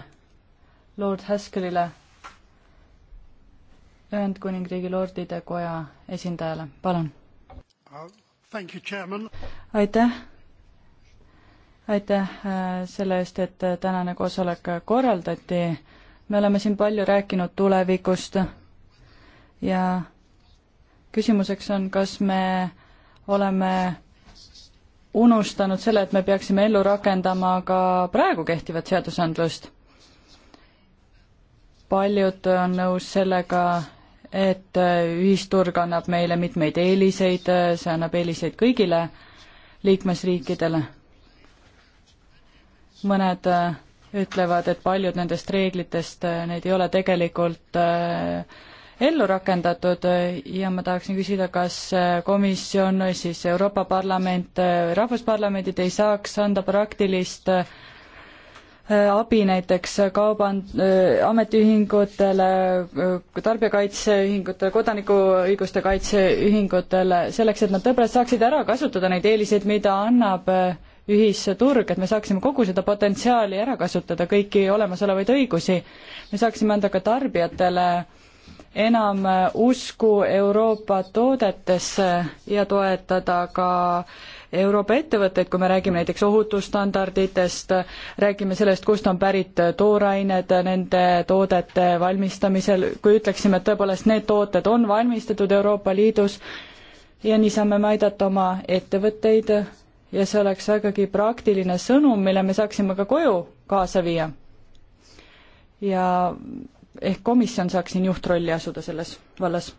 Lord Haskellile Ühendkuningriigi Lordide Koja esindajale, palun. Uh, aitäh, aitäh uh, selle eest, et uh, tänane koosolek korraldati. me oleme siin palju rääkinud tulevikust ja küsimuseks on, kas me oleme unustanud selle, et me peaksime ellu rakendama ka praegu kehtivat seadusandlust. paljud on nõus sellega, et äh, ühisturg annab meile mitmeid eeliseid, äh, see annab eeliseid kõigile liikmesriikidele. mõned äh, ütlevad, et paljud nendest reeglitest, neid ei ole tegelikult ellu rakendatud ja ma tahaksin küsida, kas komisjon, siis Euroopa Parlament, Rahvusparlamendid ei saaks anda praktilist äh, Äh, abi näiteks kauband-, äh, ametiühingutele, äh, tarbijakaitseühingutele, kodanikuõiguste kaitseühingutele, selleks et nad tõepoolest saaksid ära kasutada neid eeliseid, mida annab ühisturg, et me saaksime kogu seda potentsiaali ära kasutada, kõiki olemasolevaid õigusi. me saaksime anda ka tarbijatele enam usku Euroopa toodetesse ja toetada ka äh, Euroopa ettevõtteid, kui me räägime näiteks ohutusstandarditest, räägime sellest, kust on pärit toorained nende toodete valmistamisel, kui ütleksime, et tõepoolest need tooted on valmistatud Euroopa Liidus ja nii saame me aidata oma ettevõtteid ja see oleks vägagi praktiline sõnum, mille me saaksime ka koju kaasa viia. ja ehk komisjon saaks siin juhtrolli asuda selles vallas.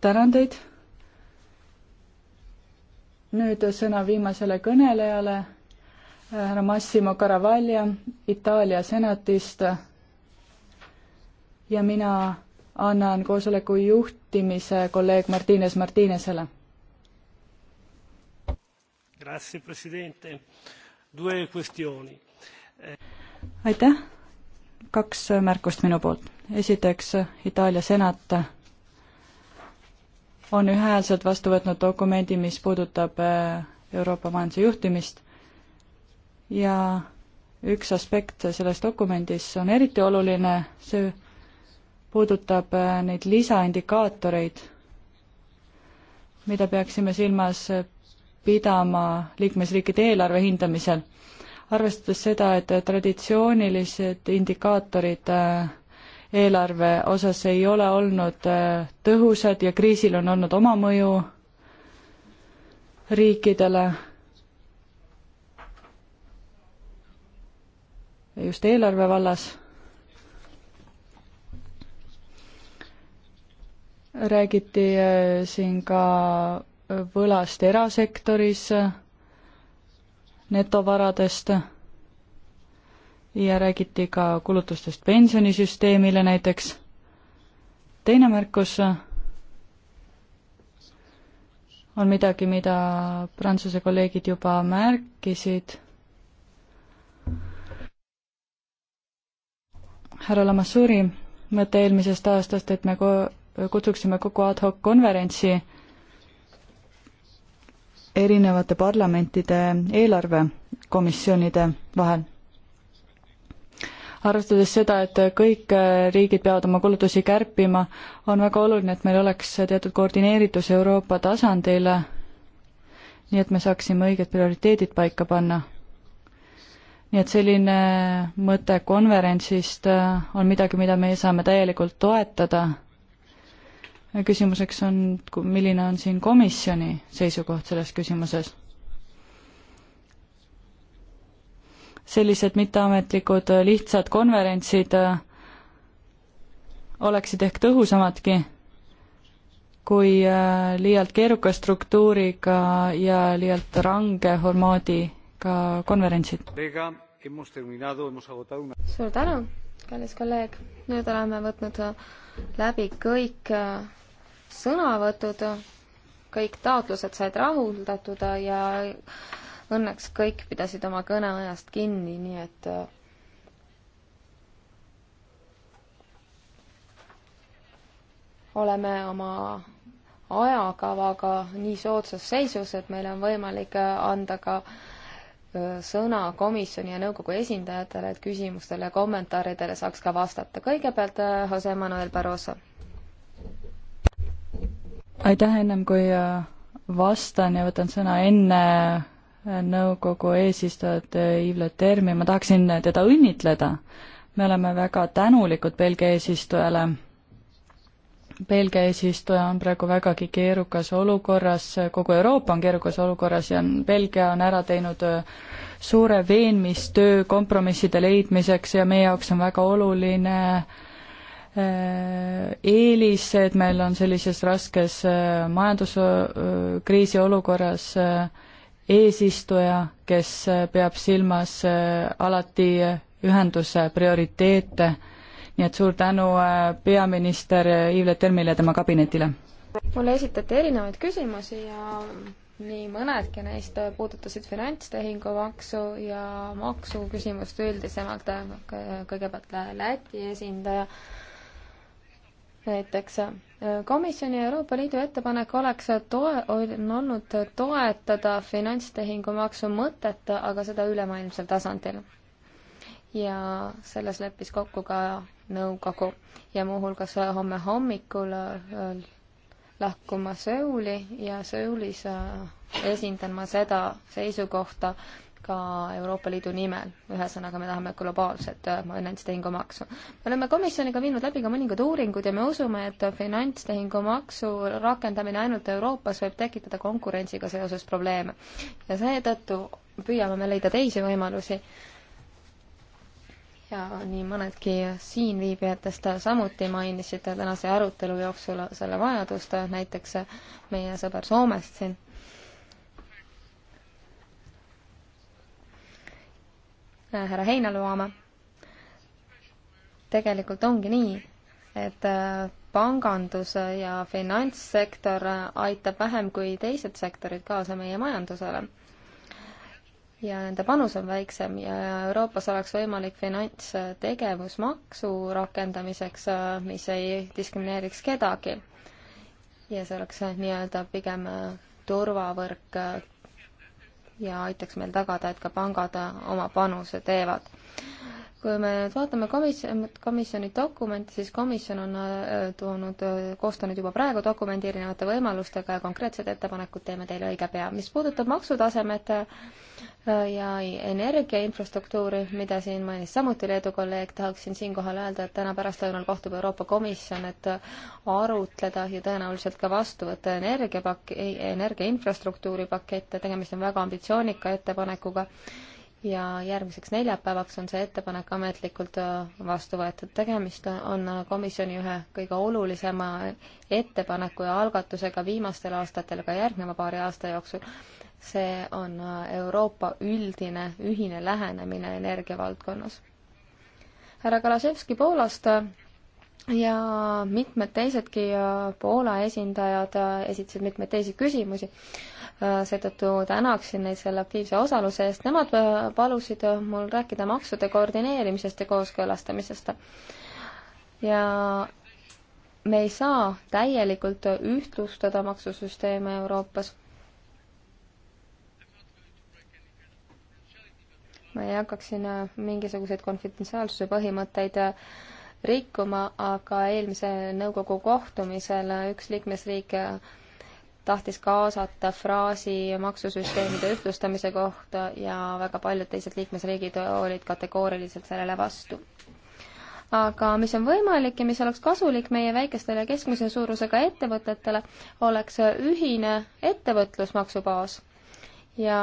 tänan teid nüüd sõna viimasele kõnelejale, härra Massimo Caravaglia Itaalia senatist. ja mina annan koosoleku juhtimise kolleeg Martines Martinesele. aitäh, kaks märkust minu poolt. esiteks, Itaalia senat on ühehäälselt vastu võtnud dokumendi, mis puudutab äh, Euroopa majanduse juhtimist ja üks aspekt selles dokumendis on eriti oluline, see puudutab äh, neid lisaindikaatoreid, mida peaksime silmas pidama liikmesriikide eelarve hindamisel. arvestades seda, et traditsioonilised indikaatorid äh, eelarve osas ei ole olnud äh, tõhusad ja kriisil on olnud oma mõju riikidele. just eelarve vallas. räägiti äh, siin ka äh, võlast erasektoris, netovaradest ja räägiti ka kulutustest pensionisüsteemile näiteks. teine märkus on midagi, mida Prantsuse kolleegid juba märkisid. härra Lamassuri mõte eelmisest aastast, et me ko-, kutsuksime kokku ad hoc konverentsi erinevate parlamentide eelarvekomisjonide vahel arvestades seda, et kõik äh, riigid peavad oma kulutusi kärpima, on väga oluline, et meil oleks teatud koordineeritus Euroopa tasandil, nii et me saaksime õiged prioriteedid paika panna. nii et selline mõte konverentsist äh, on midagi, mida meie saame täielikult toetada. küsimuseks on, milline on siin komisjoni seisukoht selles küsimuses sellised mitteametlikud äh, lihtsad konverentsid äh, oleksid ehk tõhusamadki kui äh, liialt keeruka struktuuriga ja liialt range formaadiga konverentsid. suur tänu, kallis kolleeg, nüüd oleme võtnud läbi kõik sõnavõtud, kõik taotlused said rahuldatud ja Õnneks kõik pidasid oma kõneajast kinni, nii et äh, oleme oma ajakavaga nii soodsas seisus, et meil on võimalik äh, anda ka äh, sõna komisjoni ja nõukogu esindajatele, et küsimustele ja kommentaaridele saaks ka vastata. kõigepealt Jose Manuel Barroso. aitäh, ennem kui vastan ja võtan sõna enne nõukogu eesistujat Yves Letermi, ma tahaksin teda õnnitleda. me oleme väga tänulikud Belgia eesistujale. Belgia eesistuja on praegu vägagi keerukas olukorras, kogu Euroopa on keerukas olukorras ja Belgia on ära teinud suure veenmistöö kompromisside leidmiseks ja meie jaoks on väga oluline eh, eelis, et meil on sellises raskes eh, majanduskriisi olukorras äh, eesistuja, kes peab silmas äh, alati ühenduse prioriteete, nii et suur tänu äh, peaminister Yves Le Termile ja tema kabinetile. mulle esitati erinevaid küsimusi ja nii mõnedki neist puudutasid finantstehingumaksu ja maksuküsimust üldisemalt, kõigepealt Läti esindaja näiteks äh, komisjoni ja Euroopa Liidu ettepanek oleks toe, on olnud toetada finantstehingumaksu mõtet, aga seda ülemaailmsel tasandil. ja selles leppis kokku ka nõukogu ja muuhulgas homme hommikul äh, lahkuma Seuli ja Seulis äh, esindan ma seda seisukohta, ka Euroopa Liidu nimel. ühesõnaga, me tahame globaalset äh, finantstehingumaksu. me oleme komisjoniga viinud läbi ka mõningad uuringud ja me usume, et finantstehingumaksu rakendamine ainult Euroopas võib tekitada konkurentsiga seoses probleeme. ja seetõttu püüame me leida teisi võimalusi ja nii mõnedki siinviibijatest samuti mainisid tänase arutelu jooksul selle vajadust, näiteks meie sõber Soomest siin Äh, härra Heinaluoma, tegelikult ongi nii, et äh, pangandus ja finantssektor äh, aitab vähem kui teised sektorid kaasa meie majandusele. ja nende panus on väiksem ja Euroopas oleks võimalik finantstegevusmaksu rakendamiseks, mis ei diskrimineeriks kedagi. ja see oleks nii-öelda pigem turvavõrk ja aitaks meil tagada, et ka pangad oma panuse teevad kui me nüüd vaatame komisjon, komisjoni dokumenti, siis komisjon on äh, toonud, äh, koostanud juba praegu dokumendi erinevate võimalustega ja konkreetsed ettepanekud teeme teile õige pea. mis puudutab maksutasemed äh, ja energiainfrastruktuuri, mida siin mainis samuti Leedu kolleeg, tahaksin siinkohal öelda, et täna pärastlõunal kohtub Euroopa Komisjon, et arutleda ja tõenäoliselt ka vastu võtta energiapakk-, energiainfrastruktuuri pakette, tegemist on väga ambitsioonika ettepanekuga ja järgmiseks neljapäevaks on see ettepanek ametlikult äh, vastu võetud. tegemist on äh, komisjoni ühe kõige olulisema ettepaneku ja algatusega viimastel aastatel, ka järgneva paari aasta jooksul. see on äh, Euroopa üldine ühine lähenemine energiavaldkonnas. härra Kalaševski Poolast ja mitmed teisedki Poola esindajad esitasid mitmeid teisi küsimusi Äh, seetõttu tänaksin neid selle aktiivse osaluse eest. Nemad äh, palusid äh, mul rääkida maksude koordineerimisest ja kooskõlastamisest. ja me ei saa täielikult ühtlustada maksusüsteeme Euroopas. ma ei hakkaks siin mingisuguseid konfidentsiaalsuse põhimõtteid rikkuma, aga eelmise nõukogu kohtumisel üks liikmesriik tahtis kaasata fraasi maksusüsteemide ühtlustamise kohta ja väga paljud teised liikmesriigid olid kategooriliselt sellele vastu. aga mis on võimalik ja mis oleks kasulik meie väikestele ja keskmise suurusega ettevõtetele, oleks ühine ettevõtlusmaksubaas. ja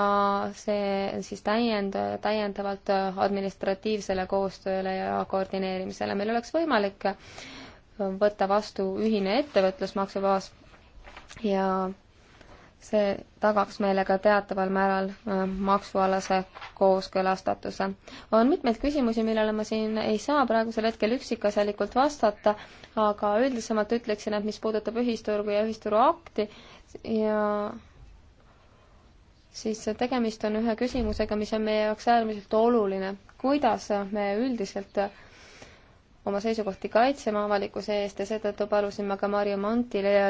see siis täiend, täiendavalt administratiivsele koostööle ja koordineerimisele. meil oleks võimalik võtta vastu ühine ettevõtlusmaksubaas ja see tagaks meile ka teataval määral äh, maksualase kooskõlastatuse. on mitmeid küsimusi, millele ma siin ei saa praegusel hetkel üksikasjalikult vastata, aga üldisemalt ütleksin, et mis puudutab ühisturgu ja ühisturu akti ja siis tegemist on ühe küsimusega, mis on meie jaoks äärmiselt oluline. kuidas me üldiselt oma seisukohti kaitsema avalikkuse eest ja seetõttu palusin ma ka Marju Mantile ja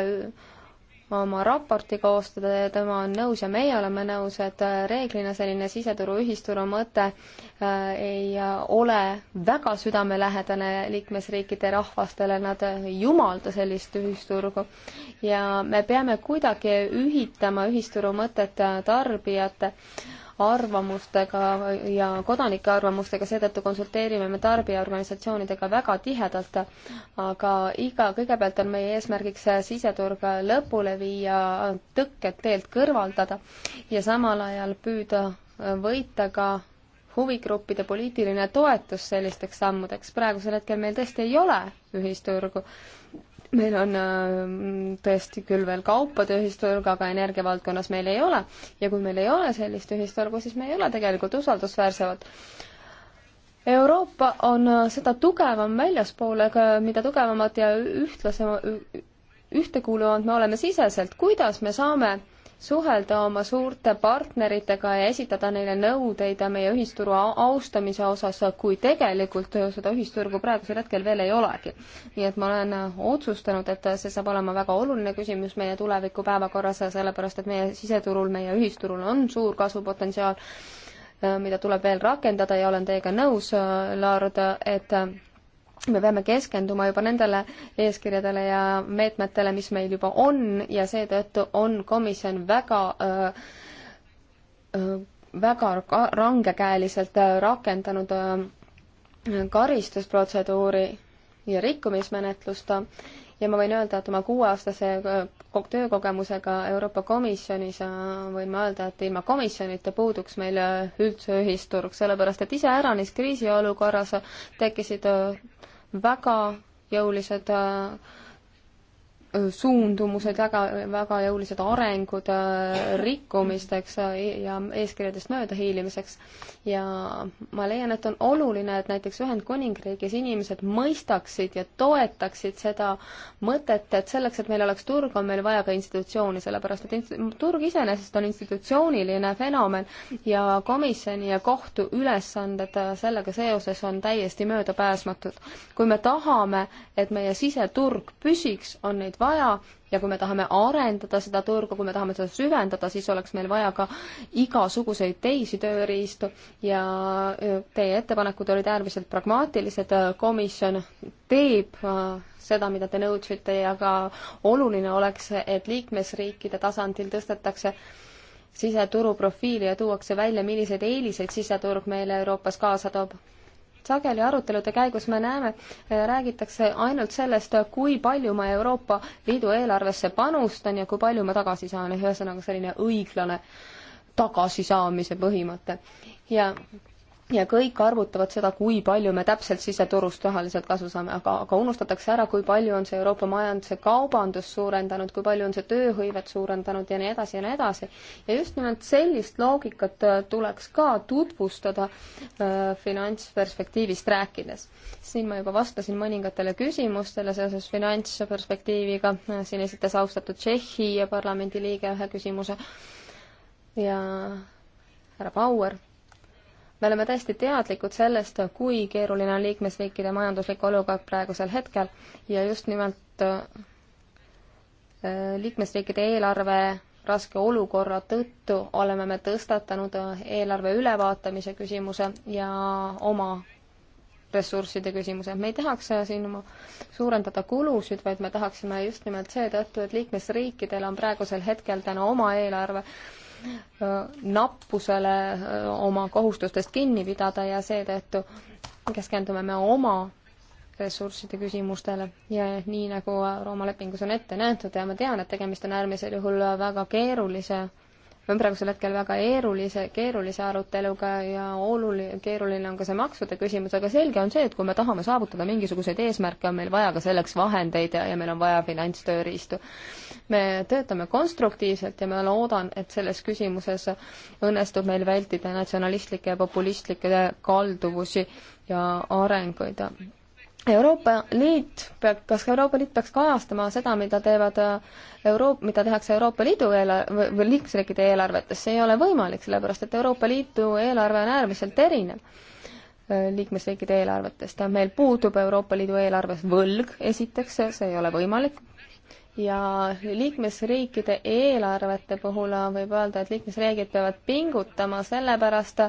oma raporti koostada ja tema on nõus ja meie oleme nõus, et äh, reeglina selline siseturu, ühisturu mõte äh, ei äh, ole väga südamelähedane liikmesriikide rahvastele, nad ei jumalda sellist ühisturgu. ja me peame kuidagi ühitama ühisturu mõtet tarbijate arvamustega ja kodanike arvamustega, seetõttu konsulteerime me tarbijaorganisatsioonidega väga tihedalt, aga iga, kõigepealt on meie eesmärgiks siseturg lõpule viia, tõkked teelt kõrvaldada ja samal ajal püüda võita ka huvigruppide poliitiline toetus sellisteks sammudeks. praegusel hetkel meil tõesti ei ole ühisturgu meil on ähm, tõesti küll veel kaupade ühisturg, aga energiavaldkonnas meil ei ole. ja kui meil ei ole sellist ühisturgu, siis me ei ole tegelikult usaldusväärsemad. Euroopa on äh, seda tugevam väljaspoole, mida tugevamad ja ühtlasema, ühtekuuluvamad me oleme siseselt, kuidas me saame suhelda oma suurte partneritega ja esitada neile nõudeid meie ühisturu austamise osas, kui tegelikult seda ühisturgu praegusel hetkel veel ei olegi. nii et ma olen otsustanud, et see saab olema väga oluline küsimus meie tuleviku päevakorras, sellepärast et meie siseturul, meie ühisturul on suur kasvupotentsiaal, mida tuleb veel rakendada ja olen teiega nõus, Lard, et me peame keskenduma juba nendele eeskirjadele ja meetmetele, mis meil juba on ja seetõttu on komisjon väga väga rangekäeliselt rakendanud karistusprotseduuri ja rikkumismenetlust ja ma võin öelda, et oma kuueaastase töökogemusega Euroopa Komisjonis võin ma öelda, et ilma komisjonita puuduks meil üldse ühisturg, sellepärast et iseäranis kriisiolukorras tekkisid väga jõulised äh, Äh, suundumused, väga, väga jõulised arengud äh, rikkumisteks ja eeskirjadest möödahiilimiseks. ja ma leian, et on oluline, et näiteks Ühendkuningriigis inimesed mõistaksid ja toetaksid seda mõtet, et selleks, et meil oleks turg, on meil vaja ka institutsiooni, sellepärast et turg iseenesest on institutsiooniline fenomen ja komisjoni ja kohtu ülesanded äh, sellega seoses on täiesti möödapääsmatud. kui me tahame, et meie siseturg püsiks, on neid tegelikult vaja ja kui me tahame arendada seda turgu, kui me tahame seda süvendada, siis oleks meil vaja ka igasuguseid teisi tööriistu ja äh, teie ettepanekud olid äärmiselt pragmaatilised, äh, komisjon teeb äh, seda, mida te nõudsite ja ka oluline oleks, et liikmesriikide tasandil tõstetakse siseturu profiili ja tuuakse välja, milliseid eeliseid siseturg meile Euroopas kaasa toob sageli arutelude käigus me näeme, äh, räägitakse ainult sellest, kui palju ma Euroopa Liidu eelarvesse panustan ja kui palju ma tagasi saan, ühesõnaga selline õiglane tagasisaamise põhimõte. ja ja kõik arvutavad seda, kui palju me täpselt siseturust rahaliselt kasu saame, aga, aga unustatakse ära, kui palju on see Euroopa majanduse kaubandus suurendanud, kui palju on see tööhõivet suurendanud ja nii edasi ja nii edasi. ja just nimelt sellist loogikat äh, tuleks ka tutvustada äh, finantsperspektiivist rääkides. siin ma juba vastasin mõningatele küsimustele seoses finantsperspektiiviga, siin esitas austatud Tšehhi parlamendiliige ühe küsimuse ja härra Bauer me oleme täiesti teadlikud sellest, kui keeruline on liikmesriikide majanduslik olukord praegusel hetkel ja just nimelt äh, liikmesriikide eelarve raske olukorra tõttu oleme me tõstatanud äh, eelarve ülevaatamise küsimuse ja oma ressursside küsimuse. me ei tahaks äh, siin oma suurendada kulusid, vaid me tahaksime just nimelt seetõttu, et liikmesriikidel on praegusel hetkel tänu oma eelarve äh, nappusele oma kohustustest kinni pidada ja seetõttu keskendume me oma ressursside küsimustele ja nii, nagu Rooma lepingus on ette nähtud ja ma tean, et tegemist on äärmisel juhul väga keerulise on praegusel hetkel väga keerulise, keerulise aruteluga ja oluline, keeruline on ka see maksude küsimus, aga selge on see, et kui me tahame saavutada mingisuguseid eesmärke, on meil vaja ka selleks vahendeid ja, ja meil on vaja finantstööriistu. me töötame konstruktiivselt ja ma loodan, et selles küsimuses õnnestub meil vältida natsionalistlikke ja populistlikke kalduvusi ja arenguid Euroopa Liit peab, kas Euroopa Liit peaks kajastama seda, mida teevad äh, Euroop-, mida tehakse Euroopa Liidu eelar-, või liikmesriikide eelarvetes, see ei ole võimalik, sellepärast et Euroopa Liidu eelarve on äärmiselt erinev äh, liikmesriikide eelarvetest ja meil puudub Euroopa Liidu eelarves võlg, esiteks, see ei ole võimalik, ja liikmesriikide eelarvete puhul võib öelda, et liikmesriigid peavad pingutama sellepärast,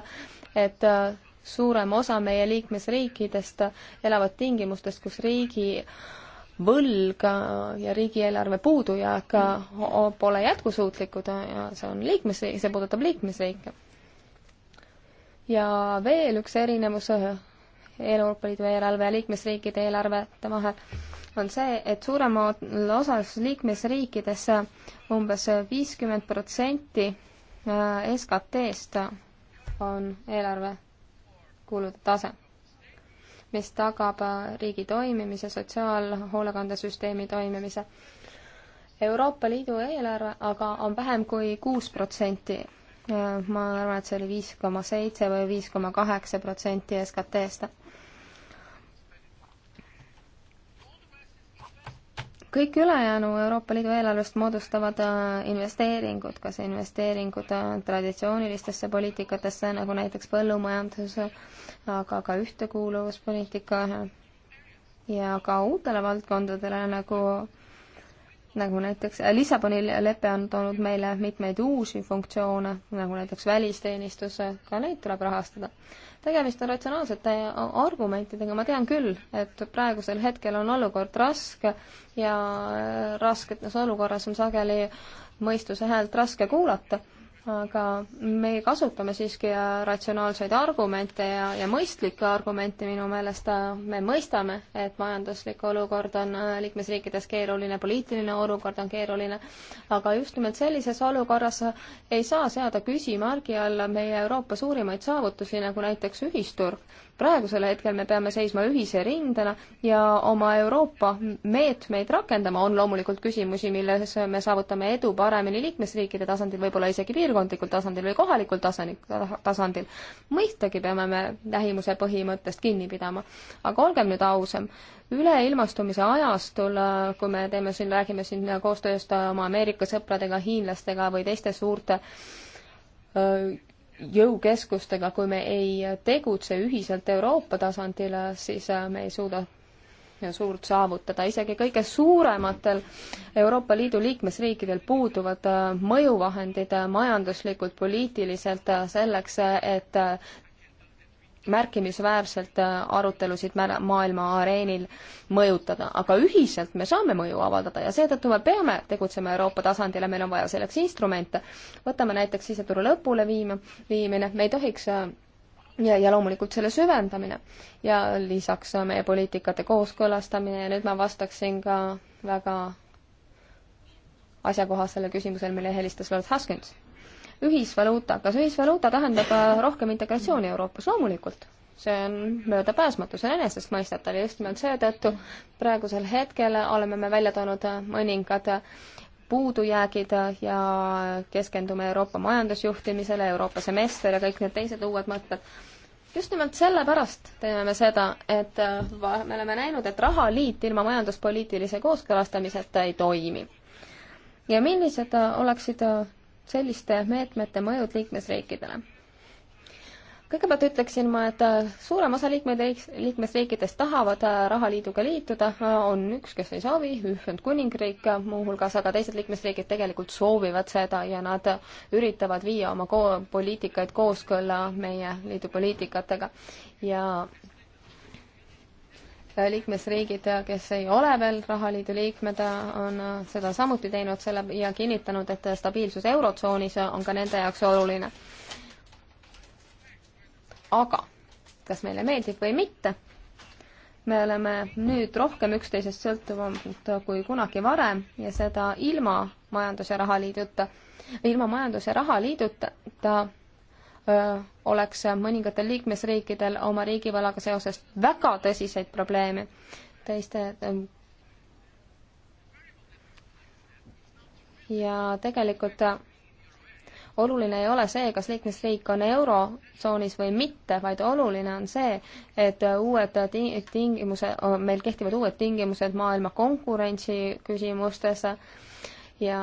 et äh, suurem osa meie liikmesriikidest elavad tingimustes, kus riigi võlg ja riigieelarve puudujääk pole jätkusuutlikud ja see on liikmesriik, see puudutab liikmesriike. ja veel üks erinevus Euroopa Liidu eelarve ja liikmesriikide eelarvete vahel on see, et suuremal osas liikmesriikides umbes viiskümmend protsenti äh, SKT-st on eelarve kuuluda tase, mis tagab riigi toimimise, sotsiaalhoolekandesüsteemi toimimise. Euroopa Liidu eelarve aga on vähem kui kuus protsenti ma arvan, et see oli viis koma seitse või viis koma kaheksa protsenti SKT-st. kõik ülejäänu Euroopa Liidu eelarvest moodustavad äh, investeeringud, kas investeeringud äh, traditsioonilistesse poliitikatesse, nagu näiteks põllumajandus, äh, aga ka ühtekuuluvuspoliitika ja ka uutele valdkondadele, nagu nagu näiteks Lissaboni lepe on toonud meile mitmeid uusi funktsioone, nagu näiteks välisteenistus, ka neid tuleb rahastada tegemist on ratsionaalsete argumentidega, ma tean küll, et praegusel hetkel on olukord raske ja rasketes olukorras on sageli mõistuse häält raske kuulata aga me kasutame siiski ratsionaalseid argumente ja, ja mõistlikke argumente minu meelest. me mõistame, et majanduslik olukord on äh, liikmesriikides keeruline, poliitiline olukord on keeruline, aga just nimelt sellises olukorras ei saa seada küsimärgi alla meie Euroopa suurimaid saavutusi, nagu näiteks ühisturg. praegusel hetkel me peame seisma ühise rindena ja oma Euroopa meetmeid rakendama. on loomulikult küsimusi, milles me saavutame edu paremini liikmesriikide tasandil, võib-olla isegi piirkondades piirkondlikul tasandil või kohalikul tasandil. mõistagi peame me lähimuse põhimõttest kinni pidama, aga olgem nüüd ausam, üleilmastumise ajastul, äh, kui me teeme siin, räägime siin koostööst oma Ameerika sõpradega, hiinlastega või teiste suurte äh, jõukeskustega, kui me ei tegutse ühiselt Euroopa tasandil, äh, siis me ei suuda suurt saavutada, isegi kõige suurematel Euroopa Liidu liikmesriikidel puuduvad äh, mõjuvahendid äh, majanduslikult, poliitiliselt äh, selleks, et märkimisväärselt arutelusid maailma areenil mõjutada, aga ühiselt me saame mõju avaldada ja seetõttu me peame tegutsema Euroopa tasandil ja meil on vaja selleks instrumente. võtame näiteks siseturu lõpule viima, viimine, me ei tohiks ja, ja loomulikult selle süvendamine ja lisaks meie poliitikate kooskõlastamine ja nüüd ma vastaksin ka väga asjakohasele küsimusele, mille helistas Lord Haskins. ühisvaluuta, kas ühisvaluuta tähendab rohkem integratsiooni Euroopas? loomulikult, see on möödapääsmatu, see on enesestmõistetav ja just nimelt seetõttu praegusel hetkel oleme me välja toonud mõningad puudujäägid ja keskendume Euroopa majandusjuhtimisele, Euroopa semester ja kõik need teised uued mõtted. just nimelt sellepärast teeme me seda, et me oleme näinud, et rahaliit ilma majanduspoliitilise kooskõlastamiseta ei toimi. ja millised oleksid selliste meetmete mõjud liikmesriikidele? kõigepealt ütleksin ma, et äh, suurem osa liikmeid, liikmesriikidest tahavad äh, rahaliiduga liituda, äh, on üks, kes ei soovi, Ühendkuningriik muuhulgas, aga teised liikmesriigid tegelikult soovivad seda ja nad üritavad viia oma ko poliitikaid kooskõlla meie liidu poliitikatega. ja liikmesriigid, kes ei ole veel Rahaliidu liikmed, on seda samuti teinud selle ja kinnitanud, et stabiilsus Eurotsoonis on ka nende jaoks oluline aga kas meile meeldib või mitte, me oleme nüüd rohkem üksteisest sõltuvamad kui kunagi varem ja seda ilma Majandus- ja Rahaliiduta. ilma Majandus- ja Rahaliiduta ta öö, oleks mõningatel liikmesriikidel oma riigivõlaga seoses väga tõsiseid probleeme. teiste öö, ja tegelikult oluline ei ole see, kas liikmesriik on eurotsoonis või mitte, vaid oluline on see, et uued tingimused, meil kehtivad uued tingimused maailma konkurentsi küsimustes ja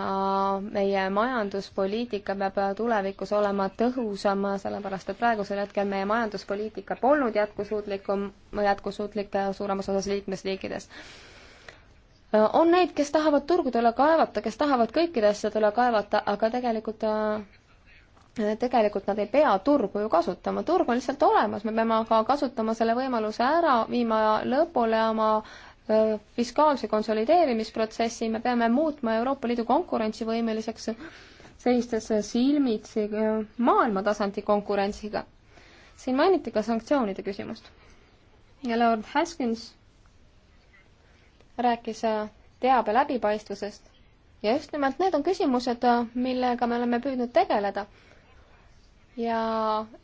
meie majanduspoliitika peab tulevikus olema tõhusam, sellepärast et praegusel hetkel meie majanduspoliitika polnud jätkusuutlikum, jätkusuutlik suuremas osas liikmesriikides on neid, kes tahavad turgudele kaevata, kes tahavad kõikide asjadele kaevata, aga tegelikult tegelikult nad ei pea turgu ju kasutama, turg on lihtsalt olemas, me peame aga kasutama selle võimaluse ära, viima lõpule oma fiskaalse konsolideerimisprotsessi, me peame muutma Euroopa Liidu konkurentsivõimeliseks, seistes silmitsi maailmatasandi konkurentsiga. siin mainiti ka sanktsioonide küsimust. ja Lord Haskins rääkis teabe läbipaistvusest ja just nimelt need on küsimused, millega me oleme püüdnud tegeleda ja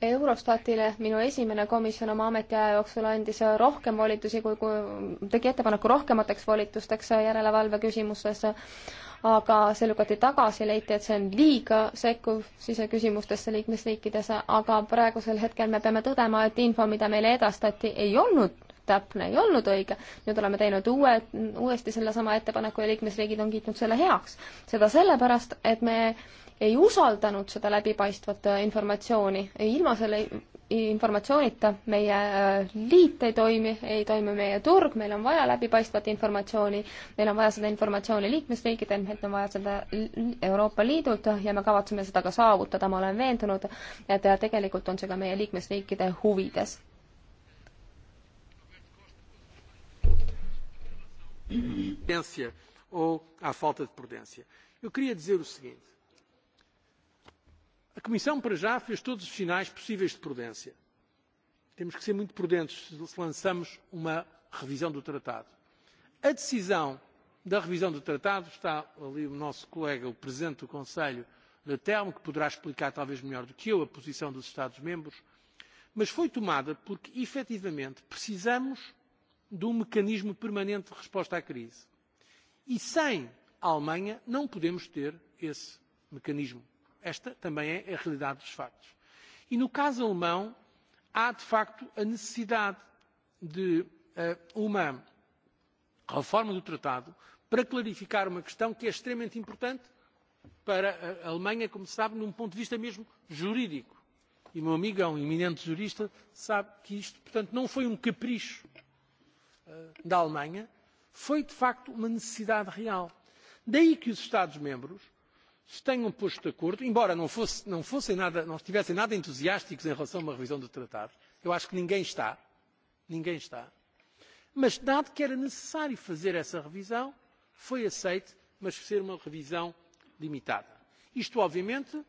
Eurostatile minu esimene komisjon oma ametiaja jooksul andis rohkem volitusi, kui, kui tegi ettepaneku rohkemateks volitusteks järelevalve küsimustes, aga see lükati tagasi, leiti, et see on liiga sekkuv siseküsimustesse liikmesriikides, aga praegusel hetkel me peame tõdema, et info, mida meile edastati, ei olnud täpne, ei olnud õige. nüüd oleme teinud uue, uuesti sellesama ettepaneku ja liikmesriigid on kiitnud selle heaks. seda sellepärast, et me ei usaldanud seda läbipaistvat äh, informatsiooni. ilma selle informatsioonita meie äh, liit ei toimi, ei toimi meie turg, meil on vaja läbipaistvat informatsiooni, meil on vaja seda informatsiooni liikmesriikidelt, meil on vaja seda Euroopa Liidult ja me kavatseme seda ka saavutada, ma olen veendunud, et äh, tegelikult on see ka meie liikmesriikide huvides. ou à falta de prudência. Eu queria dizer o seguinte: A Comissão, para já, fez todos os sinais possíveis de prudência. Temos que ser muito prudentes se lançamos uma revisão do Tratado. A decisão da revisão do Tratado, está ali o nosso colega, o Presidente do Conselho, Le Terme, que poderá explicar talvez melhor do que eu a posição dos Estados-membros, mas foi tomada porque, efetivamente, precisamos de um mecanismo permanente de resposta à crise. E sem a Alemanha não podemos ter esse mecanismo. Esta também é a realidade dos factos. E no caso alemão, há de facto a necessidade de uh, uma reforma do tratado para clarificar uma questão que é extremamente importante para a Alemanha, como se sabe, num ponto de vista mesmo jurídico. E o meu amigo é um eminente jurista, sabe que isto, portanto, não foi um capricho uh, da Alemanha, foi de facto uma necessidade real. Daí que os Estados-membros se têm um posto de acordo, embora não, fosse, não, fossem nada, não estivessem nada entusiásticos em relação a uma revisão do tratado, eu acho que ninguém está, ninguém está, mas dado que era necessário fazer essa revisão, foi aceito, mas ser uma revisão limitada. Isto, obviamente,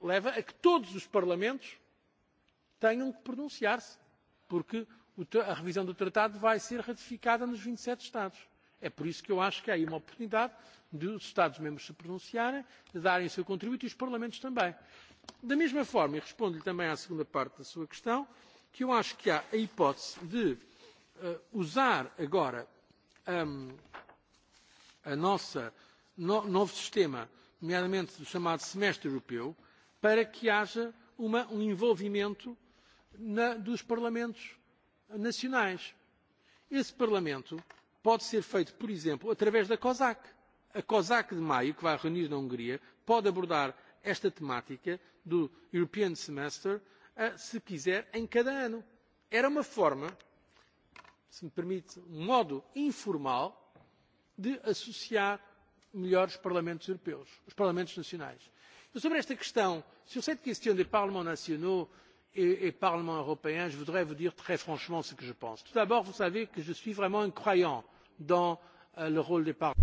leva a que todos os Parlamentos tenham que pronunciar-se, porque a revisão do Tratado vai ser ratificada nos 27 e Estados. É por isso que eu acho que há aí uma oportunidade de os Estados-membros se pronunciarem, de darem o seu contributo e os Parlamentos também. Da mesma forma, e respondo-lhe também à segunda parte da sua questão, que eu acho que há a hipótese de uh, usar agora um, a nossa no, novo sistema, nomeadamente o chamado semestre europeu, para que haja uma, um envolvimento na, dos parlamentos nacionais. Esse Parlamento pode ser feito, por exemplo, através da COSAC. A COSAC de maio, que vai reunir na Hungria, pode abordar esta temática do European Semester, eh, se quiser, em cada ano. Era uma forma, se me permite, um modo informal de associar melhores parlamentos europeus, os parlamentos nacionais. Et sobre esta questão, sur cette question des parlements nationaux et, et parlements européens, je voudrais vous dire très franchement ce que je pense. Tout d'abord, vous savez que je suis vraiment un croyant dans euh, le rôle des parlements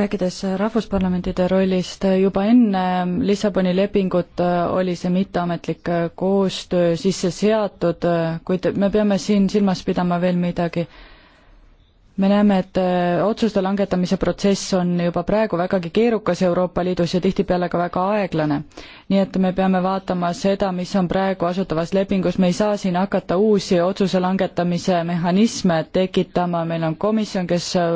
rääkides rahvusparlamentide rollist, juba enne ähm, Lissaboni lepingut äh, oli see mitteametlik äh, koostöö sisse seatud, äh, kuid me peame siin silmas pidama veel midagi me näeme, et äh, otsuste langetamise protsess on juba praegu vägagi keerukas Euroopa Liidus ja tihtipeale ka väga aeglane. nii et me peame vaatama seda, mis on praegu asutavas lepingus, me ei saa siin hakata uusi otsuse langetamise mehhanisme tekitama, meil on komisjon, kes äh,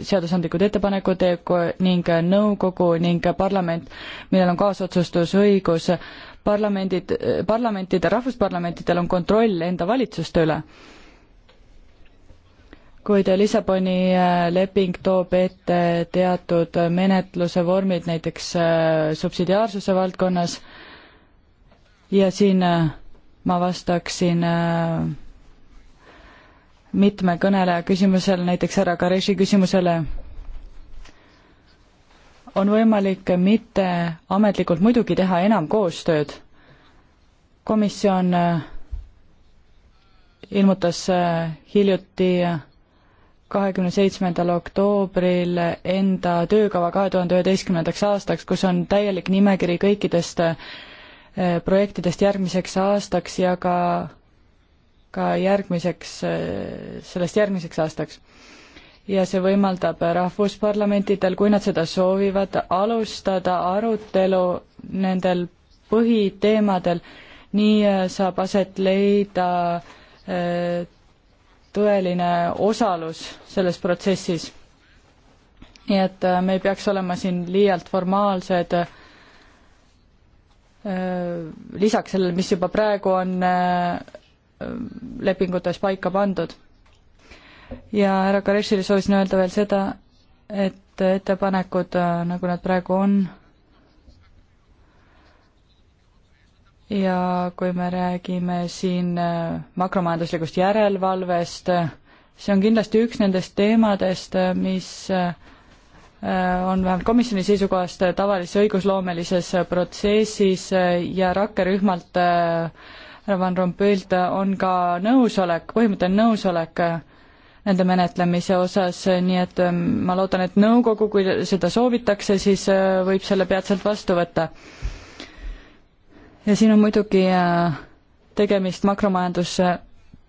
seadusandlikud ettepanekud teeb ning äh, nõukogu ning parlament, millel on kaasotsustusõigus, parlamendid, parlamentide, rahvusparlamentidel on kontroll enda valitsuste üle kuid Lissaboni äh, leping toob ette teatud menetluse vormid näiteks äh, subsidiaarsuse valdkonnas ja siin äh, ma vastaksin mitme kõneleja küsimusele, näiteks härra Kareši küsimusele, on võimalik mitte ametlikult muidugi teha enam koostööd. komisjon ilmutas hiljuti kahekümne seitsmendal oktoobril enda töökava kahe tuhande üheteistkümnendaks aastaks, kus on täielik nimekiri kõikidest eh, projektidest järgmiseks aastaks ja ka, ka järgmiseks, eh, sellest järgmiseks aastaks. ja see võimaldab rahvusparlamentidel, kui nad seda soovivad, alustada arutelu nendel põhiteemadel, nii eh, saab aset leida tõeline osalus selles protsessis. nii et äh, me ei peaks olema siin liialt formaalsed, äh, lisaks sellele, mis juba praegu on äh, lepingutes paika pandud. ja härra Karešile soovisin öelda veel seda, et ettepanekud, nagu nad praegu on, ja kui me räägime siin äh, makromajanduslikust järelevalvest, äh, see on kindlasti üks nendest teemadest, äh, mis on vähemalt komisjoni seisukohast tavalises õigusloomelises protsessis ja rakkerühmalt härra Van Rompuylt on ka nõusolek, põhimõtteline nõusolek nende menetlemise osas, nii et ähm, ma loodan, et nõukogu, kui seda soovitakse, siis võib selle peatselt vastu võtta ja siin on muidugi äh, tegemist makromajanduse,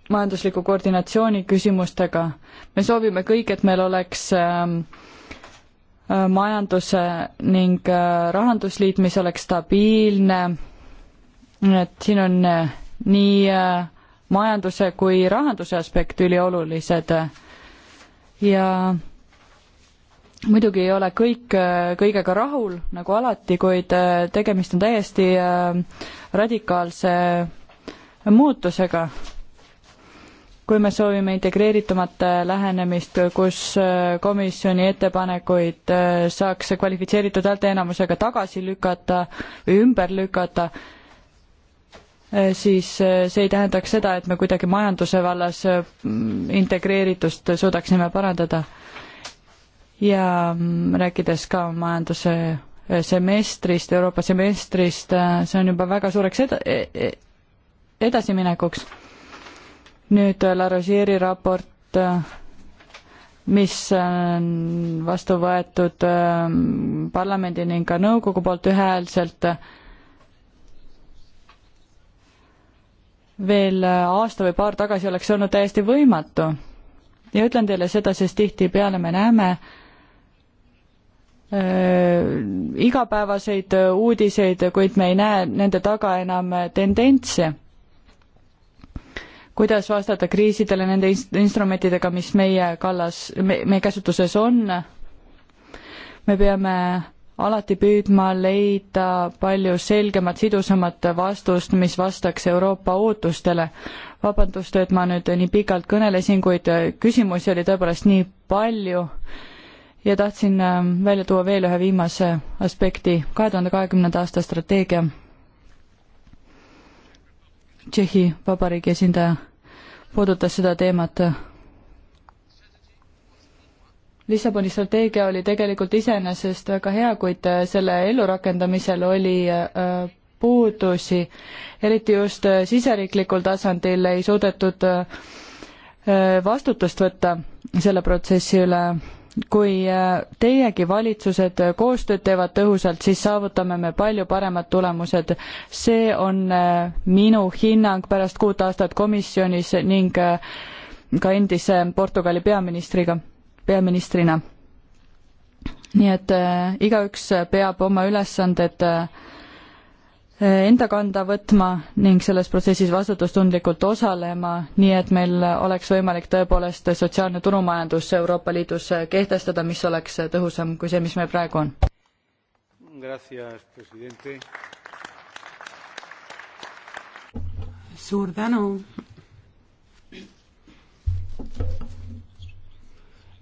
majandusliku koordinatsiooni küsimustega. me soovime kõik, et meil oleks ähm, äh, majanduse ning äh, rahandusliit, mis oleks stabiilne, et siin on nii majanduse kui rahanduse aspekt üliolulised ja muidugi ei ole kõik äh, kõigega rahul, nagu alati, kuid äh, tegemist on täiesti äh, radikaalse muutusega. kui me soovime integreeritumat lähenemist, kus komisjoni ettepanekuid saaks kvalifitseeritud häälteenamusega tagasi lükata või ümber lükata, siis see ei tähendaks seda, et me kuidagi majanduse vallas integreeritust suudaksime parandada ja mm, rääkides ka majanduse äh, semestrist, Euroopa semestrist, äh, see on juba väga suureks eda-, e-, e-, edasiminekuks. nüüd äh, La Rosieri raport, mis on vastu võetud parlamendi ning ka nõukogu poolt ühehäälselt, veel aasta või paar tagasi oleks olnud täiesti võimatu. ja ütlen teile seda, sest tihtipeale me näeme, Äh, igapäevaseid äh, uudiseid, kuid me ei näe nende taga enam äh, tendentse. kuidas vastata kriisidele nende instrumentidega, mis meie kallas me,, meie käsutuses on? me peame alati püüdma leida palju selgemat, sidusamat vastust, mis vastaks Euroopa ootustele. vabandust, et ma nüüd nii pikalt kõnelesin, kuid küsimusi oli tõepoolest nii palju ja tahtsin ähm, välja tuua veel ühe viimase aspekti, kahe tuhande kahekümnenda aasta strateegia. Tšehhi Vabariigi esindaja puudutas seda teemat. Lissaboni strateegia oli tegelikult iseenesest väga hea, kuid äh, selle ellurakendamisel oli äh, puudusi, eriti just äh, siseriiklikul tasandil ei suudetud vastutust võtta selle protsessi üle kui äh, teiegi valitsused koostööd teevad tõhusalt, siis saavutame me palju paremad tulemused. see on äh, minu hinnang pärast kuut aastat komisjonis ning äh, ka endise Portugali peaministriga, peaministrina. nii et igaüks peab oma ülesanded et enda kanda võtma ning selles protsessis vastutustundlikult osalema, nii et meil oleks võimalik tõepoolest sotsiaalne turumajandus Euroopa Liidus kehtestada, mis oleks tõhusam kui see, mis meil praegu on. suur tänu.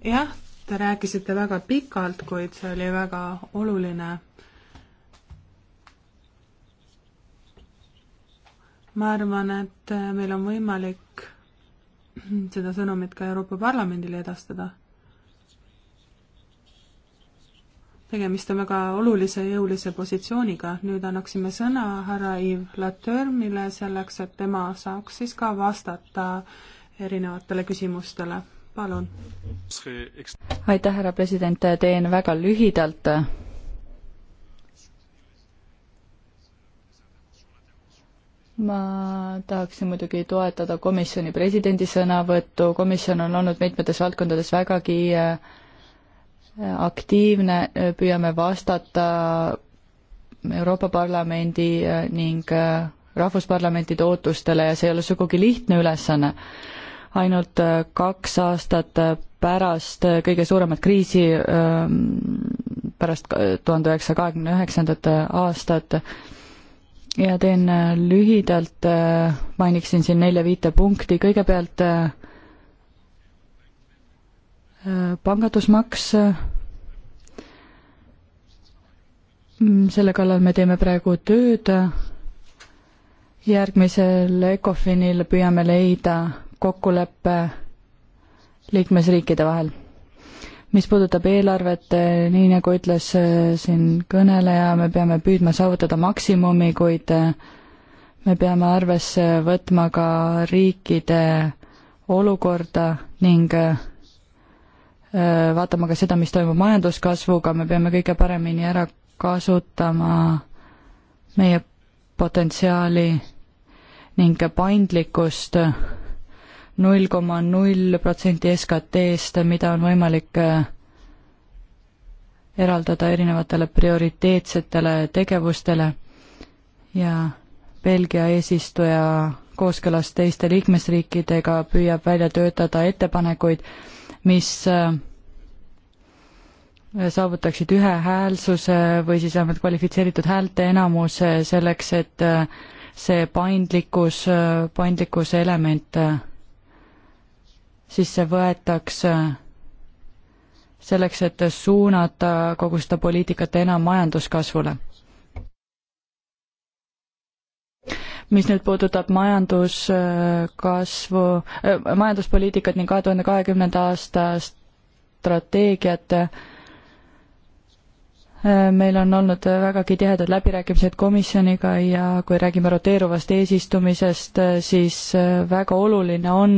jah, te rääkisite väga pikalt, kuid see oli väga oluline ma arvan, et äh, meil on võimalik seda sõnumit ka Euroopa Parlamendile edastada. tegemist on väga olulise jõulise positsiooniga, nüüd annaksime sõna härra Yves Latörmile selleks, et tema saaks siis ka vastata erinevatele küsimustele, palun. aitäh, härra president, teen väga lühidalt ma tahaksin muidugi toetada komisjoni presidendi sõnavõttu, komisjon on olnud mitmetes valdkondades vägagi äh, aktiivne, püüame vastata Euroopa Parlamendi äh, ning äh, rahvusparlamentide ootustele ja see ei ole sugugi lihtne ülesanne. ainult kaks aastat pärast kõige suuremat kriisi, pärast tuhande üheksasaja kahekümne üheksandat aastat ja teen äh, lühidalt, äh, mainiksin siin nelja-viite punkti, kõigepealt äh, pangandusmaks, mm, selle kallal me teeme praegu tööd, järgmisel ECOFINil püüame leida kokkuleppe liikmesriikide vahel mis puudutab eelarvet, eh, nii nagu ütles eh, siin kõneleja, me peame püüdma saavutada maksimumi, kuid eh, me peame arvesse võtma ka riikide olukorda ning vaatama ka seda, mis toimub majanduskasvuga, me peame kõige paremini ära kasutama meie potentsiaali ning paindlikkust null koma null protsenti SKT-st, mida on võimalik äh, eraldada erinevatele prioriteetsetele tegevustele ja Belgia eesistuja kooskõlas teiste liikmesriikidega püüab välja töötada ettepanekuid, mis äh, saavutaksid ühehäälsuse või siis vähemalt kvalifitseeritud häälteenamuse selleks, et äh, see paindlikkus, paindlikkuse element sisse võetakse selleks, et suunata kogu seda poliitikat enam majanduskasvule. mis nüüd puudutab majanduskasvu äh,, majanduspoliitikat ning kahe tuhande kahekümnenda aasta strateegiat, meil on olnud vägagi tihedad läbirääkimised komisjoniga ja kui räägime roteeruvast eesistumisest, siis väga oluline on,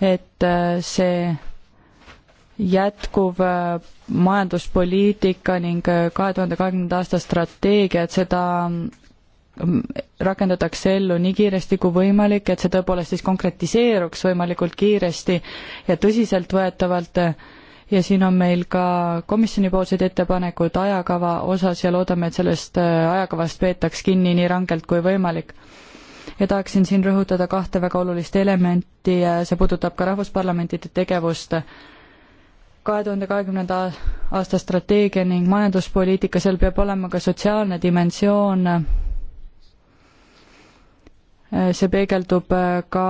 et see jätkuv majanduspoliitika ning kahe tuhande kahekümnenda aasta strateegia, et seda rakendatakse ellu nii kiiresti kui võimalik, et see tõepoolest siis konkretiseeruks võimalikult kiiresti ja tõsiseltvõetavalt ja siin on meil ka komisjonipoolsed ettepanekud ajakava osas ja loodame, et sellest äh, ajakavast peetaks kinni nii rangelt kui võimalik. ja tahaksin siin rõhutada kahte väga olulist elementi, see puudutab ka rahvusparlamentide tegevust kahe tuhande kahekümnenda aasta strateegia ning majanduspoliitika, seal peab olema ka sotsiaalne dimensioon Eh, see peegeldub eh, ka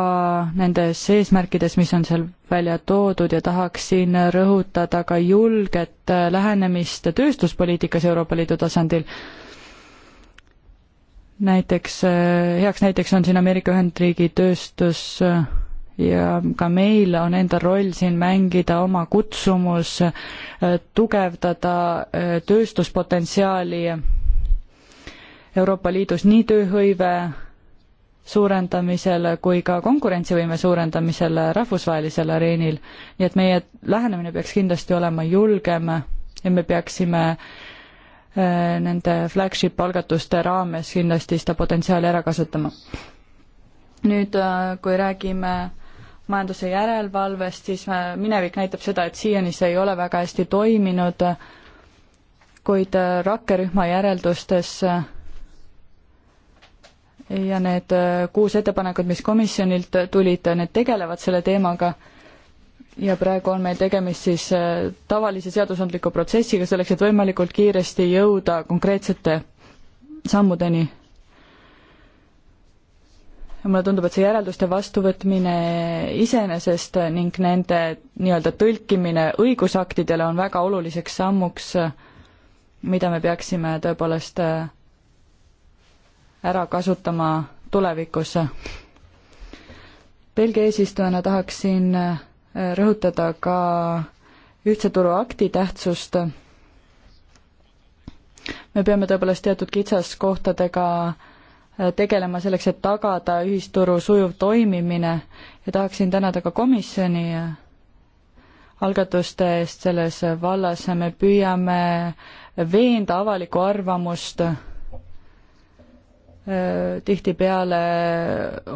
nendes eesmärkides, mis on seal välja toodud ja tahaksin rõhutada ka julget eh, lähenemist tööstuspoliitikas Euroopa Liidu tasandil. näiteks, heaks näiteks on siin Ameerika Ühendriigi tööstus ja ka meil on enda roll siin mängida oma kutsumus, tugevdada tööstuspotentsiaali Euroopa Liidus nii tööhõive suurendamisele kui ka konkurentsivõime suurendamisele rahvusvahelisel areenil. nii et meie lähenemine peaks kindlasti olema julgem ja me peaksime äh, nende flagship algatuste raames kindlasti seda potentsiaali ära kasutama. nüüd, äh, kui räägime majanduse järelevalvest, siis äh, minevik näitab seda, et siiani see ei ole väga hästi toiminud, kuid rakkerühma järeldustes ja need äh, kuus ettepanekut, mis komisjonilt tulid, need tegelevad selle teemaga ja praegu on meil tegemist siis äh, tavalise seadusandliku protsessiga selleks, et võimalikult kiiresti jõuda konkreetsete sammudeni. mulle tundub, et see järelduste vastuvõtmine iseenesest ning nende nii-öelda tõlkimine õigusaktidele on väga oluliseks sammuks, äh, mida me peaksime tõepoolest äh, ära kasutama tulevikus. Belgia eesistujana tahaksin äh, rõhutada ka ühtse turu akti tähtsust. me peame tõepoolest teatud kitsaskohtadega äh, tegelema selleks, et tagada ühisturu sujuv toimimine ja tahaksin tänada ka komisjoni äh, algatuste eest selles vallas, me püüame veenda avalikku arvamust Äh, tihtipeale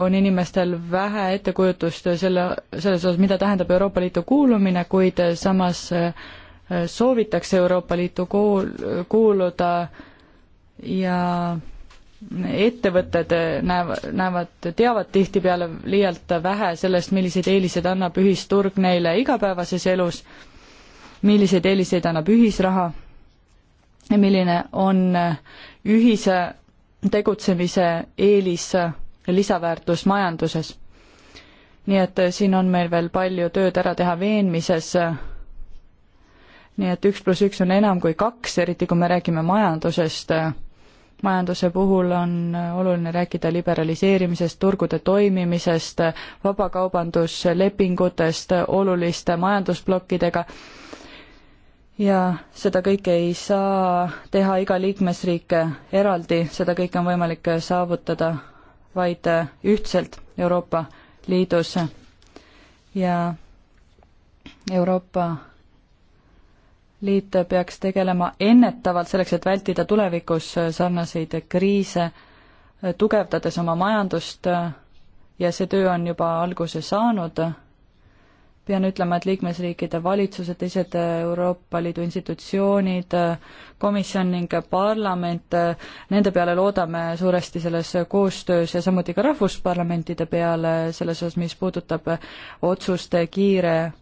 on inimestel vähe ettekujutust selle, selles osas, mida tähendab Euroopa Liitu kuulumine, kuid samas äh, soovitakse Euroopa Liitu kuul-, kuuluda ja ettevõtted näevad, näevad, teavad tihtipeale liialt vähe sellest, milliseid eeliseid annab ühisturg neile igapäevases elus, milliseid eeliseid annab ühisraha ja milline on ühise tegutsemise eelis ja lisaväärtus majanduses. nii et äh, siin on meil veel palju tööd ära teha veenmises, äh, nii et üks pluss üks on enam kui kaks, eriti kui me räägime majandusest, äh, majanduse puhul on oluline rääkida liberaliseerimisest, turgude toimimisest, vabakaubanduslepingutest, oluliste majandusplokkidega ja seda kõike ei saa teha iga liikmesriik eraldi, seda kõike on võimalik saavutada vaid ühtselt Euroopa Liidus ja Euroopa Liit peaks tegelema ennetavalt selleks, et vältida tulevikus sarnaseid kriise, tugevdades oma majandust ja see töö on juba alguse saanud pean ütlema, et liikmesriikide valitsused, teised äh, Euroopa Liidu institutsioonid, äh, komisjon ning parlament, äh, nende peale loodame suuresti selles koostöös ja samuti ka rahvusparlamentide peale selles osas, mis puudutab otsuste kiire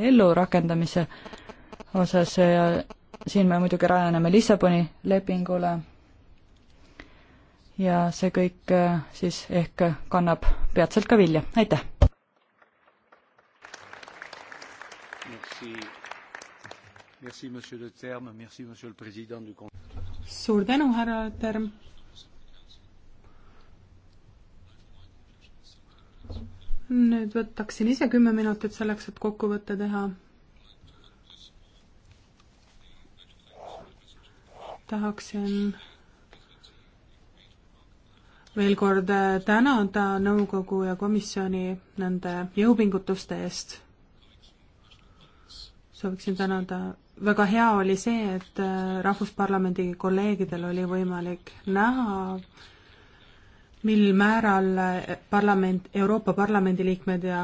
ellurakendamise osas ja siin me muidugi rajaneme Lissaboni lepingule ja see kõik siis ehk kannab peatselt ka vilja, aitäh! suur tänu, härra Term. nüüd võtaksin ise kümme minutit selleks, et kokkuvõte teha. tahaksin veel kord tänada nõukogu ja komisjoni nende jõupingutuste eest. sooviksin tänada väga hea oli see, et äh, Rahvusparlamendi kolleegidel oli võimalik näha, mil määral äh, parlament, Euroopa Parlamendi liikmed ja,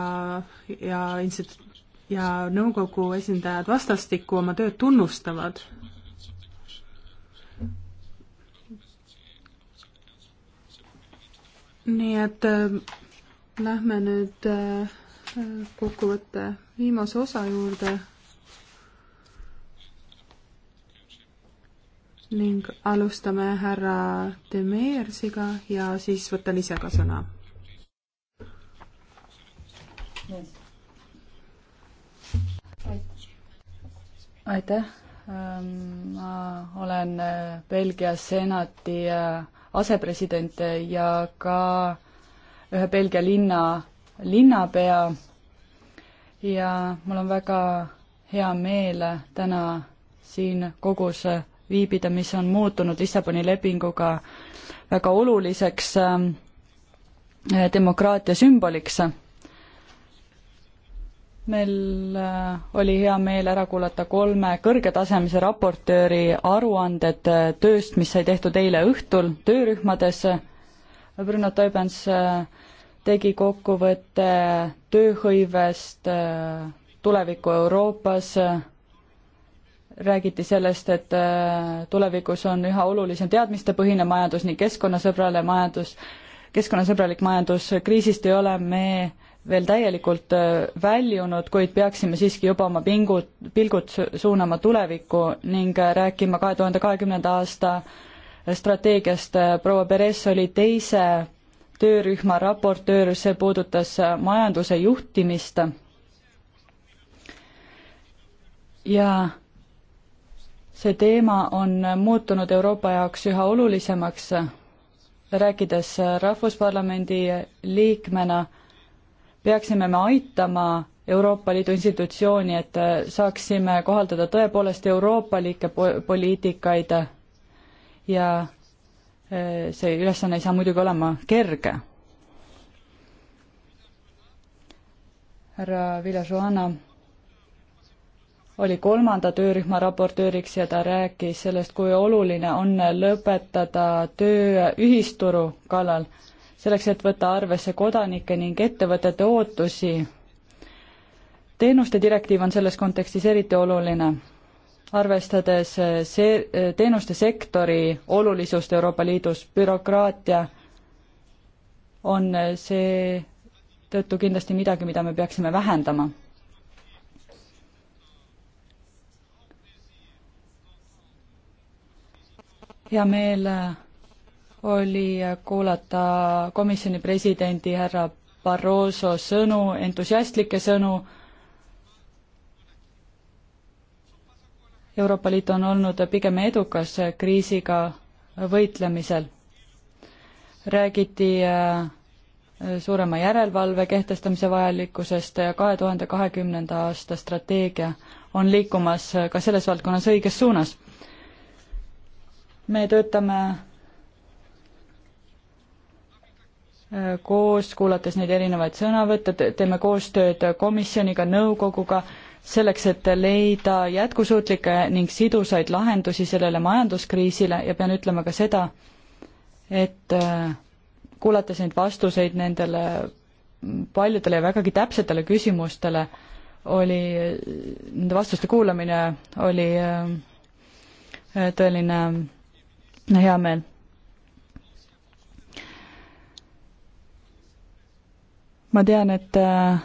ja instituut- ja nõukogu esindajad vastastikku oma tööd tunnustavad. nii et äh, lähme nüüd äh, kokkuvõtte viimase osa juurde ning alustame härra Demeersiga ja siis võtan ise ka sõna yes.. aitäh, ähm, ma olen äh, Belgia senati äh, asepresident äh, ja ka ühe Belgia linna linnapea ja mul on väga hea meel täna siin kogus viibida, mis on muutunud Lissaboni lepinguga väga oluliseks ähm, äh, demokraatia sümboliks. meil äh, oli hea meel ära kuulata kolme kõrgetasemelise raportööri aruanded äh, tööst, mis sai tehtud eile õhtul töörühmades. Bruno Toibens tegi kokkuvõtte tööhõivest tuleviku Euroopas räägiti sellest, et äh, tulevikus on üha olulisem teadmistepõhine majandus ning keskkonnasõbrale majandus, keskkonnasõbralik majandus, kriisist ei ole me veel täielikult äh, väljunud, kuid peaksime siiski juba oma pingud, pilgud suunama tulevikku ning äh, rääkima kahe tuhande kahekümnenda aasta strateegiast. proua Perez oli teise töörühma raportöör, see puudutas majanduse juhtimist. ja see teema on muutunud Euroopa jaoks üha olulisemaks, rääkides Rahvusparlamendi liikmena, peaksime me aitama Euroopa Liidu institutsiooni, et saaksime kohaldada tõepoolest euroopalikke poliitikaid ja e, see ülesanne ei saa muidugi olema kerge. härra Villa Joana oli kolmanda töörühma raportööriks ja ta rääkis sellest, kui oluline on lõpetada töö ühisturu kallal, selleks et võtta arvesse kodanike ning ettevõtete ootusi. teenuste direktiiv on selles kontekstis eriti oluline, arvestades see, teenuste sektori olulisust Euroopa Liidus, bürokraatia on seetõttu kindlasti midagi, mida me peaksime vähendama hea meel äh, oli äh, kuulata komisjoni presidendi härra Barroso sõnu, entusiastlikke sõnu. Euroopa Liit on olnud pigem edukas äh, kriisiga võitlemisel. räägiti suurema järelevalve kehtestamise vajalikkusest ja kahe tuhande kahekümnenda aasta strateegia on liikumas ka selles valdkonnas õiges suunas me töötame äh, koos, kuulates neid erinevaid sõnavõtte, teeme koostööd komisjoniga, nõukoguga, selleks, et leida jätkusuutlikke ning sidusaid lahendusi sellele majanduskriisile ja pean ütlema ka seda, et äh, kuulates neid vastuseid nendele paljudele ja vägagi täpsetele küsimustele, oli, äh, nende vastuste kuulamine oli tõeline hea meel. ma tean, et, äh,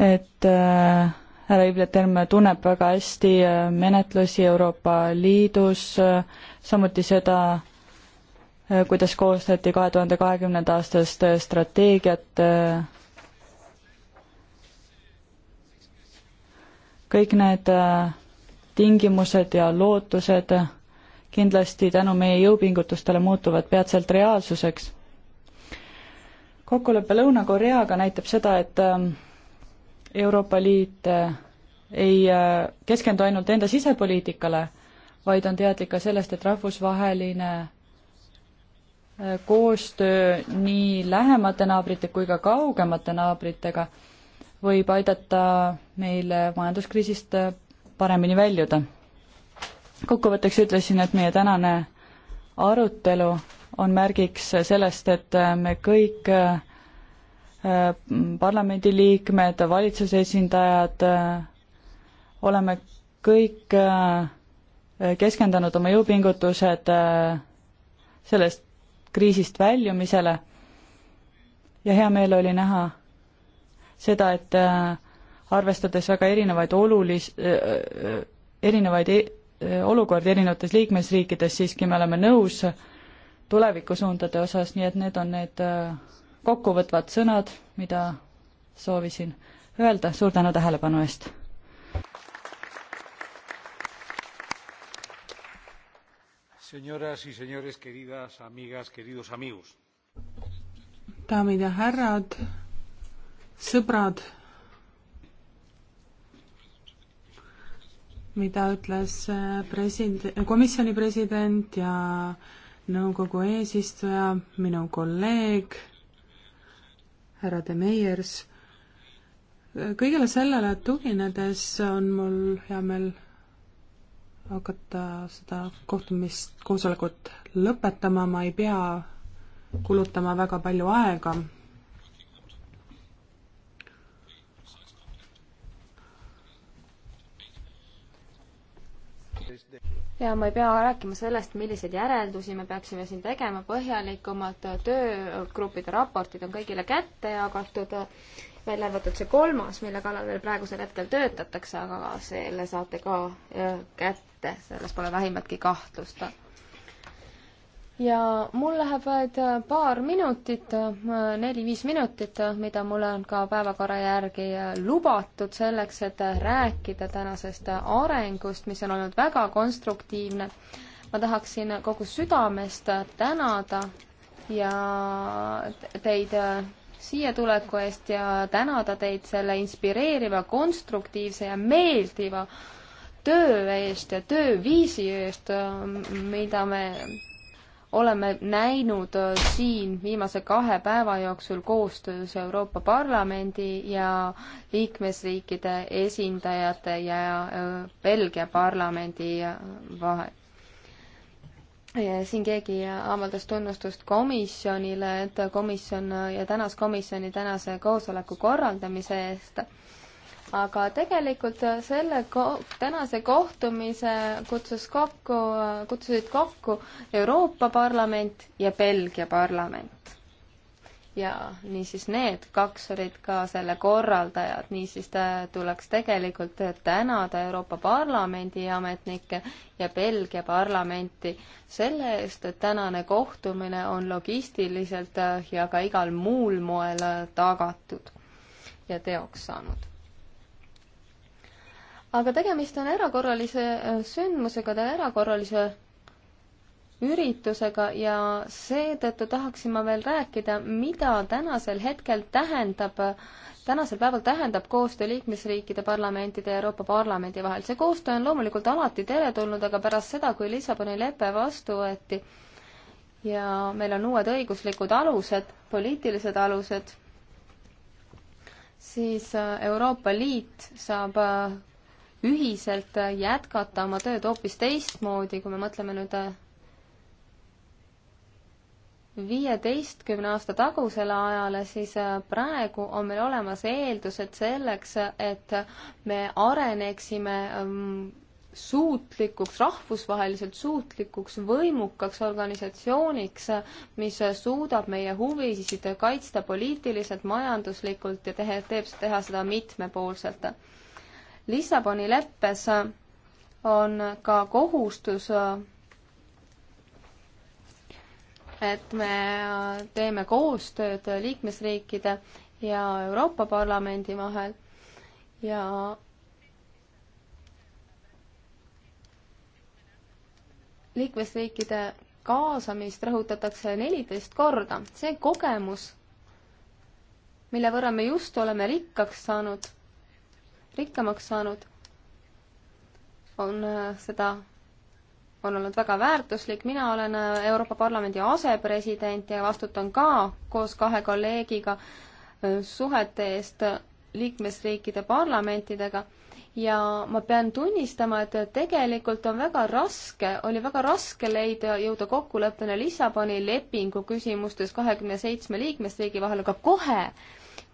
et äh, härra Ivlet Helme tunneb väga hästi äh, menetlusi Euroopa Liidus, samuti seda, kuidas koostati kahe tuhande kahekümnenda aastast strateegiat kõik need tingimused ja lootused kindlasti tänu meie jõupingutustele muutuvad peatselt reaalsuseks. kokkulepe Lõuna-Koreaga näitab seda, et ähm, Euroopa Liit äh, ei äh, keskendu ainult enda sisepoliitikale, vaid on teadlik ka sellest, et rahvusvaheline äh, koostöö nii lähemate naabrite kui ka kaugemate naabritega võib aidata meil majanduskriisist paremini väljuda kokkuvõtteks ütlesin, et meie tänane arutelu on märgiks sellest, et me kõik äh, parlamendiliikmed, valitsuse esindajad, äh, oleme kõik äh, keskendunud oma jõupingutused sellest kriisist väljumisele ja hea meel oli näha seda, et arvestades väga erinevaid olulis-, erinevaid e-, Äh, olukord erinevates liikmesriikides, siiski me oleme nõus tulevikusuundade osas, nii et need on need äh, kokkuvõtvad sõnad, mida soovisin öelda, suur tänu tähelepanu eest! daamid ja härrad, sõbrad mida ütles äh, presid-, komisjoni president ja nõukogu eesistuja, minu kolleeg härra De Meiers. kõigele sellele tuginedes on mul hea meel hakata seda kohtumist, koosolekut lõpetama, ma ei pea kulutama väga palju aega ja ma ei pea rääkima sellest, milliseid järeldusi me peaksime siin tegema, põhjalikumad töögruppide raportid on kõigile kätte jagatud, välja arvatud see kolmas, mille kallal veel praegusel hetkel töötatakse, aga selle saate ka äh, kätte, selles pole vähimatki kahtlust ja mul läheb vaid äh, paar minutit, äh, neli-viis minutit, äh, mida mulle on ka päevakorra järgi lubatud selleks, et rääkida tänasest arengust, mis on olnud väga konstruktiivne. ma tahaksin kogu südamest tänada ja teid siia tuleku eest ja tänada teid selle inspireeriva, konstruktiivse ja meeldiva töö eest ja tööviisi eest, mida me oleme näinud äh, siin viimase kahe päeva jooksul koostöös Euroopa Parlamendi ja liikmesriikide esindajate ja äh, Belgia parlamendi äh, vahel. siin keegi avaldas tunnustust komisjonile, et komisjon ja tänas komisjoni tänase koosoleku korraldamise eest aga tegelikult selle ko-, tänase kohtumise kutsus kokku, kutsusid kokku Euroopa Parlament ja Belgia parlament. ja niisiis need kaks olid ka selle korraldajad, niisiis tuleks tegelikult tänada Euroopa Parlamendi ametnikke ja Belgia parlamenti selle eest, et tänane kohtumine on logistiliselt ja ka igal muul moel tagatud ja teoks saanud aga tegemist on erakorralise äh, sündmusega, ta on erakorralise üritusega ja seetõttu tahaksin ma veel rääkida, mida tänasel hetkel tähendab, tänasel päeval tähendab koostöö liikmesriikide parlamentide ja Euroopa Parlamendi vahel. see koostöö on loomulikult alati teretulnud, aga pärast seda, kui Lissaboni lepe vastu võeti ja meil on uued õiguslikud alused, poliitilised alused, siis äh, Euroopa Liit saab äh, ühiselt jätkata oma tööd hoopis teistmoodi, kui me mõtleme nüüd äh, viieteistkümne aasta tagusele ajale, siis äh, praegu on meil olemas eeldused selleks, et me areneksime ähm, suutlikuks, rahvusvaheliselt suutlikuks, võimukaks organisatsiooniks, mis suudab meie huvisid kaitsta poliitiliselt, majanduslikult ja tehe, teeb, teha seda mitmepoolselt. Lissaboni leppes on ka kohustus, et me teeme koostööd liikmesriikide ja Euroopa Parlamendi vahel ja liikmesriikide kaasamist rõhutatakse neliteist korda. see kogemus, mille võrra me just oleme rikkaks saanud rikkamaks saanud, on äh, seda, on olnud väga väärtuslik, mina olen äh, Euroopa Parlamendi asepresident ja vastutan ka koos kahe kolleegiga äh, suhete eest liikmesriikide parlamentidega ja ma pean tunnistama, et tegelikult on väga raske, oli väga raske leida, jõuda kokkuleppele Lissaboni lepingu küsimustes kahekümne seitsme liikmesriigi vahel, aga kohe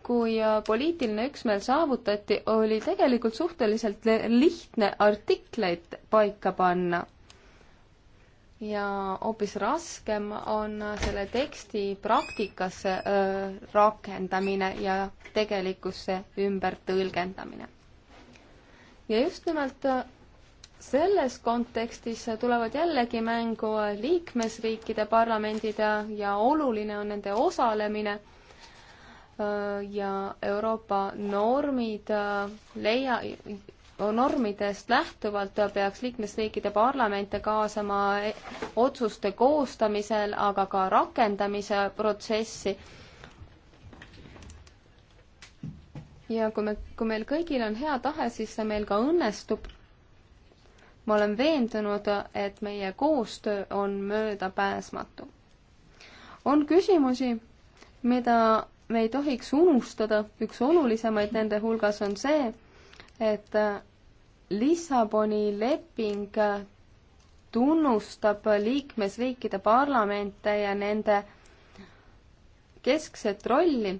kui äh, poliitiline üksmeel saavutati, oli tegelikult suhteliselt lihtne artikleid paika panna. ja hoopis raskem on äh, selle teksti praktikasse öö, äh, rakendamine ja tegelikkusse ümbertõlgendamine. ja just nimelt selles kontekstis tulevad jällegi mängu liikmesriikide parlamendid ja, ja oluline on nende osalemine Äh, ja Euroopa normid äh, leia-, normidest lähtuvalt peaks liikmesriikide parlamente kaasama e-, otsuste koostamisel, aga ka rakendamise protsessi ja kui me, kui meil kõigil on hea tahe, siis see meil ka õnnestub. ma olen veendunud, et meie koostöö on möödapääsmatu. on küsimusi, mida me ei tohiks unustada, üks olulisemaid nende hulgas on see, et äh, Lissaboni leping äh, tunnustab liikmesriikide parlamente ja nende keskset rolli,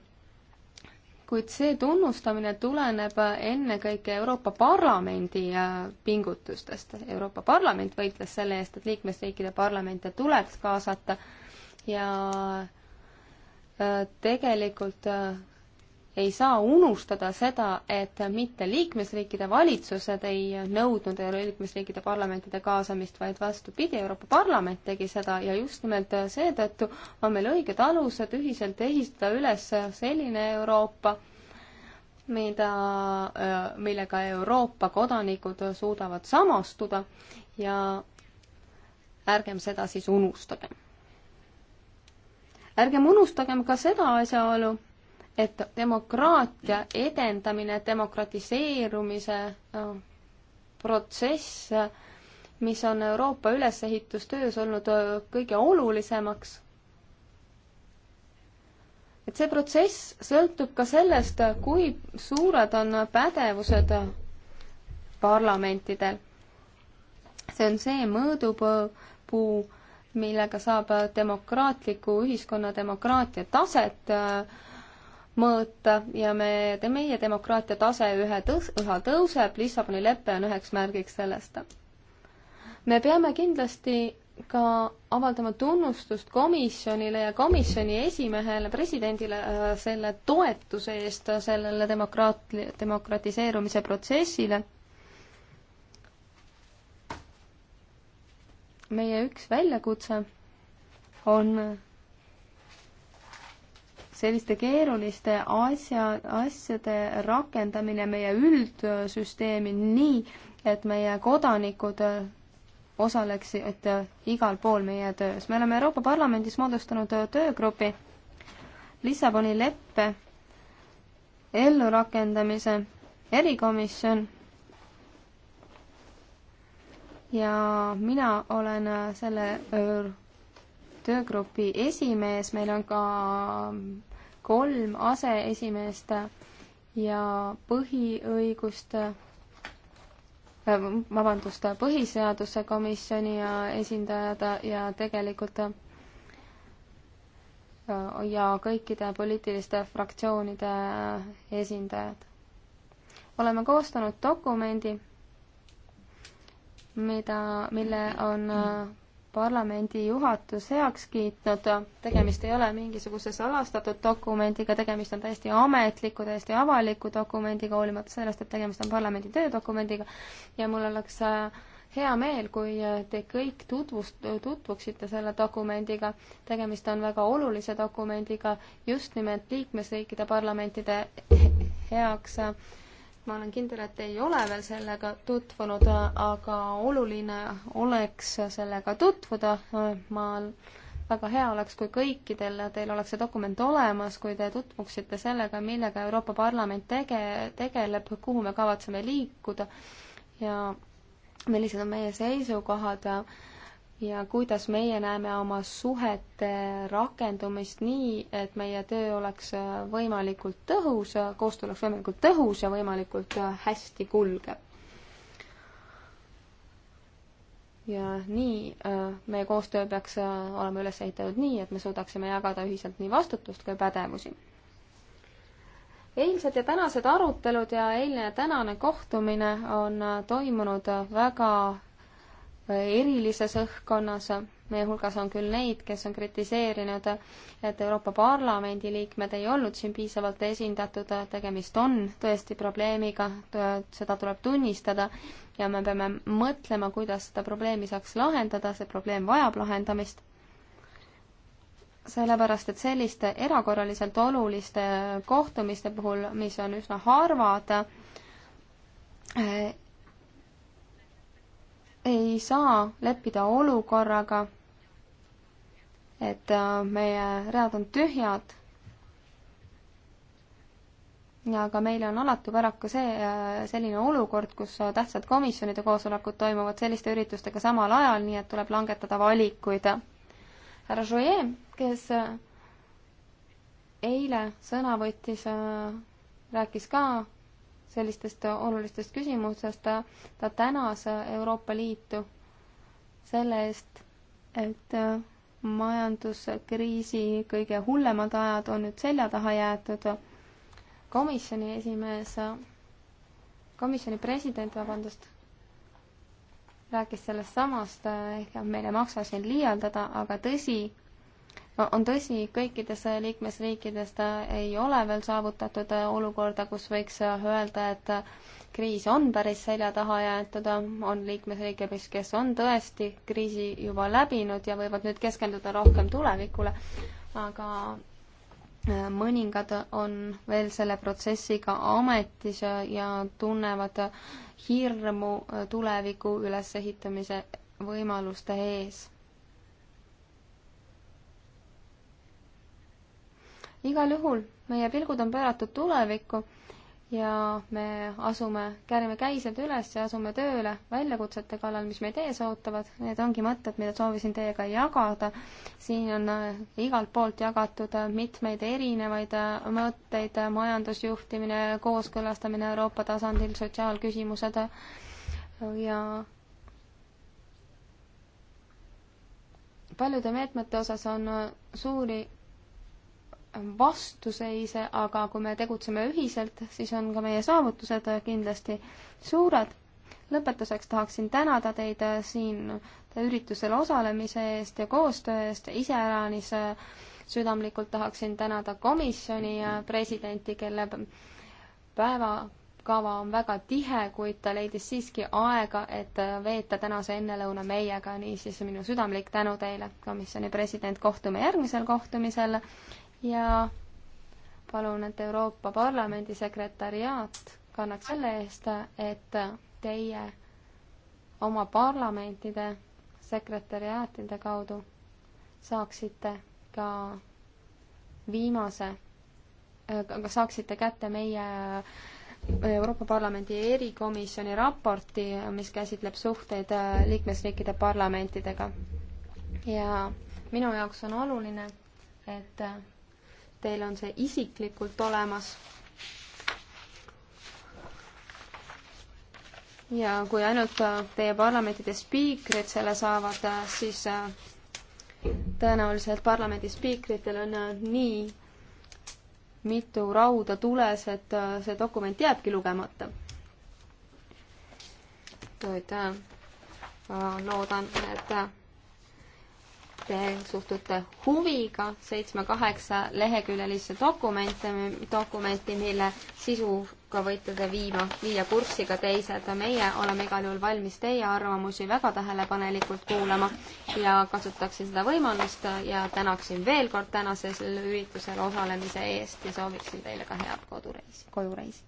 kuid see tunnustamine tuleneb äh, ennekõike Euroopa Parlamendi pingutustest. Euroopa Parlament võitles selle eest, et liikmesriikide parlamente tuleks kaasata ja Äh, tegelikult äh, ei saa unustada seda, et mitte liikmesriikide valitsused ei nõudnud ei ole liikmesriikide parlamentide kaasamist, vaid vastupidi, Euroopa Parlament tegi seda ja just nimelt äh, seetõttu on meil õiged alused ühiselt ehitada üles selline Euroopa, mida, millega Euroopa kodanikud suudavad samastuda ja ärgem seda siis unustagem ärgem unustagem ka seda asjaolu, et demokraatia edendamine, demokratiseerumise äh, protsess, mis on Euroopa ülesehitustöös olnud äh, kõige olulisemaks, et see protsess sõltub ka sellest, kui suured on pädevused parlamentidel. see on see mõõdupuu, millega saab demokraatliku ühiskonna demokraatia taset äh, mõõta ja me, meie demokraatia tase ühe tõus-, üha tõuseb, Lissaboni lepe on üheks märgiks sellest. me peame kindlasti ka avaldama tunnustust komisjonile ja komisjoni esimehele, presidendile äh, selle toetuse eest sellele demokraat-, demokratiseerumise protsessile meie üks väljakutse on selliste keeruliste asja, asjade rakendamine meie üldsüsteemi nii, et meie kodanikud osaleksid igal pool meie töös. me oleme Euroopa Parlamendis moodustanud töögrupi Lissaboni leppe ellurakendamise erikomisjon ja mina olen äh, selle äh, töögrupi esimees, meil on ka ähm, kolm aseesimeest ja põhiõiguste äh, vabandust, põhiseaduse komisjoni ja esindajad ja tegelikult ja kõikide poliitiliste fraktsioonide esindajad. oleme koostanud dokumendi mida, mille on äh, parlamendi juhatus heaks kiitnud, tegemist ei ole mingisuguse salastatud dokumendiga, tegemist on täiesti ametliku, täiesti avaliku dokumendiga, hoolimata sellest, et tegemist on parlamendi töödokumendiga ja mul oleks äh, hea meel, kui äh, te kõik tutvust-, tutvuksite selle dokumendiga. tegemist on väga olulise dokumendiga just nimelt liikmesriikide parlamentide heaks ma olen kindel, et ei ole veel sellega tutvunud, aga oluline oleks sellega tutvuda. ma, väga hea oleks, kui kõikidel teil oleks see dokument olemas, kui te tutvuksite sellega, millega Euroopa Parlament tege-, tegeleb, kuhu me kavatseme liikuda ja millised on meie seisukohad ja äh, ja kuidas meie näeme oma suhete rakendumist nii, et meie töö oleks äh, võimalikult tõhus, äh, koostöö oleks võimalikult tõhus ja võimalikult äh, hästi kulgev. ja nii, meie koostöö peaks olema üles ehitatud nii, et me suudaksime jagada ühiselt nii vastutust kui pädevusi. eilsed ja tänased arutelud ja eilne ja tänane kohtumine on toimunud väga erilises õhkkonnas, meie hulgas on küll neid, kes on kritiseerinud, et Euroopa Parlamendi liikmed ei olnud siin piisavalt esindatud, tegemist on tõesti probleemiga, seda tuleb tunnistada ja me peame mõtlema, kuidas seda probleemi saaks lahendada, see probleem vajab lahendamist. sellepärast, et selliste erakorraliselt oluliste kohtumiste puhul, mis on üsna harvad, ei saa leppida olukorraga, et äh, meie read on tühjad. ja ka meile on alatu paraku see, äh, selline olukord, kus äh, tähtsad komisjonide koosolekud toimuvad selliste üritustega samal ajal, nii et tuleb langetada valikuid. härra Jouyet, kes eile sõna võttis, rääkis ka sellistest olulistest küsimustest. ta tänas Euroopa Liitu selle eest, et majanduskriisi kõige hullemad ajad on nüüd selja taha jäetud. komisjoni esimees, komisjoni president, vabandust, rääkis sellest samast, ehk meil ei maksa siin liialdada, aga tõsi, on tõsi, kõikides liikmesriikides ta äh, ei ole veel saavutatud äh, olukorda, kus võiks äh, öelda, et kriis on päris selja taha jäetud, on liikmesriike, mis, kes on tõesti kriisi juba läbinud ja võivad nüüd keskenduda rohkem tulevikule, aga mõningad on veel selle protsessiga ametis ja tunnevad hirmu tuleviku ülesehitamise võimaluste ees igal juhul meie pilgud on pööratud tulevikku ja me asume, käärime käised üles ja asume tööle väljakutsete kallal, mis meid ees ootavad. Need ongi mõtted, mida soovisin teiega jagada. siin on äh, igalt poolt jagatud äh, mitmeid erinevaid äh, mõtteid, majandusjuhtimine, kooskõlastamine Euroopa tasandil, sotsiaalküsimused ja paljude meetmete osas on suuri vastuseise, aga kui me tegutseme ühiselt, siis on ka meie saavutused kindlasti suured. lõpetuseks tahaksin tänada teid siin te üritusel osalemise eest ja koostöö eest, iseäranis südamlikult tahaksin tänada komisjoni presidenti, kelle päevakava on väga tihe, kuid ta leidis siiski aega, et veeta tänase ennelõuna meiega, niisiis minu südamlik tänu teile, komisjoni president, kohtume järgmisel kohtumisel ja palun, et Euroopa Parlamendi sekretariaat kannaks selle eest, et teie oma parlamentide sekretariaatide kaudu saaksite ka viimase, aga saaksite kätte meie Euroopa Parlamendi erikomisjoni raporti, mis käsitleb suhteid liikmesriikide parlamentidega. ja minu jaoks on oluline, et teil on see isiklikult olemas. ja kui ainult äh, teie parlamentide spiikrid selle saavad, äh, siis äh, tõenäoliselt parlamendi spiikritel on nii mitu rauda tules, et see dokument jääbki lugemata. et loodan, et te suhtute huviga seitsme-kaheksa leheküljelisse dokumente, dokumenti, mille sisuga võite te viima, viia kurssi ka teised. meie oleme igal juhul valmis teie arvamusi väga tähelepanelikult kuulama ja kasutaksin seda võimalust ja tänaksin veel kord tänasel üritusel osalemise eest ja sooviksin teile ka head kodureisi, kojureisi.